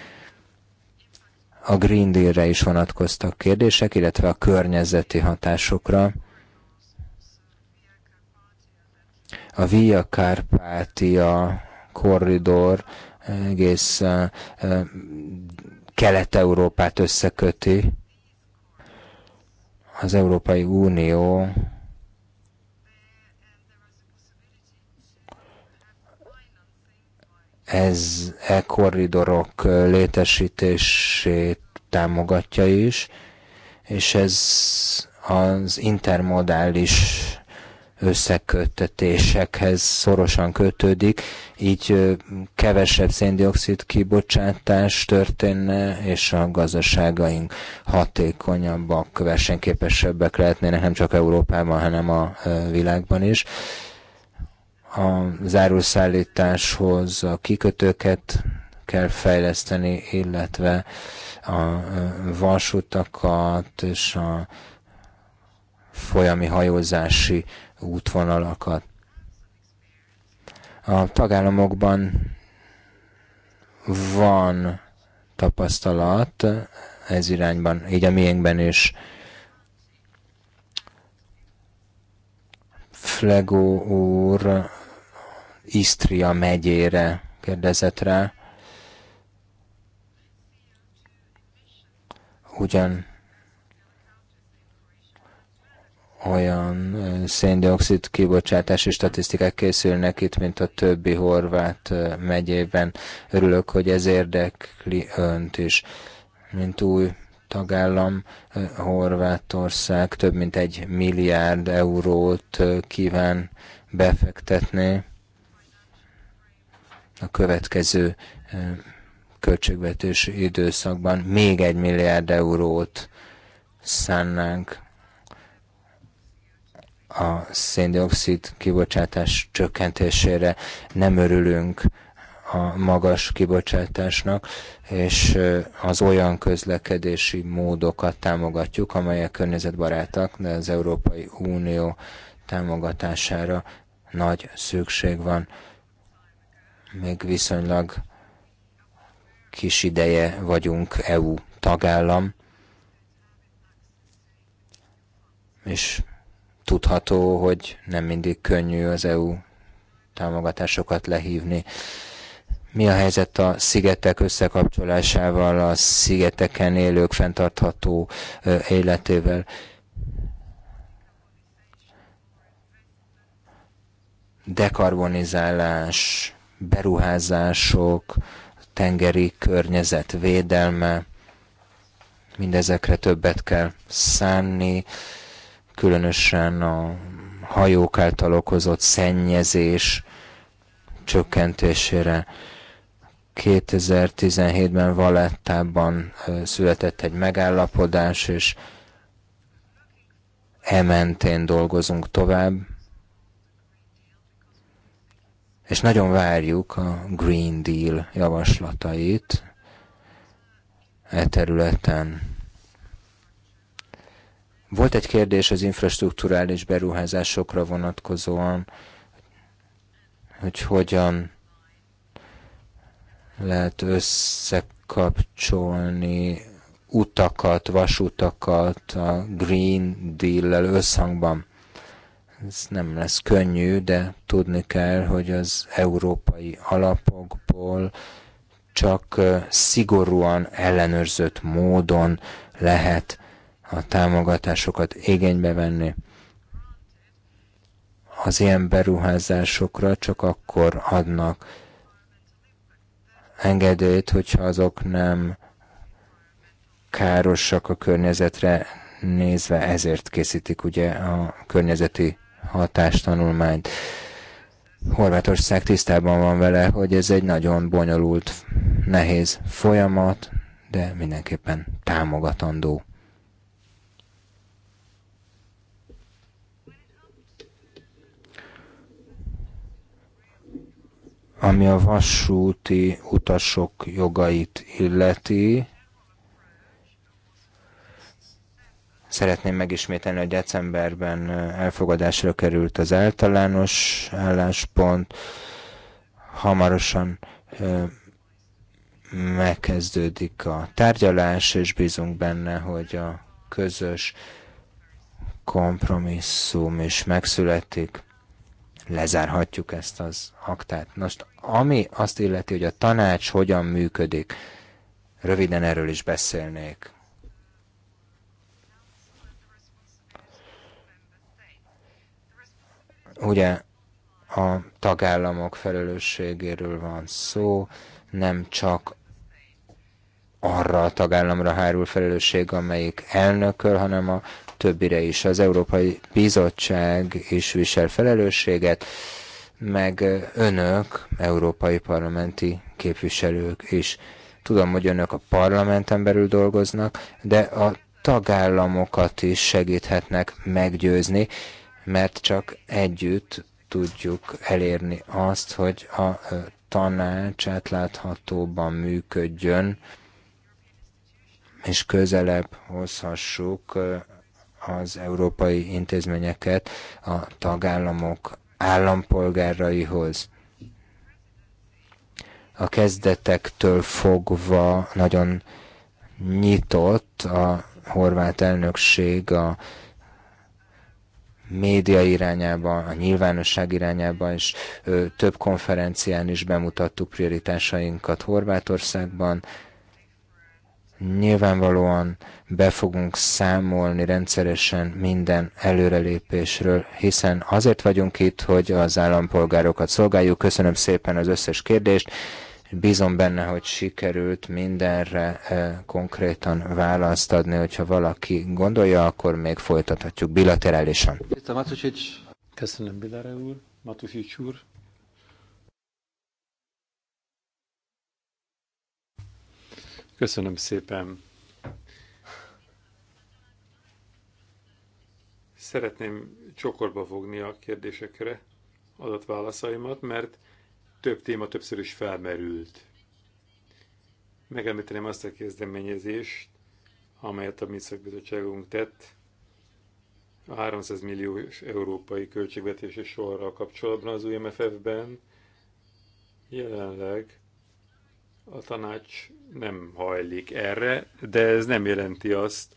A Green Deal-re is vonatkoztak kérdések, illetve a környezeti hatásokra. A Via Carpatia korridor egész Kelet-Európát összeköti. Az Európai Unió ez e korridorok létesítését támogatja is, és ez az intermodális összeköttetésekhez szorosan kötődik, így kevesebb széndiokszid kibocsátás történne, és a gazdaságaink hatékonyabbak, versenyképesebbek lehetnének nem csak Európában, hanem a világban is a zárószállításhoz a kikötőket kell fejleszteni, illetve a vasutakat és a folyami hajózási útvonalakat. A tagállamokban van tapasztalat ez irányban, így a miénkben is. Flegó úr Isztria megyére kérdezett rá. Ugyan olyan széndiokszid kibocsátási statisztikák készülnek itt, mint a többi horvát megyében. Örülök, hogy ez érdekli önt is. Mint új tagállam, Horvátország több mint egy milliárd eurót kíván befektetni a következő költségvetési időszakban még egy milliárd eurót szánnánk a széndiokszid kibocsátás csökkentésére. Nem örülünk a magas kibocsátásnak, és az olyan közlekedési módokat támogatjuk, amelyek környezetbarátak, de az Európai Unió támogatására nagy szükség van még viszonylag kis ideje vagyunk EU tagállam, és tudható, hogy nem mindig könnyű az EU támogatásokat lehívni. Mi a helyzet a szigetek összekapcsolásával, a szigeteken élők fenntartható életével? Dekarbonizálás, beruházások, tengeri környezet védelme, mindezekre többet kell szánni, különösen a hajók által okozott szennyezés csökkentésére. 2017-ben Valettában született egy megállapodás, és e mentén dolgozunk tovább és nagyon várjuk a Green Deal javaslatait e területen. Volt egy kérdés az infrastruktúrális beruházásokra vonatkozóan, hogy hogyan lehet összekapcsolni utakat, vasutakat a Green Deal-lel összhangban. Ez nem lesz könnyű, de tudni kell, hogy az európai alapokból csak szigorúan ellenőrzött módon lehet a támogatásokat igénybe venni. Az ilyen beruházásokra csak akkor adnak engedélyt, hogyha azok nem károsak a környezetre nézve, ezért készítik ugye a környezeti hatástanulmányt. Horvátország tisztában van vele, hogy ez egy nagyon bonyolult, nehéz folyamat, de mindenképpen támogatandó. Ami a vasúti utasok jogait illeti, Szeretném megismételni, hogy decemberben elfogadásra került az általános álláspont. Hamarosan megkezdődik a tárgyalás, és bízunk benne, hogy a közös kompromisszum is megszületik. Lezárhatjuk ezt az aktát. Most, ami azt illeti, hogy a tanács hogyan működik, röviden erről is beszélnék. Ugye a tagállamok felelősségéről van szó, nem csak arra a tagállamra hárul felelősség, amelyik elnököl, hanem a többire is. Az Európai Bizottság is visel felelősséget, meg önök, európai parlamenti képviselők is. Tudom, hogy önök a parlamenten belül dolgoznak, de a tagállamokat is segíthetnek meggyőzni, mert csak együtt tudjuk elérni azt, hogy a tanács átláthatóban működjön, és közelebb hozhassuk az európai intézményeket a tagállamok állampolgáraihoz. A kezdetektől fogva nagyon nyitott a horvát elnökség a média irányába, a nyilvánosság irányába, és ö, több konferencián is bemutattuk prioritásainkat Horvátországban. Nyilvánvalóan be fogunk számolni rendszeresen minden előrelépésről, hiszen azért vagyunk itt, hogy az állampolgárokat szolgáljuk. Köszönöm szépen az összes kérdést. Bízom benne, hogy sikerült mindenre eh, konkrétan választ adni, hogyha valaki gondolja, akkor még folytathatjuk bilaterálisan. Köszönöm, Bilare úr. Matusics úr. Köszönöm szépen. Szeretném csokorba fogni a kérdésekre adott válaszaimat, mert több téma többször is felmerült. Megemlíteném azt a kezdeményezést, amelyet a mi tett, a 300 millió európai költségvetési sorral kapcsolatban az új ben Jelenleg a tanács nem hajlik erre, de ez nem jelenti azt,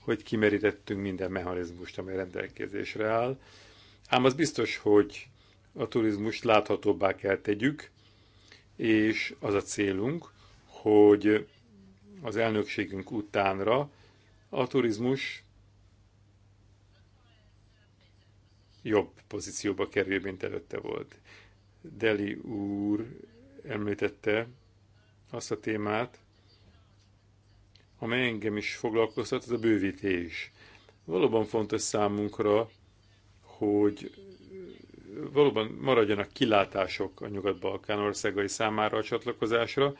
hogy kimerítettünk minden mechanizmust, amely rendelkezésre áll. Ám az biztos, hogy a turizmust láthatóbbá kell tegyük, és az a célunk, hogy az elnökségünk utánra a turizmus jobb pozícióba kerül, mint előtte volt. Deli úr említette azt a témát, amely engem is foglalkoztat, az a bővítés. Valóban fontos számunkra, hogy valóban maradjanak kilátások a Nyugat-Balkán országai számára a csatlakozásra,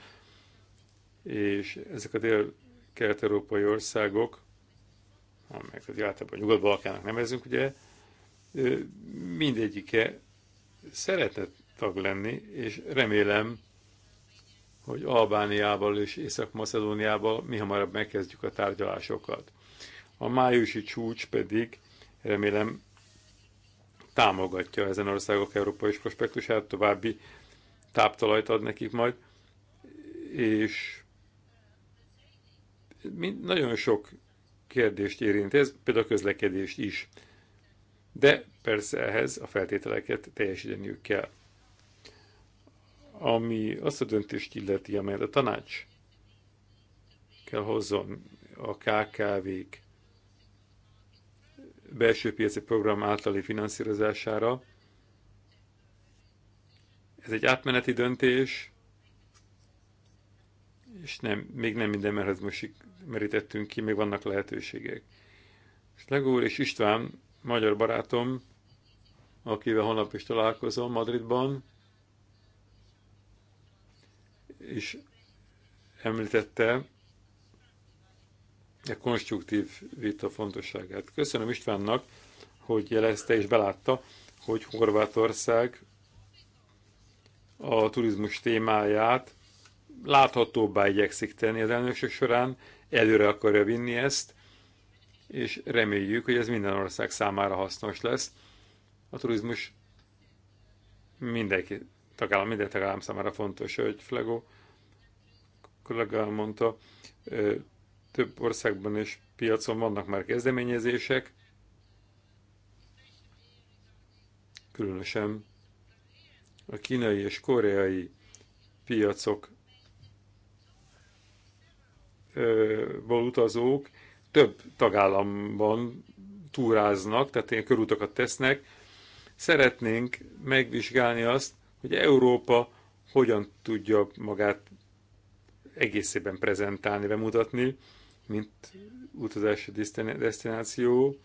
és ezek a dél-kelet-európai országok, az általában a Nyugat-Balkának nevezünk, ugye, mindegyike szeretne tag lenni, és remélem, hogy Albániával és Észak-Macedóniával mi hamarabb megkezdjük a tárgyalásokat. A májusi csúcs pedig remélem támogatja ezen országok európai prospektusát, további táptalajt ad nekik majd, és nagyon sok kérdést érint ez, például a közlekedést is. De persze ehhez a feltételeket teljesíteniük kell. Ami azt a döntést illeti, amelyet a tanács kell hozzon a KKV-k belső piaci program általi finanszírozására. Ez egy átmeneti döntés, és nem, még nem minden most merítettünk ki, még vannak lehetőségek. Legúr és István, magyar barátom, akivel holnap is találkozom Madridban, és említette, a konstruktív vita fontosságát. Köszönöm Istvánnak, hogy jelezte és belátta, hogy Horvátország a turizmus témáját láthatóbbá igyekszik tenni az elnökség során, előre akarja vinni ezt, és reméljük, hogy ez minden ország számára hasznos lesz. A turizmus mindenki, tagállam, minden tagállam számára fontos, hogy Flego kollega mondta, több országban és piacon vannak már kezdeményezések, különösen a kínai és koreai piacok utazók több tagállamban túráznak, tehát ilyen körútokat tesznek. Szeretnénk megvizsgálni azt, hogy Európa hogyan tudja magát egészében prezentálni, bemutatni, mint utazási destináció.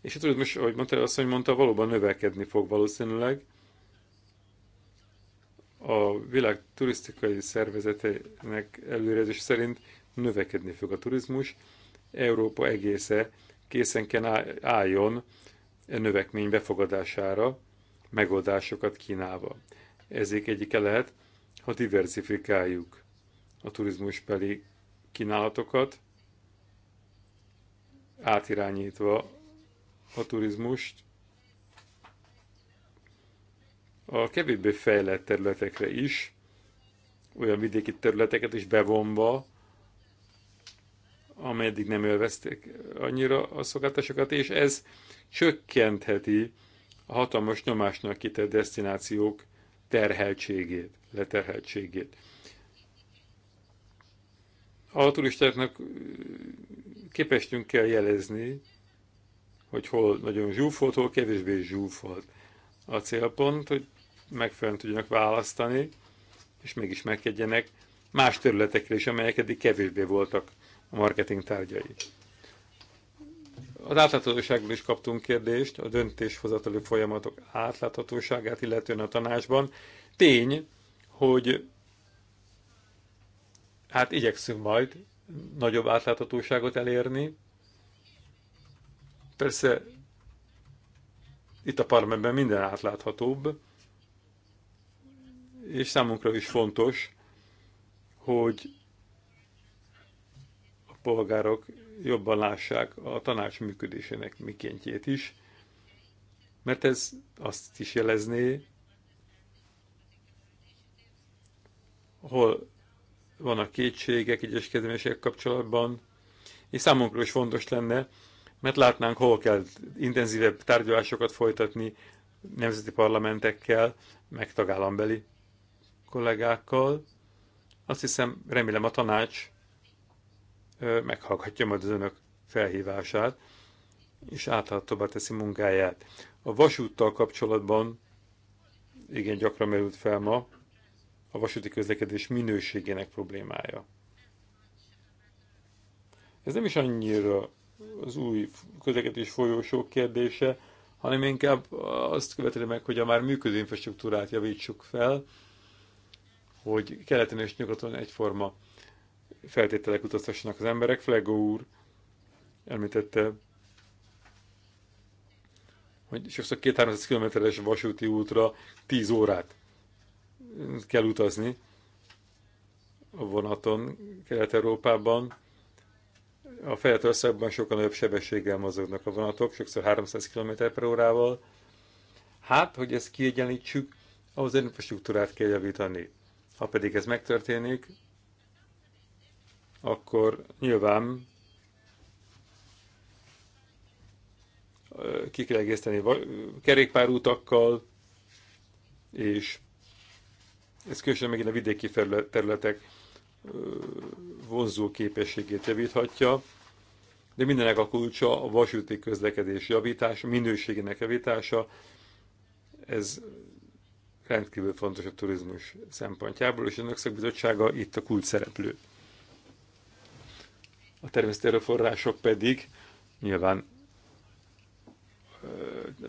És hát tudod, most, ahogy mondta, azt, hogy mondta, valóban növekedni fog valószínűleg. A világ turisztikai szervezetének előrejelzés szerint növekedni fog a turizmus. Európa egésze készen kell álljon a e növekmény befogadására, megoldásokat kínálva. Ezek egyike lehet, ha diversifikáljuk a turizmusbeli kínálatokat, átirányítva a turizmust a kevésbé fejlett területekre is, olyan vidéki területeket is bevonva, ameddig nem élvezték annyira a szolgáltatásokat, és ez csökkentheti a hatalmas nyomásnak kitett destinációk terheltségét, leterheltségét. A turistáknak képestünk kell jelezni, hogy hol nagyon zsúfolt, hol kevésbé zsúfolt. A célpont, hogy megfelelően tudjanak választani, és mégis megkedjenek más területekre is, amelyek eddig kevésbé voltak a marketing tárgyai. Az átláthatóságról is kaptunk kérdést, a döntéshozatali folyamatok átláthatóságát, illetően a tanácsban. Tény, hogy Hát igyekszünk majd nagyobb átláthatóságot elérni. Persze itt a parlamentben minden átláthatóbb, és számunkra is fontos, hogy a polgárok jobban lássák a tanács működésének mikéntjét is, mert ez azt is jelezné, hol vannak kétségek, egyes kezdeményezések kapcsolatban, és számunkra is fontos lenne, mert látnánk, hol kell intenzívebb tárgyalásokat folytatni nemzeti parlamentekkel, meg tagállambeli kollégákkal. Azt hiszem, remélem a tanács meghallgatja majd az önök felhívását, és átláthatóbbá teszi munkáját. A vasúttal kapcsolatban igen gyakran merült fel ma, a vasúti közlekedés minőségének problémája. Ez nem is annyira az új közlekedés folyósók kérdése, hanem inkább azt követeli meg, hogy a már működő infrastruktúrát javítsuk fel, hogy keleten és nyugaton egyforma feltételek utaztassanak az emberek. Flego úr említette, hogy sokszor 2-300 kilométeres vasúti útra 10 órát kell utazni a vonaton Kelet-Európában. A fejlett országban sokkal nagyobb sebességgel mozognak a vonatok, sokszor 300 km h órával. Hát, hogy ezt kiegyenlítsük, ahhoz az infrastruktúrát kell javítani. Ha pedig ez megtörténik, akkor nyilván ki kell egészteni kerékpárútakkal, és ez különösen megint a vidéki területek vonzó képességét javíthatja, de mindenek a kulcsa a vasúti közlekedés javítása, minőségének javítása. Ez rendkívül fontos a turizmus szempontjából, és ennek szakbizottsága itt a kulcs szereplő. A természeti erőforrások pedig nyilván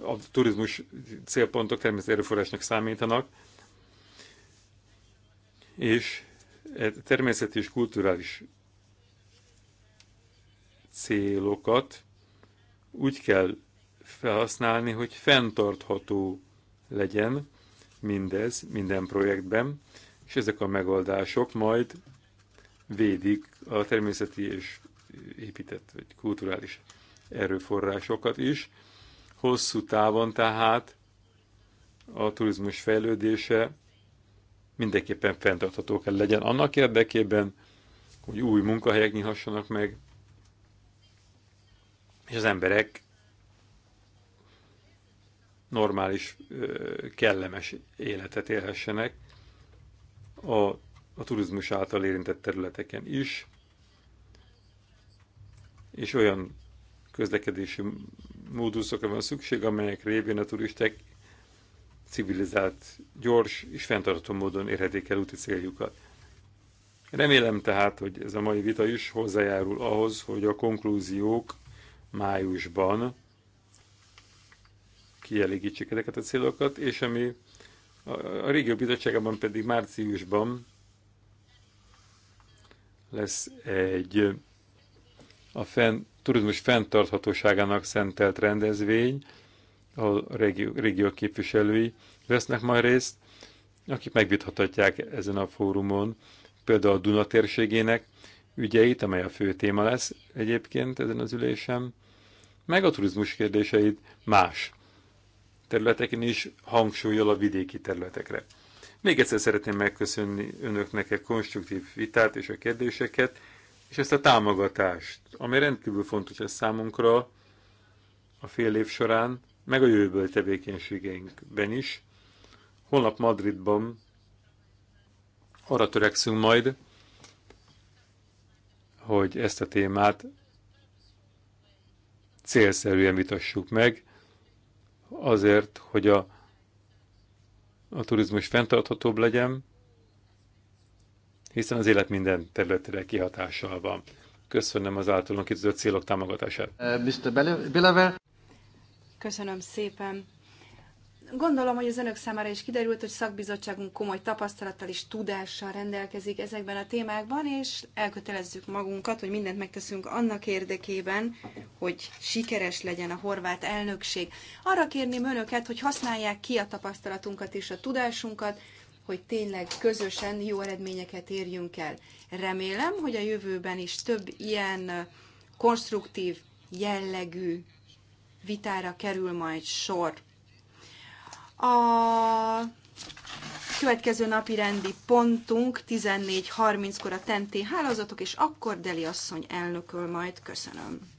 a turizmus célpontok természeti erőforrásnak számítanak, és e, természet és kulturális célokat úgy kell felhasználni, hogy fenntartható legyen mindez minden projektben, és ezek a megoldások majd védik a természeti és épített vagy kulturális erőforrásokat is. Hosszú távon tehát a turizmus fejlődése mindenképpen fenntartható kell legyen annak érdekében, hogy új munkahelyek nyílhassanak meg, és az emberek normális, kellemes életet élhessenek a, a turizmus által érintett területeken is, és olyan közlekedési móduszokra van szükség, amelyek révén a turisták civilizált, gyors és fenntartható módon érhetik el úti céljukat. Remélem tehát, hogy ez a mai vita is hozzájárul ahhoz, hogy a konklúziók májusban kielégítsék ezeket a célokat, és ami a, a régió bizottságában pedig márciusban lesz egy a fenn, turizmus fenntarthatóságának szentelt rendezvény, a régió, régió képviselői vesznek majd részt, akik megvitathatják ezen a fórumon például a Duna térségének ügyeit, amely a fő téma lesz egyébként ezen az ülésem, meg a turizmus kérdéseit más területeken is hangsúlyol a vidéki területekre. Még egyszer szeretném megköszönni önöknek a konstruktív vitát és a kérdéseket, és ezt a támogatást, ami rendkívül fontos ez számunkra a fél év során, meg a jövőből tevékenységeinkben is. Holnap Madridban arra törekszünk majd, hogy ezt a témát célszerűen vitassuk meg, azért, hogy a, a turizmus fenntarthatóbb legyen, hiszen az élet minden területére kihatással van. Köszönöm az általunk kitűzött célok támogatását. Mr. Belever. Köszönöm szépen. Gondolom, hogy az önök számára is kiderült, hogy szakbizottságunk komoly tapasztalattal és tudással rendelkezik ezekben a témákban, és elkötelezzük magunkat, hogy mindent megteszünk annak érdekében, hogy sikeres legyen a horvát elnökség. Arra kérném önöket, hogy használják ki a tapasztalatunkat és a tudásunkat, hogy tényleg közösen jó eredményeket érjünk el. Remélem, hogy a jövőben is több ilyen konstruktív jellegű vitára kerül majd sor. A következő napi rendi pontunk 14.30-kor a tenté hálózatok, és akkor Deli asszony elnököl majd. Köszönöm.